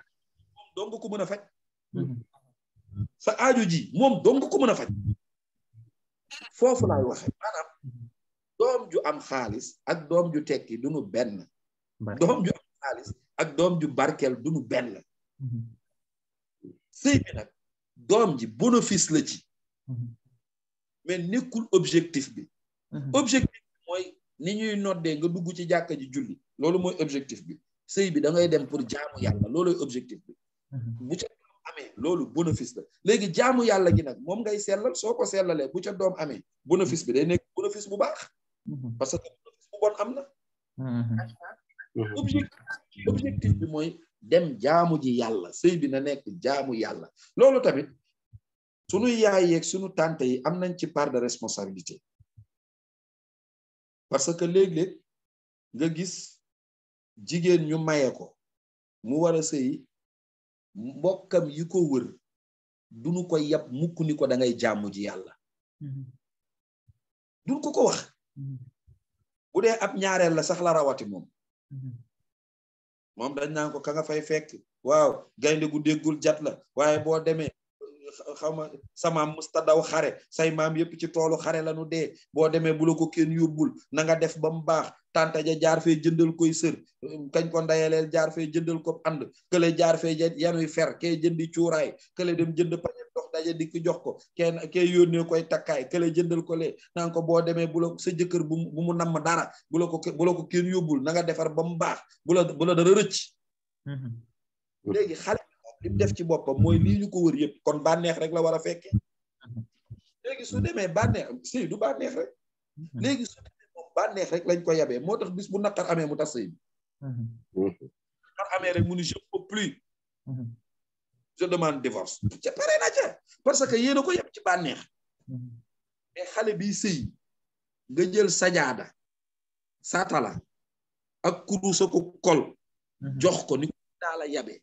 dong ko mën a faj hmm. sa aajo ji moom dong ko mën a foofu laay waxe doom ju am xaalis ak doom ju tekki duñu benn doom ju doom ju barkeel duñu benn hmm. sëy bi nag doom ji bénéfice la ci hmm. mais nekkul objectif bi objectif mooy ni ñuy noddee nga dugg ci jàkka ji julli loolu mooy objectif bi sëy bi da dem pour jaamu yàlla looloy objectif bi Mhm. bu ca doom amee loolu bénéfice la léegi jaamu yàlla gi nag moom ngay sellal soo ko sellalee bu ca doom amee bénéfice bi day nekk bénéfice bu baax mhm. parce que bénéfice bu bon am na objectif mhm. objectif bi mooy dem jaamu ji yàlla sëy bi na nekk jaamu yàlla loolu tamit sunu yaay yeeg sunu tante yi am nañ ci part de responsabilité parce que léeg nga gis jigéen ñu maye ko mu war a sëyi mbokkam yi ko wër duñu ko yab mukk ni ko da ngay jaamu ji yàlla mm-hmm. duñ ko ko wax mm-hmm. bu dee ab ñaareel la sax la rawati moom mm-hmm. moom dañ naan ko ka nga fay fekk waaw gaynde gu déggul jat la waaye boo demee xaw ma samaam musta daw xare say maam yëpp ci toolu xare la nu dee boo demee bu ko kenn yóbbul na def ba mu baax tante ja jaar fee jëndal koy sër kañ ko ndayaleel jaar fee jëndal ko ànd kële jaar fee yanuy fer ke jëndi cuuraay kële dem jënd pañe dox daje dikk jox ko kenn kee yónnee koy takkaay kële jëndal ko lee naan ko boo demee bu la sa jëkkër bu mu namm dara bulo ko bu la ko kenn yóbbul na nga defar ba mu baax bu la bu la dara rëcc mm-hmm. léegi xale li mu def ci boppam mooy lii ñu ko wër yëp kon bànneex rek la war a fekkee mm-hmm. léegi su demee bànneex si du bànneex rek mm-hmm. bànneex rek lañ ko yabee moo tax bis bu naqar amee mu tas sëy bi naqar amee rek mu ni je peux plus je demande divorce ca pare na parce que yéen a ko yab ci bànneex mais xale bi sëy nga jël sajaada satala ak kurusa ko kol jox ko ni ko daa la yabee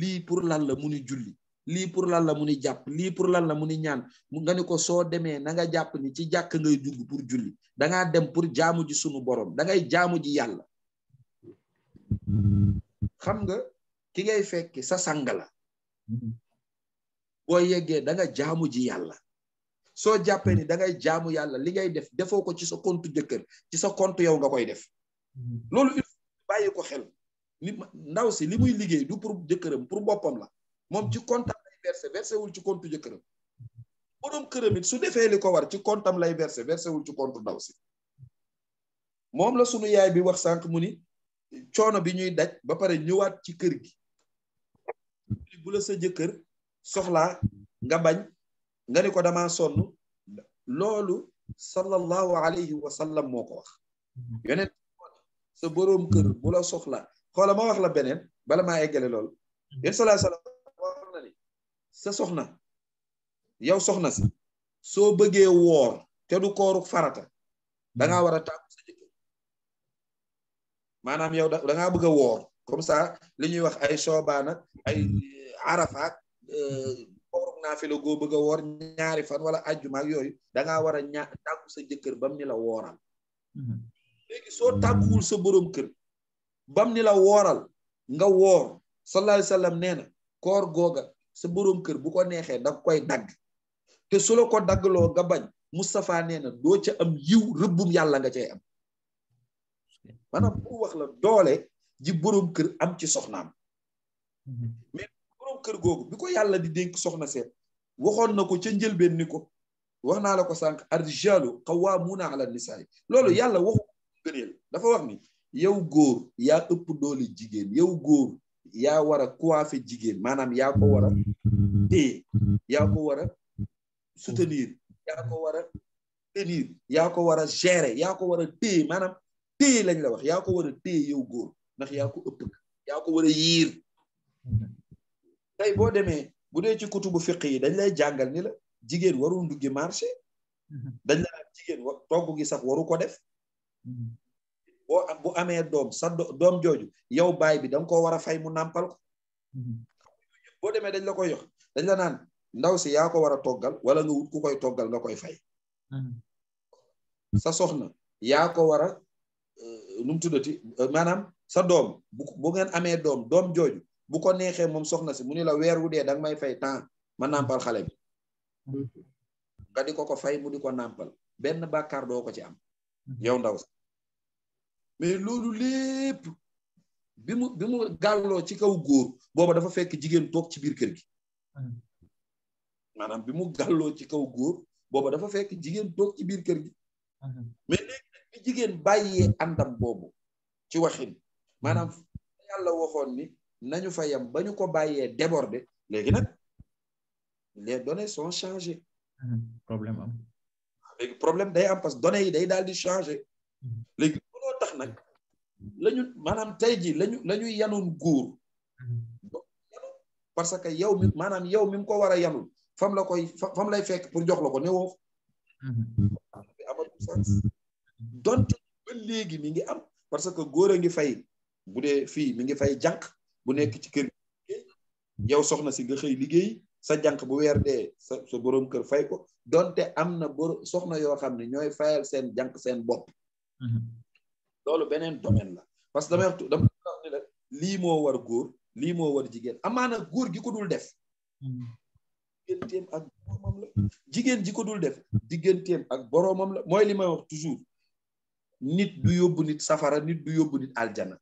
lii pour lan la mu ni julli lii pour lan la mu ni jàpp lii pour lan la mu ni ñaan mu nga ni ko soo demee na nga jàpp ni ci jàkk ngay dugg pour julli dangaa dem pour jaamu ji sunu borom dangay jaamu ji yàlla xam nga ki ngay fekki sa sang boo yeggee da nga ji yàlla soo jàppee ni da ngay jaamu yàlla li ngay def defoo ko ci sa compte jëkkër ci sa compte yow nga koy def loolu il bàyyi ko xel nit ndaw si li muy liggéey du pour jëkkëram pour boppam la moom ci compte versé versé wul ci compte jëkkëram borom këram it su defee li ko war ci compte lay versé versé wul ci compte ndaw si moom la sunu yaay bi wax sànq mu ni coono bi ñuy daj ba pare ñëwaat ci kër gi bu la sa jëkkër soxla nga bañ nga ni ko dama sonn loolu sallallahu alayhi wa sallam moo ko wax yonent sa boroom kër bu la soxlaa xoola ma wax la beneen bala maa eggale loolu yéen sallallahu alayhi wa sa soxna yow soxna si soo bëggee woor te du farata da ngaa war a sa jëkkër maanaam yow da ngaa bëgg a woor comme sa li ñuy wax ay soobaan ak ay arafaak euh, kooruk naa fi la goo bëgg a woor ñaari fan wala ajjuma ak yooyu da ngaa war a ña sa jëkkër bam ni la wooral léegi soo tàgguwul sa boroom kër bam ni la wooral nga woor sallallahu alayhi wa sallam nee googa sa boroom kër bu ko neexee da koy dagg te su la ko daggloo nga bañ Moustapha nee na doo ca am yiw rëbbum yàlla nga ce am maanaam bu wax la doole ji boroom kër am ci soxnaam mhm. mais boroom kër googu bi ko yàlla di dénk soxna seet waxoon na ko ca njëlbeen ni ko wax naa la ko sànq arrijaalu qawwaamuuna ala nisaa loolu yàlla waxu gëneel dafa wax ni yow góor yaa ëpp doole jigéen yow góor yaa war a coiffer jigéen maanaam yaa ko war a téye ko war a soutenir yaa ko war a tenir yaa ko war a gérer yaa ko war a téye maanaam téye lañ la wax yaa ko war a téye yow góor ndax yaa ko ëpp yaa ko war a yiir tey boo demee bu dee ci kutubu fiq yi dañ lay jàngal ni la jigéen waru nduggi marché dañ la naan gi sax waru ko def bo am bu amee doom sa doom jooju yow baay bi da nga koo war a fay mu nàmpal ko boo demee dañ la koy yox dañ la naan ndaw si yaa ko war a toggal wala nga wut ku koy toggal nga koy fay mm-hmm. sa soxna yaa ko war a euh, nu mu tuddati euh, maanaam sa doom bu bu amee doom doom jooju bu ko neexee moom soxna si mu ni la weer wu dee da may fay temps ma nampal xale bi mm-hmm. nga di ko ko fay mu di ko nàmpal benn bàkkaar doo ko ci am mm-hmm. yow ndaw si mais loolu lépp bi mu bi gàlloo ci kaw góor booba dafa fekk jigéen toog ci biir kër gi maanaam bi mu gàlloo ci kaw góor booba dafa fekk jigéen toog ci biir kër gi mais léegi nag jigéen bàyyee àndam boobu ci waxin maanaam yàlla waxoon ni nañu fa yam ba ñu ko bàyyee déborder léegi nag les données son changées problème am problème day am parce que données yi day daal di changer mm-hmm. léegi nag lañu maanaam tey jii lañu lañuy ñu góor parce que yow mi maanaam yow mi mu ko war a yanul fam la koy fam lay fekk pour jox la ko ne woof donte ba léegi mi ngi am parce que góor a ngi fay bu dee fii mi ngi fay jànq bu nekk ci kër yow soxna si nga xëy liggéey sa jànq bu weer dee sa sa kër fay ko donte am na soxna yoo xam ne ñooy fayal seen jànq seen bopp loolu beneen domaine la parce que damay wax dama wax ni lii moo war góor lii moo war jigéen amaana góor gi ko dul def digganteem ak boroomam la jigéen ji ko dul def digganteem ak boroomam la mooy li may wax toujours nit du yóbbu nit safara nit du yóbbu nit aljana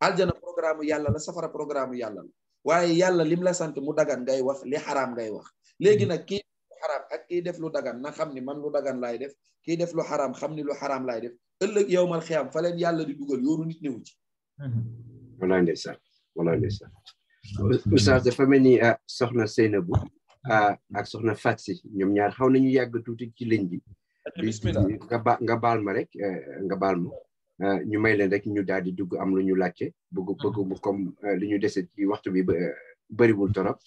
aljana programme yàlla la safara programme yàlla la waaye yàlla lim la sant mu dagan ngay wax li xaraam ngay wax léegi nag ki ak kii def lu dagan na xam ni man lu dagan laay def kii def lu xaraam xam ni lu xaraam laay def ëllëg yow mal xiyaam fa leen yàlla di dugal yoonu nit ñëwu ci. Mm-hmm. walaay ndeysaan walaay ndeysaan. Mm-hmm. oustaz dafa mel ni ah, soxna Seynabou ah, ak soxna Fatsi ñoom ñaar xaw nañu yàgg tuuti ci liñ nga baal ma rek eh, nga baal ah, ñu may leen rek ñu daal di dugg am lu ñu laajte bëgg mm-hmm. eh, li ñu dese ci waxtu bi eh, bëriwul torop.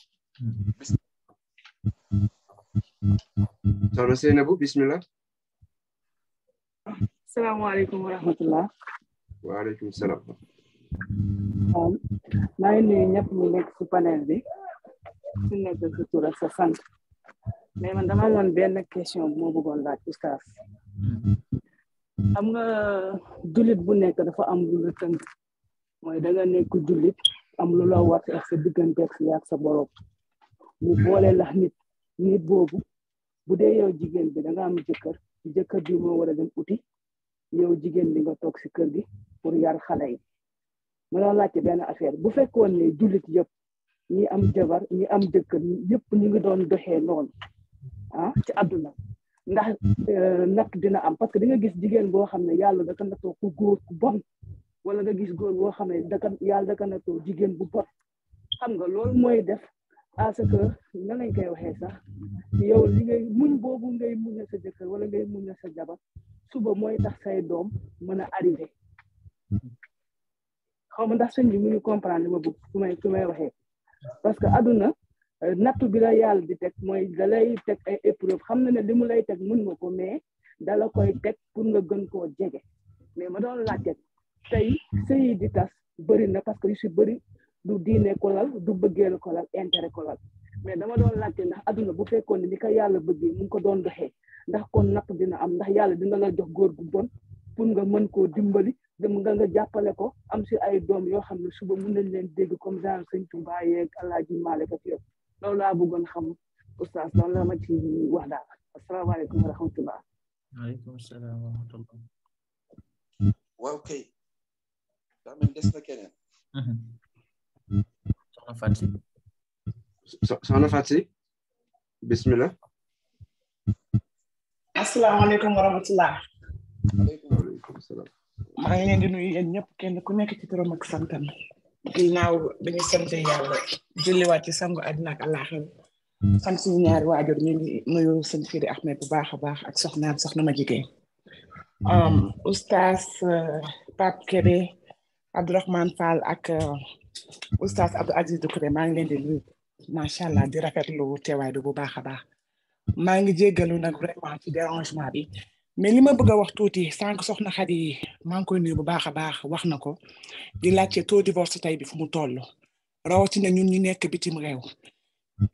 soxna Seynabou bismillah. salaamaaleykum wa rahmatulah. waaleykum salaam. waaw um, maa ngi nuyu ñëpp nekk ci panel bi. su nekk sa sant. mais dama amoon benn question bu ma laaj oustaz. am nga jullit bu nekk dafa am lu la tënk. mooy da nga nekk jullit am lu la war ak sa diggante ak sa borom. mu boole lax nit nit boobu bu dee yow jigéen bi da am jëkkër jëkkër bi moo war a dem yow jigéen bi nga toog si kër gi pour yar xale yi ma doon laajte benn affaire bu fekkoon ne jullit yëpp ñi am jabar ñi am jëkkër yëpp ñu ngi doon doxee noonu ah ci àdduna ndax euh, natt dina am parce que di nga gis jigéen boo xam ne yàlla daka nattoo ku góor ku bon wala nga gis góor boo xam ne daka yàlla daka nattoo jigéen bu bon xam nga loolu mooy def parce que nan lañ koy waxee sax yow li ngay muñ boobu ngay muñal sa jëkkër wala ngay muñal sa jabar suba mooy tax say doom mën a arrivé xaw ma ndax sëñ bi mu ngi comprendre li ma bëgg su may su may waxee parce que aduna euh, nattu bi la yàlla di teg mooy dalay teg ay épreuve xam na ne li mu lay teg mën nga ko mais da la koy teg pour nga gën koo jege mais ma doon laajte tey sëy di tas bëri na parce que yu si bari du diine ko lal du bëggee ko lal intere ko lal mais dama doon laajte ndax adduna bu fekkoon ne ni ko yàlla bëggee mu ngi ko doon doxee ndax kon natt dina am ndax yàlla dina la jox góor gu bon pour nga mën koo dimbali dem nga nga jàppale ko am si ay doom yoo xam ne suba mun nañ leen dégg comme genre sëñ Touba yeeg Alaaji Maalik ak yëpp loolu laa bëggoon xam oustaz loolu la ma ci wax daal asalaamaaleykum wa rahmatullah waaleykum salaam wa rahmatullah waaw kay daa mel des na keneen mhm. soxna Fatou Si soxna Fatou Si bismillah asalaamaaleykum wa rahmatulah waaleykum salaam maa ngi leen kenn ku nekk ci turam ak santam ginnaaw bi ñu sant yàlla julliwaat ci sango àddina ak àllaaxira sant suñu ñaari waajur ñu ngi nuyu sëñ Firi Ahmed bu baax a baax ak soxnaam soxna ma jigéen um, oustaz uh, Pape Kébé Abdourahmane Fall ak uh, oustaz Abdou Aziz Doucouré maa ngi leen de nuyu macha allah di rafetlu teewaay du bu baax a baax maa ngi jéggalu nag vraiment ci dérangement bi mais li ma bëgg a wax tuuti sànq soxna Xadi maa ngi koy bu baax a baax wax na ko di laajte taux divorce tey bi fu mu toll rawatina ñun ñu nekk bitim réew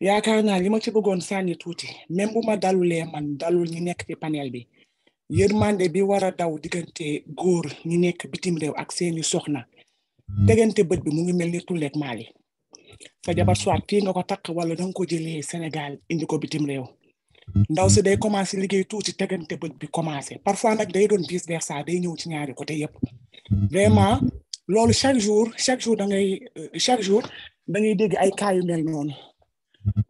yaakaar naa li ma ci bëggoon sànni tuuti même bu ma dalulee man dalul ñu nekk ci panel bi yërmande bi war a daw diggante góor ñu nekk bitim réew ak seeni soxna Mm. tegante bët bi mu ngi mel ni tulleeg Mali sa jabar mm. soit fii nga ko takk wala danga ko jëlee Sénégal indi ko bitim réew mm. ndaw si day commencé liggéey tuuti tegante bët bi commencé parfois nag day doon vice versa day ñëw ci ñaari côté yëpp vraiment loolu chaque jour chaque jour da ngay euh, chaque jour da ngay dégg ay cas yu mel noonu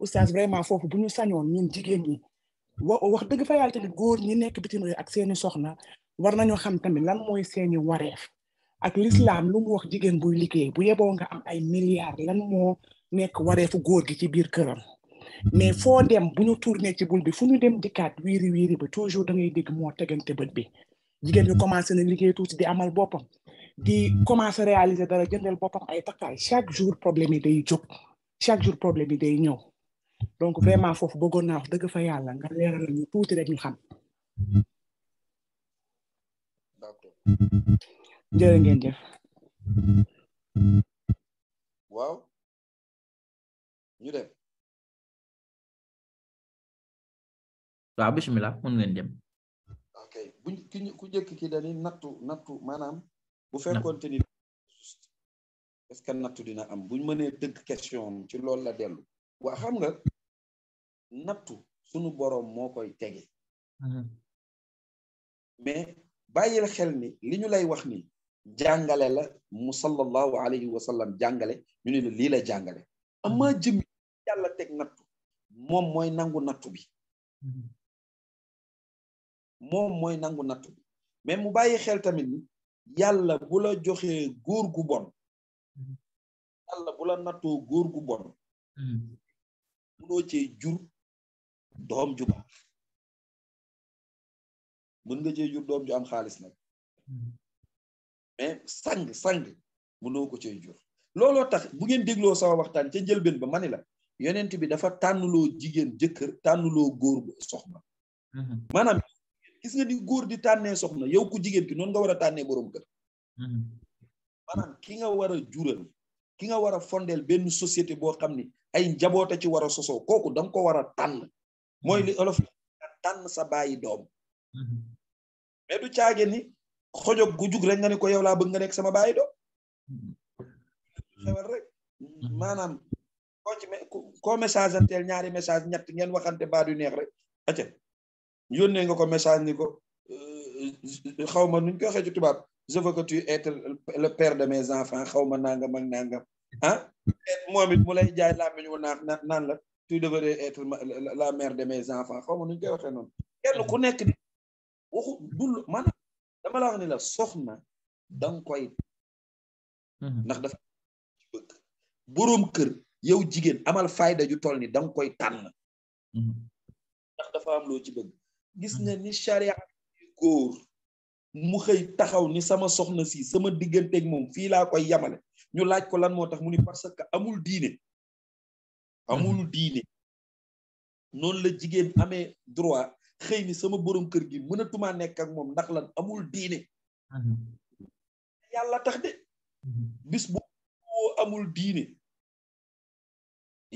oustaz vraiment foofu bu ñu sañoon ñun jigéen ñi wa wax dëgg fa yàlla tamit góor ñi nekk bitim réew ak seeni soxna war nañoo xam tamit lan mooy seeni wareef ak mm. lislaam lu mu wax jigéen buy liggéey bu yeboo nga am ay milliards lan moo nekk waree wareefu góor gi ci biir këram mais mm. foo dem bu ñu tourné ci bul bi fu ñu dem dikkaat wiiri wiiri ba toujours da ngay dégg moo tegante bët bi jigéen bi mm-hmm. commencé na liggéey tuuti di amal boppam di mm-hmm. commencé réaliser dara jëndal boppam ay takkaay chaque jour problème yi day jóg chaque jour problème yi day ñëw donc mm-hmm. vraiment foofu bëggoon naa wax dëgg fa yàlla nga leeral ñu tuuti rek ñu xam jërë ngeen jëf waaw ñu dem waaw bismillah mun ngeen dem ok ku njëkk ki dani nattu nattu maanaam bu fekkoonte ni est que nattu dina am buñ mënee dëgg question ci loolu la dellu waa nga nattu sunu boroom moo koy tege mhm. mais bàyyil xel ni li ñu lay wax nii jàngale la mu sallallahu alayhi wa sallam jàngale ñu la lii la jàngale ama mhm. jëm yàlla teg nattu moom mooy nangu nattu bi mhm. moom mooy nangu nattu bi mais mu bàyyi xel tamit ni yàlla bu la joxee góor gu bon mhm. yàlla bu la nattoo góor gu bon mënoo cee jur doom ju baax nga cee ju am xaalis nag mais sang sang mënoo ko cee jur looloo tax bu ngeen dégloo sama waxtaan ca njëlbeen ba ma ni la yonent bi dafa tànnuloo jigéen jëkkër tànnuloo góor soxna mhm. maanaam gis nga ni góor di tànnee soxna yow jigéen ki noonu nga war a tànnee boroom kër mhm. maanaam ki nga war a jural ki nga war a fondeel benn société boo xam ni ay njaboota ci war a sosoo kooku danga ko war a tànn mooy li mhm. olof la tànn sa bàyyi doom mais du caage xojog gu jug rek nga ne ko yow laa bëgg nga nekk sama baay do mm-hmm. xewal rek mm-hmm. maanaam ko message anteel ñaari message ñett ngeen waxante baa du neex rek aca yónnee nga ko message ni ko euh, xaw ma nu koy waxee ci tubaab je veux que tu être le père de mes enfants xaw ma nangam ak nangam ah moom it mu lay jaay làmmiñ wu naan naan la tu devrais être la mère de mes enfants xaw ma nuñ koy waxee noonu kenn ku nekk di waxu dul maanaam dama la wax ni la soxna danga koy mhm. ndax dafa bëgg boroom kër yow jigéen amal fayda ju toll ni danga koy tànn mhm. ndax dafa am loo ci bëgg gis mhm. nga ni charia góor mu xëy taxaw ni sama soxna si sama digganteeg moom fii laa koy yamale ñu laaj ko lan moo tax mu ni parce que amul diine amul diine noonu la jigéen amee droit xëy ni sama borom kër gi mënatuma nekk ak moom ndax la amul diine yàlla tax de bis bu amul diine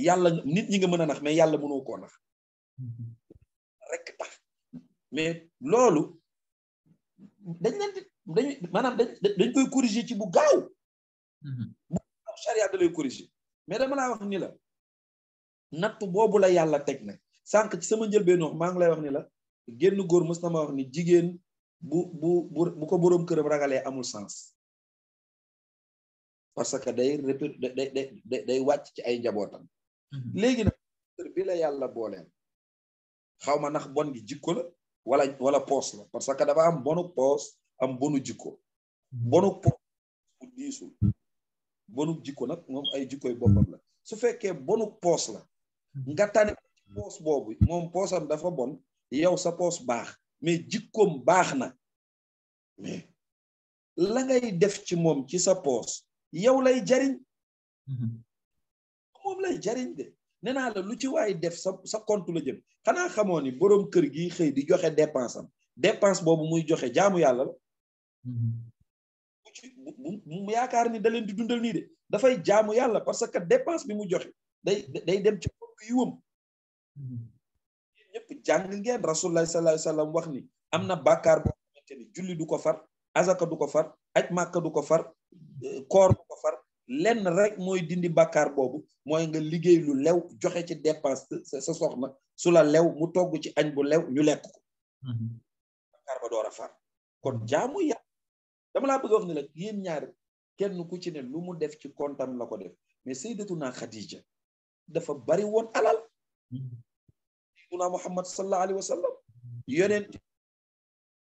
yàlla nit ñi nga mën a nax mais yàlla mënoo koo nax rek tax mais loolu dañ leen di dañ maanaam dañ koy corriger ci bu gaaw bu gaaw charia da lay corriger mais dama laa wax ni la nattu boobu la yàlla teg nag sànq ci sama njëlbeenu maa ngi lay wax ni la génn góor mës na ma wax jigéen bu bu bu ko boroom këram ragalee amul sens parce que day répét day day day wàcc ci ay njabootam. Mhm. léegi nag kër yàlla booleel xaw ma ndax bon gi jikko la wala wala poos la parce que dafa am bonu poos am bonu jikko mhm. bonu poos bu diisul bonu jikko nag moom ay jikkoy boppam la su fekkee bonu poos la mhm. nga poos boobu moom poosam dafa bon yow sa poos baax mais jikkoom baax na mais la ngay def ci moom ci sa poos yow lay jariñ mhm. moom lay jariñ de nee naa la lu ci waay def sa sa la jëm xanaa xamoo ni boroom kër gi xëy di joxe dépense am boobu muy joxe jaamu yàlla la mhm. mu yaakaar ni da leen di dundal nii de dafay jaamu yàlla parce que dépense bi mu joxe day day dem ci compte yiwam ñëpp jàng ngeen rasulullah sallallahu wax ni am na bàkkaar boo julli du ko far azaka du ko far aj màkka du ko far euh, koor du ko far lenn rek mooy dindi bàkkaar boobu mooy nga liggéey lu lew joxe ci dépense sa soxna su la lew mu togg ci añ bu lew ñu lekk ko mm-hmm. bàkkaar ba door a far kon jaamu yàlla dama laa bëgg wax ni la yéen ñaar kenn ku ci ne lu mu def ci kontam la ko def mais sayyidatuna Khadija dafa bari woon alal muna muhammad sallallahu alayhi wa sallam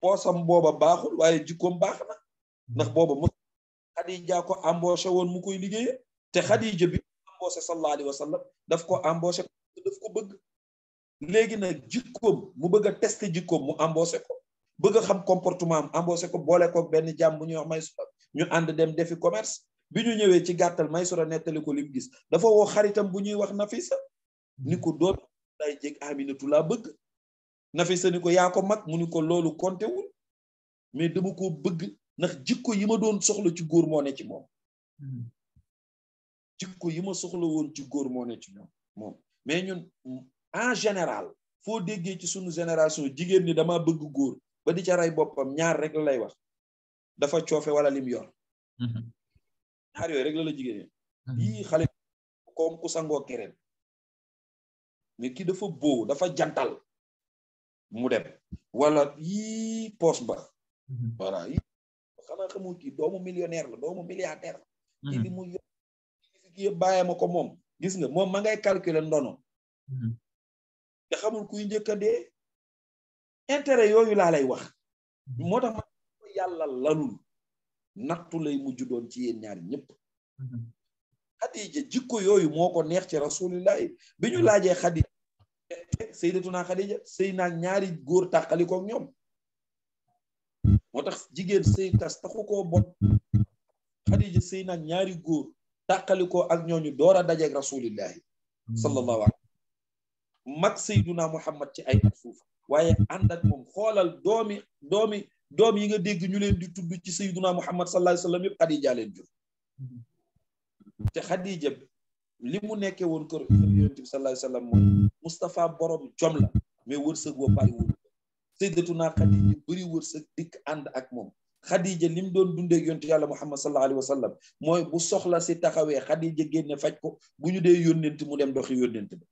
poosam booba baaxul waaye jikkoom baax na ndax booba mu Xadija ko embauché woon mu koy liggéeye te Xadija bi embauché sallallahu alayhi wa daf ko embauché ko bëgg léegi nag jikkoom mu bëgg a testé jikkoom mu embauché ko bëgg xam comportement am embauché ko boole ko benn jàmm bu ñuy wax Maysura ñu ànd dem defi commerce bi ñu ñëwee ci gàttal Maysura nettali ko lim gis dafa woo xaritam bu ñuy wax Nafisa ni ko doom lay jeg Aminatu laa bëgg Nafisa ni ko yaa ko mag mu ni ko loolu compté mais dama ko bëgg ndax jikko yi ma doon soxla ci góor moo ne ci moom hmm. jikko yi ma soxla ci góor moo ne ci ñoom moom mais ñun en général foo déggee ci sunu génération jigéen ni dama bëgg góor ba di ca boppam ñaar rek lay wax dafa coofe wala lim yor hmm. ñaar yooyu rek la la jigéen hmm. yii xale comme ku sangoo kereen mais kii dafa boo dafa jantal mu dem wala yii poos ba mhm. voilà yii xanaa xamul kii doomu millionnaire la doomu milliardaire la mhm. kii li mu yor kii yëpp bàyyee ma ko moom gis nga moom ma ngay calculer ndono mhm. te xamul kuy njëkk a dee intérêt yooyu laa lay wax moo tax ma yàlla lalul nattu lay mujj doon ci yéen ñaar ñëpp Xadija jikko yooyu moo ko neex ci rasulillahi bi ñu laajee Xadija sayyidatuna naa sëy naag ñaari góor tàqalikoog ñoom moo tax jigéen sëy taxu ko bot Xadija sëy naag ñaari góor tàqalikoo ak ñooñu door a dajeeg rasulillahi sallallahu alayhi mag sayyiduna Muhammad ci ay at suuf waaye ànd ak moom xoolal doomi doomi doom yi nga dégg ñu leen di tudd ci sayyiduna Muhammad sallallahu alayhi wa sallam yëpp Xadija leen jur te Xadiija li mu nekkee woon kër yonent bi sallallahu alayhi wa sallam mooy Moustapha borom jom la mais wërsëg boo bari wul sayyidatuna Xadiija bëri wërsëg dikk ànd ak moom Xadiija li mu doon dundee yonent yàlla Muhammad sallallahu alayhi wa sallam mooy bu soxla si taxawee Xadiija génne faj ko bu ñu dee yónnent mu dem doxi yónnent ba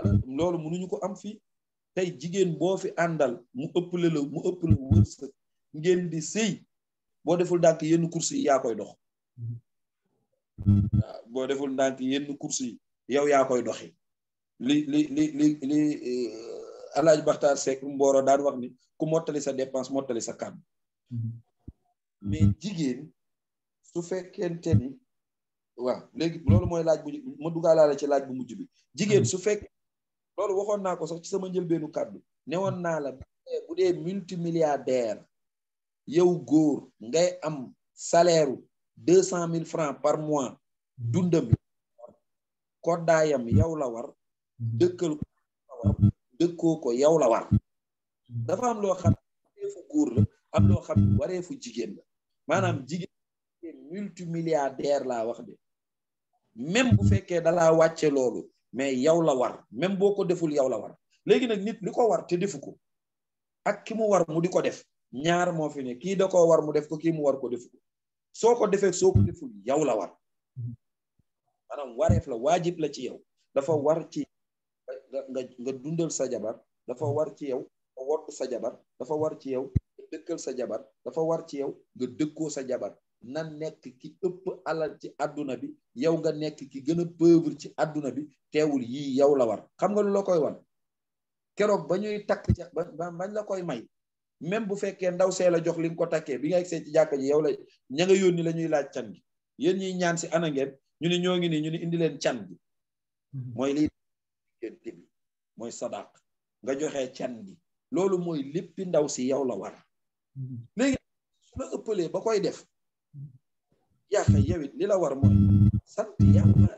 alors loolu mënuñu ko am fi tey jigéen boo fi àndal mu ëpp la mu ëpp la wërsëg ngeen di sëy boo deful dànk yenn course yi yaa koy dox boo deful ndànk yenn course yi yow yaa koy doxi li li li li li eh, alaaj Baxtaar Seck Mboro daan wax ni ku mottali sa dépense mottali sa kàddu mm-hmm. mais jigéen su fekkente ni loolu mooy laaj bu ma ci laaj bu mujj jigéen su fekk loolu waxoon naa ko sax ci sama njëlbeenu kàddu newoon naa la bu dee multimilliardaire yow góor ngay am saleeru deux cent mille francs par mois dundam koddaayam hmm. yow la war dëkkal ko la ko yow la war dafa am loo xam wareefu góor la am loo xam wareefu jigéen la maanaam hmm. jigéen multimilliardaire laa wax de même bu hmm. fekkee dalaa wàcce loolu mais yow la war même boo ko deful yow la war léegi nag nit li ko war te defu ko ak ki mu war mu di ko def ñaar moo fi ne kii da koo war mu def ko kii mu war ko defu soo ko defee soo ko deful yow la war mhm. maanaam wareef la waajib la ci yow dafa war ci nga nga dundal sa jabar dafa war ci yow nga sa jabar dafa war ci yow nga dëkkal sa jabar dafa war ci yow nga dëkkoo sa jabar na nekk ki ëpp alal ci àdduna bi yow nga nekk ki gën a pauvre ci àdduna bi teewul yi yow la war xam nga lu la koy wan keroog ba ñuy takk ca bañ la koy may même bu fekkee ndaw see la jox li nga ko takkee bi nga egsee ci jàkka ji yow la ña yoon yónni la ñuy laaj can gi yéen ñuy ñaan si ana ngeen ñu ne ñoo ngi nii ñu ne indi can gi mm-hmm. mooy lii diggante bi mooy nga joxee can gi loolu mooy léppi ndaw si yow la war mm-hmm. léegi su la ëppalee ba koy def mm-hmm. yàqa yewit li la war mooy sant yàlla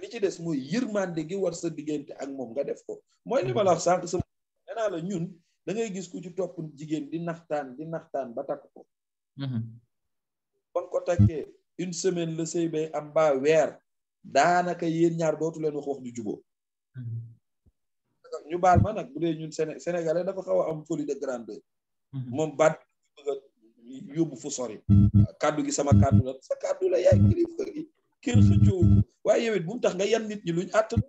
li ci des mooy yërmande gi war sa diggante ak moom nga def ko mooy li wax sànq sama nee la ñun dangay gis ku ci topp jigéen di naxtaan di naxtaan ba takk ko mhm. ba ko takkee une semaine la sëy bay am ba weer daanaka yéen ñaar dootu leen wax wax mhm. ñu baal ma nag bu dee ñun dafa xaw am folie de grandeur mhm. moom baat bëgg fu sori kàddu gi sama kàddu la sa kàddu la yaay kilifa gi kenn xëccoo waaye yow it tax nga yan nit ñi luñ àttan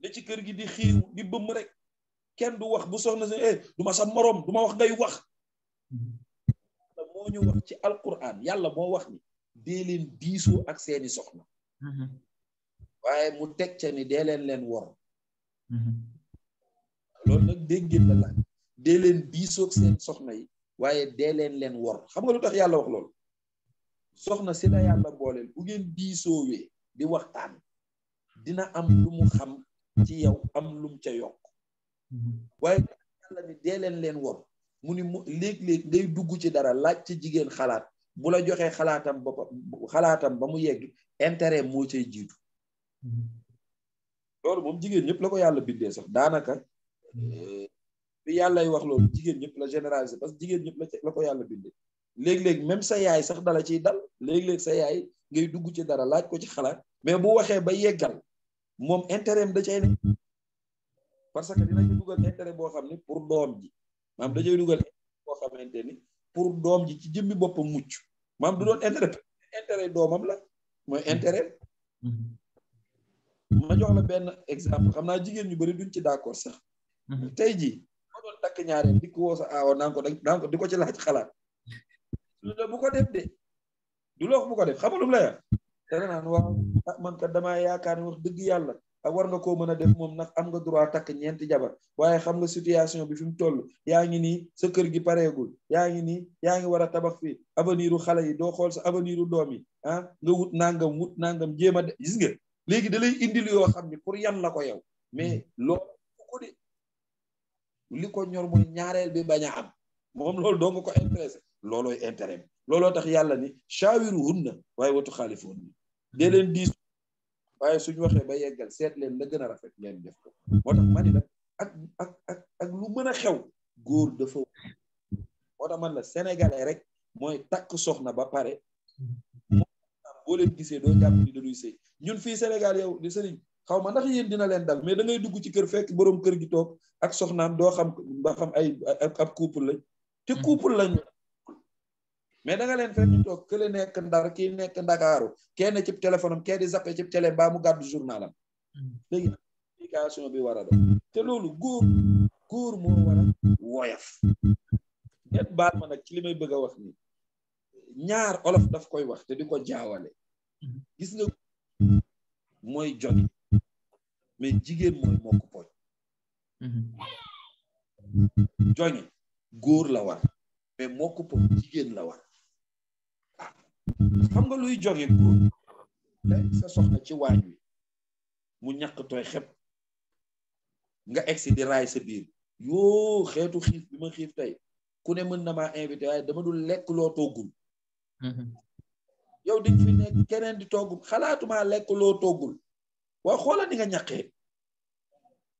ne ci kër gi di xiiw di bëmm rek kenn du wax bu soxna si eh ma sa moroom du ma wax ngay wax yàlla moo ñu wax ci alquran yàlla moo wax ni dee leen diisoo ak seeni soxna mm-hmm. waaye mu teg ca ni dee leen leen wor mm-hmm. loolu nag dégg la laaj leen diisoo ak soxna yi waaye dee leen leen wor xam nga lu tax yàlla wax loolu soxna si la yàlla booleel bu ngeen diisoowee di waxtaan dina am lu mu xam ci yow am lum ca yokk Mm-hmm. waaye yàlla ni dee leen leen woon mu ni mu léeg-léeg ngay dugg ci dara laaj ci jigéen xalaat bu la joxee xalaatam ba xalaatam ba mu yegg intérêt moo cay jiitu mm-hmm. loolu moom jigéen ñëpp la ko yàlla bindee sax daanaka mm-hmm. bi yàllay wax loolu jigéen ñëpp la généraliser parce que jigéen ñëpp la la ko yàlla bindee léeg-léeg même sa yaay sax dala ciy dal léeg-léeg sa yaay ngay dugg ci dara laaj ko ci xalaat mais bu waxee ba yeggal moom intérêt da cay ne parce que dinañu dugal intérêt boo xam ne pour doom ji maam dañuy dugal boo xamante ni pour doom ji ci jëmmi boppam mucc maam du doon intérêt intérêt doomam la mooy intérêt ma jox la benn exemple xam naa jigéen ñu bari duñ ci d'accord sax tey ji ma doon takk ñaareel di ko woo sa aawo naan di ko ci laaj xalaat la bu ko def de du loox bu ko def xamalum la ya dana naan waaw man kat damaa yaakaar ne wax dëgg yàlla war nga koo mën a def moom nag am nga droit takk ñeenti jabar waaye xam nga situation bi fi mu toll yaa ngi nii sa kër gi pareegul yaa ngi nii yaa ngi war a tabax fii aveniru xale yi doo xool sa aveniru doom yi ah nga wut nangam wut nangam jéem a de gis nga léegi da lay indil yoo xam ni pour yan la ko yow mais loolu ko de li ko ñor ñaareel bi bañ a am moom lool doo nga ko intéressé loolooy intérêt bi looloo tax yàlla ni shaawiru hunna waaye watu xaalifu hunna dee leen diis waaye suñu waxee ba yeggal seet leen la gën a rafet ngeen def ko moo tax ma la ak ak ak ak lu mën a xew góor dafa moo tax man la sénégalais rek mooy takk soxna ba pare moo boo leen gisee doo jàpp ni dañuy sëy ñun fii Sénégal yow di sëriñ xaw ma ndax yéen dina leen dal mais dangay ngay dugg ci kër fekk boroom kër gi toog ak soxnaam doo xam ba xam ay ak couple lañ te couple lañ mais da nga leen fekk nekk ndar kii nekk ndakaaru kenn ci téléphone am kenn di zappe ci télé mbaa mu gàddu journalam léegi nag communication bi war a te loolu góor góor moo war a woyof ngeen baal ma nag ci li bëgg a wax nii ñaar olof daf koy wax te di ko jaawale gis nga mooy jogi mais jigéen mooy mokk poñ joñe góor la war mais mokk poñ jigéen la war xam nga luy joge góor sa soxna ci waañ wi mu ñàkk tooy xep nga egsi di raay sa biir yoo xeetu xiif bi ma xiif tey ku ne mën na maa invité waaye dama dul lekk loo toggul mm-hmm. yow dañ fi nekk keneen di toggul xalaatuma lekk loo toggul waa xoola ni nga ñaqee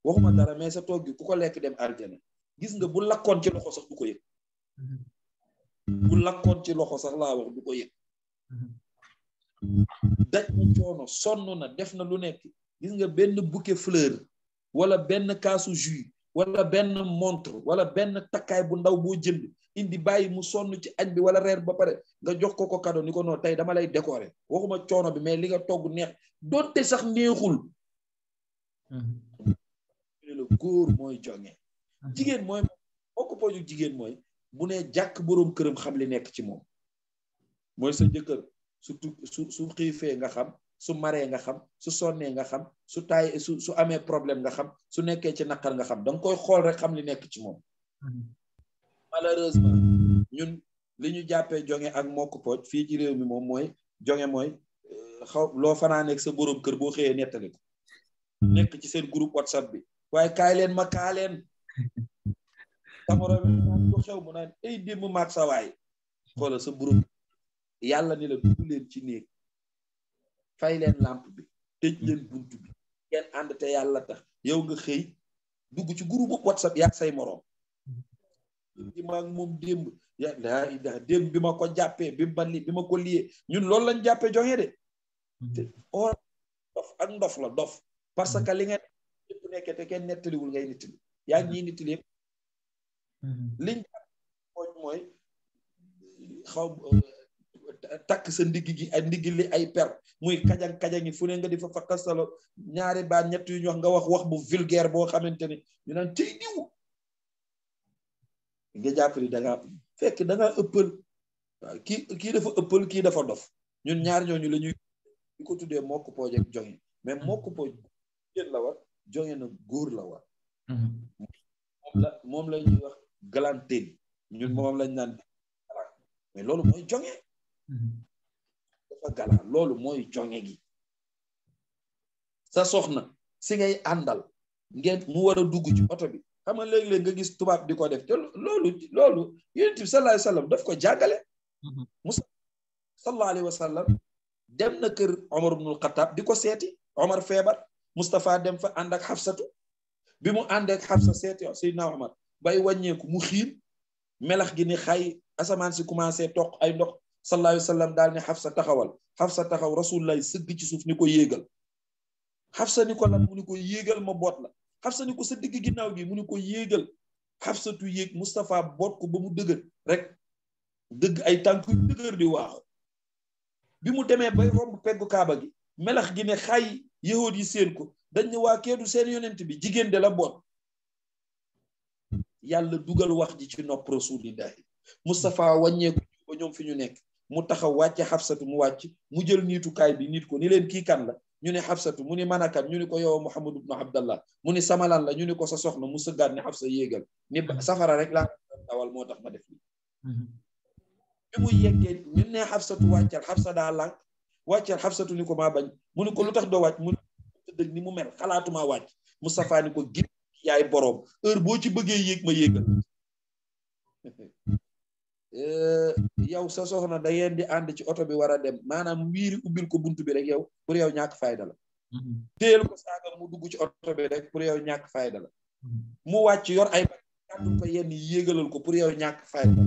waxuma mm-hmm. dara mais sa togg ku ko lekk dem aljana gis nga bu lakkoon ci loxo sax du ko yëg mm-hmm. bu lakkoon ci loxo sax laa wax du ko yëg daj na coono sonn na def na lu nekk gis nga benn bouquet fleur wala benn kaasu jus wala benn montre wala benn takkaay bu ndaw boo jënd indi bàyyi mu sonn ci añ bi wala reer ba pare nga jox ko ko cadeau ni ko non tey dama lay décorer waxuma coono bi mais li nga togg neex donte sax neexul. la góor mooy jonge jigéen mooy bokk pooju jigéen mooy bu ne jàkk boroom këram xam li nekk ci moom. mooy sa jëkkër su su su xiifee nga xam su maree nga xam su sonnee nga xam su taay su su amee problème nga xam su nekkee ci naqar nga xam danga koy xool rek xam li nekk ci moom malheureusement ñun li ñu jàppee ak mokk fii ci réew mi moom mooy jonge mooy euh, xaw loo fanaa nekk sa boroom kër boo xëyee nettali nekk ci seen groupe whatsapp bi waaye kaay leen ma kaaleen leen samoro bi naan xew mu naan ay démb maag sa waay xoola sa boroom yàlla ni la hmm. dugg leen ci néeg fay leen làmp bi tëj leen hmm. bunt bi ngeen ànd te yàlla tax yow nga xëy dugg ci groupe whatsapp yaa say moroom hmm. di maag moom démb ya laa ilaha démb bi ma ko jàppee bi ma bi ma ko liyee ñun loolu lañ jàppee joxe de or dof la dof parce que li nga lépp nekke te kenn nettaliwul ngay nettali yaa ngi nettali yëpp liñ mooy xaw takk sa ndigg gi ay ndigg li ay per muy kajang kajangi fu ne nga di fa fa ñaari baat ñett yu ñu nga wax wax bu vulgaire boo xamante ni ñu naan cey diw nga jàpp ni da danga fekk da ëppal waaw kii dafa ëppal kii dafa dof ñun ñaar ñooñu la ñuy ko tuddee mokk pooj ak jonge mais mm-hmm. mokk pooj jigéen jonge na góor la war mm-hmm. moom la moom la wax galantine ñun moom lañ naan mais loolu mooy jonge dafa galaan loolu mooy joŋe gi sa soxna si ngay àndal ngeen mu war dugg ci oto bi xam nga léeg-léeg nga gis tubaab di ko def te loolu loolu yonent bi sallallahu alayhi wa daf ko jàngale mm-hmm. musa sallallahu dem na kër Omar ibnul Xataab di ko seeti Omar feebar Moustapha dem fa ànd ak Xafsatu bi mu ànd ak Xafsa mm-hmm. seeti Seydina Omar bay wàññeeku mu xiir melax gi ni xay asamaan si commencé toq ay ndox sallallahu alayhi wa sallam daal ne Xafsa taxawal sa taxaw rasulullah sëgg ci suuf ni ko yéegal Xafsa ni ko lan hmm. mu ni ko yéegal ma boot la Xafsa ni ko sa digg ginnaaw gi mu ni ko yégal yéegal sa tu yéeg Moustapha boot ko ba mu dëgër rek dëgg ay tànk yu hmm. dëgër di waaxu bi mu demee bay hmm. romb peggu kaaba gi melax gi ne xay yahood yi seen ko dañ ne waa keedu seen yonent bi jigéen de la boot yàlla dugal wax ji ci nopp rasulillahi Moustapha wàññeeku ba ñoom fi ñu nekk mu taxaw wàcce xafsatu mu wàcc mu jël niitukaay bi nit ko ni leen kii kan la ñu ne xafsatu mu ni manakan ñu ni ko yow mu Muhammad ibnu Abdallah mu ni samalan la ñu ni ko sa soxna mu sëggaat ni xafsa yéegal ni safara rek la dawal moo tax ma def li bi mu yeggee ñu ne xafsatu wàccal xafsa daa lànk wàccal xafsatu ni ko maa bañ mu ni ko lu tax doo wàcc mu tëddëg ni mu mel xalaatuma wàcc mu safaani ko gir yaay boroom heure boo ci bëggee yéeg ma yéegal Eh, mm-hmm. yow sa soxna da ngeen di ànd ci oto bi war a dem maanaam wiiri ubbil ko buntu bi rek yow pour yow ñàkk fayda la mm-hmm. téyel ko saaga mu dugg ci oto bi rek pour yow ñàkk fayda la mm-hmm. mu wàcc yor ay ba ko yenn yéegalal ko pour yow ñàkk fayda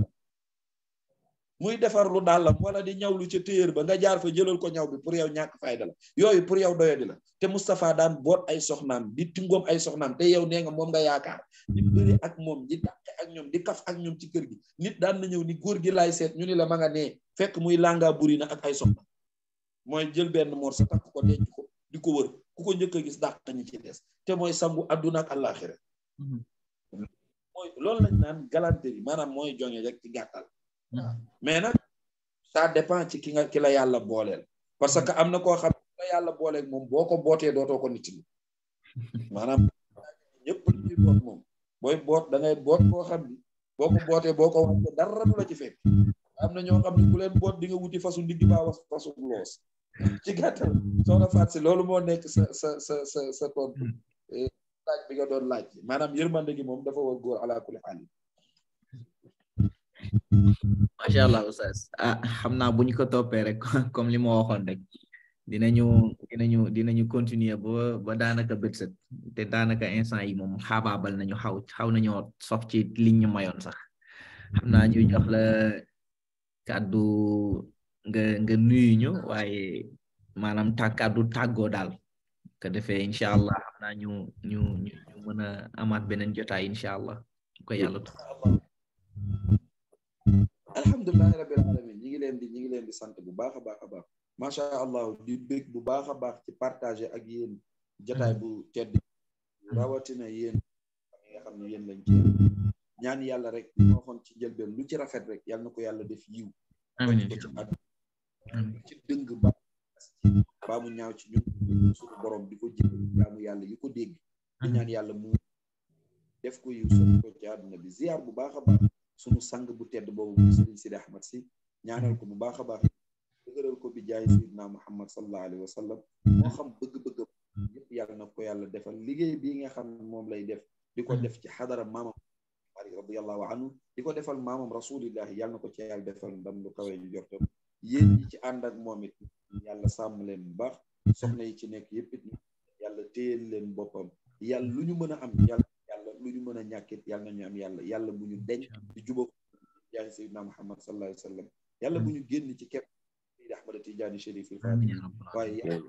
muy defar lu daal dàllam wala di ñaw lu ca téyër ba nga jaar fa jëlal ko ñaw bi pour yow ñàkk fayda la yooyu pour yow doyadi la te Moustapha daan boot ay soxnaam di tingoom ay soxnaam te yow nee nga moom nga yaakaar di bëri ak moom di dàqe ak ñoom di kaf ak ñoom ci kër gi nit daan na ñëw ni góor gi laay seet ñu ni la ma nga nee fekk muy langa buri na ak ay soxna mooy jël benn mor sa takk ko denc ko di ko wër ku ko njëkk a gis dàq ñu ci des te mooy sangu àdduna ak mm-hmm. loolu lañ maanaam mooy jonge rek ci gàttal Hmm. mais nag ça dépend ci ki nga ki la yàlla booleel parce que am na koo xam ki la yàlla booleel moom boo ko bootee dootoo ko nit ñi maanaam ñëpp li moom booy boot da boot koo xam ni boo ko boo ko waxee dara la ci fekk am na ñoo xam leen boot di nga wuti fasu ndigg baa was fasu loos ci gàttal soxna Fatou si loolu moo nekk sa sa sa sa sa tontu hmm. eh, laaj bi nga doon laaj maanaam yërmande gi moom dafa war góor ala kulli macha allah oustaz ah xam naa bu ñu ko toppee rek comme li ma waxoon rek dinañu dinañu dinañu continuer ba ba daanaka bët set te daanaka instant yi moom xaabaabal nañu xaw xaw na nañoo sof ci liñ ñu mayoon sax xam naa ñu jox la kàddu nga nuyu ñu waaye maanaam ta kàddu tàggoo daal ko defee incha allah xam ñu ñu a amaat beneen jotaay incha allah ko alhamdulilahi rabbil alamin ñi ngi leen di ñi ngi leen di sant bu baax a baax a baax macha allah di bég bu baax a baax ci partager ak yéen jatay bu tedd rawatina yéen ñi xam ne yéen lañ ñaan yàlla rek moo xoon ci njëlbeen lu ci rafet rek yàlla na ko yàlla def yiw amiin ko ci at ci dëng ba baa ñaaw ci ñun suñu borom di ko jël jaamu yàlla yu ko dégg di ñaan yàlla mu def ko yiw sot ko ci àdduna bi ziar bu baax a sumu sang bu tedd boobu bu Sëriñ Ahmad si ñaanal ko bu baax a baax dëgëral ko bi jaay Seydina Muhammad sallallahu alayhi wa sallam moo xam bëgg-bëgg yëpp yàlla na ko yàlla defal liggéey bii nga xam moom lay def di ko def ci xadara maamam Maalik radiyallahu anhu di ko defal maamam rasulillahi yàlla na ko ci yàlla defal ndam lu kawee ju jortam yéen ñi ci ànd ak moom it yàlla sàmm leen bu baax soxna yi ci nekk yëpp it yàlla téyel leen boppam yàlla lu ñu mën a am yàlla lu ñu mën a ñàkkit yàlla nañu am yàlla yàlla bu ñu denc di jubóo jaay sayyidina muhammad sallallahu alayhi wa bu ñu génn ci képp di ahmada tijaani sharif il faatih waaye yàlla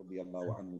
radiyallahu anhu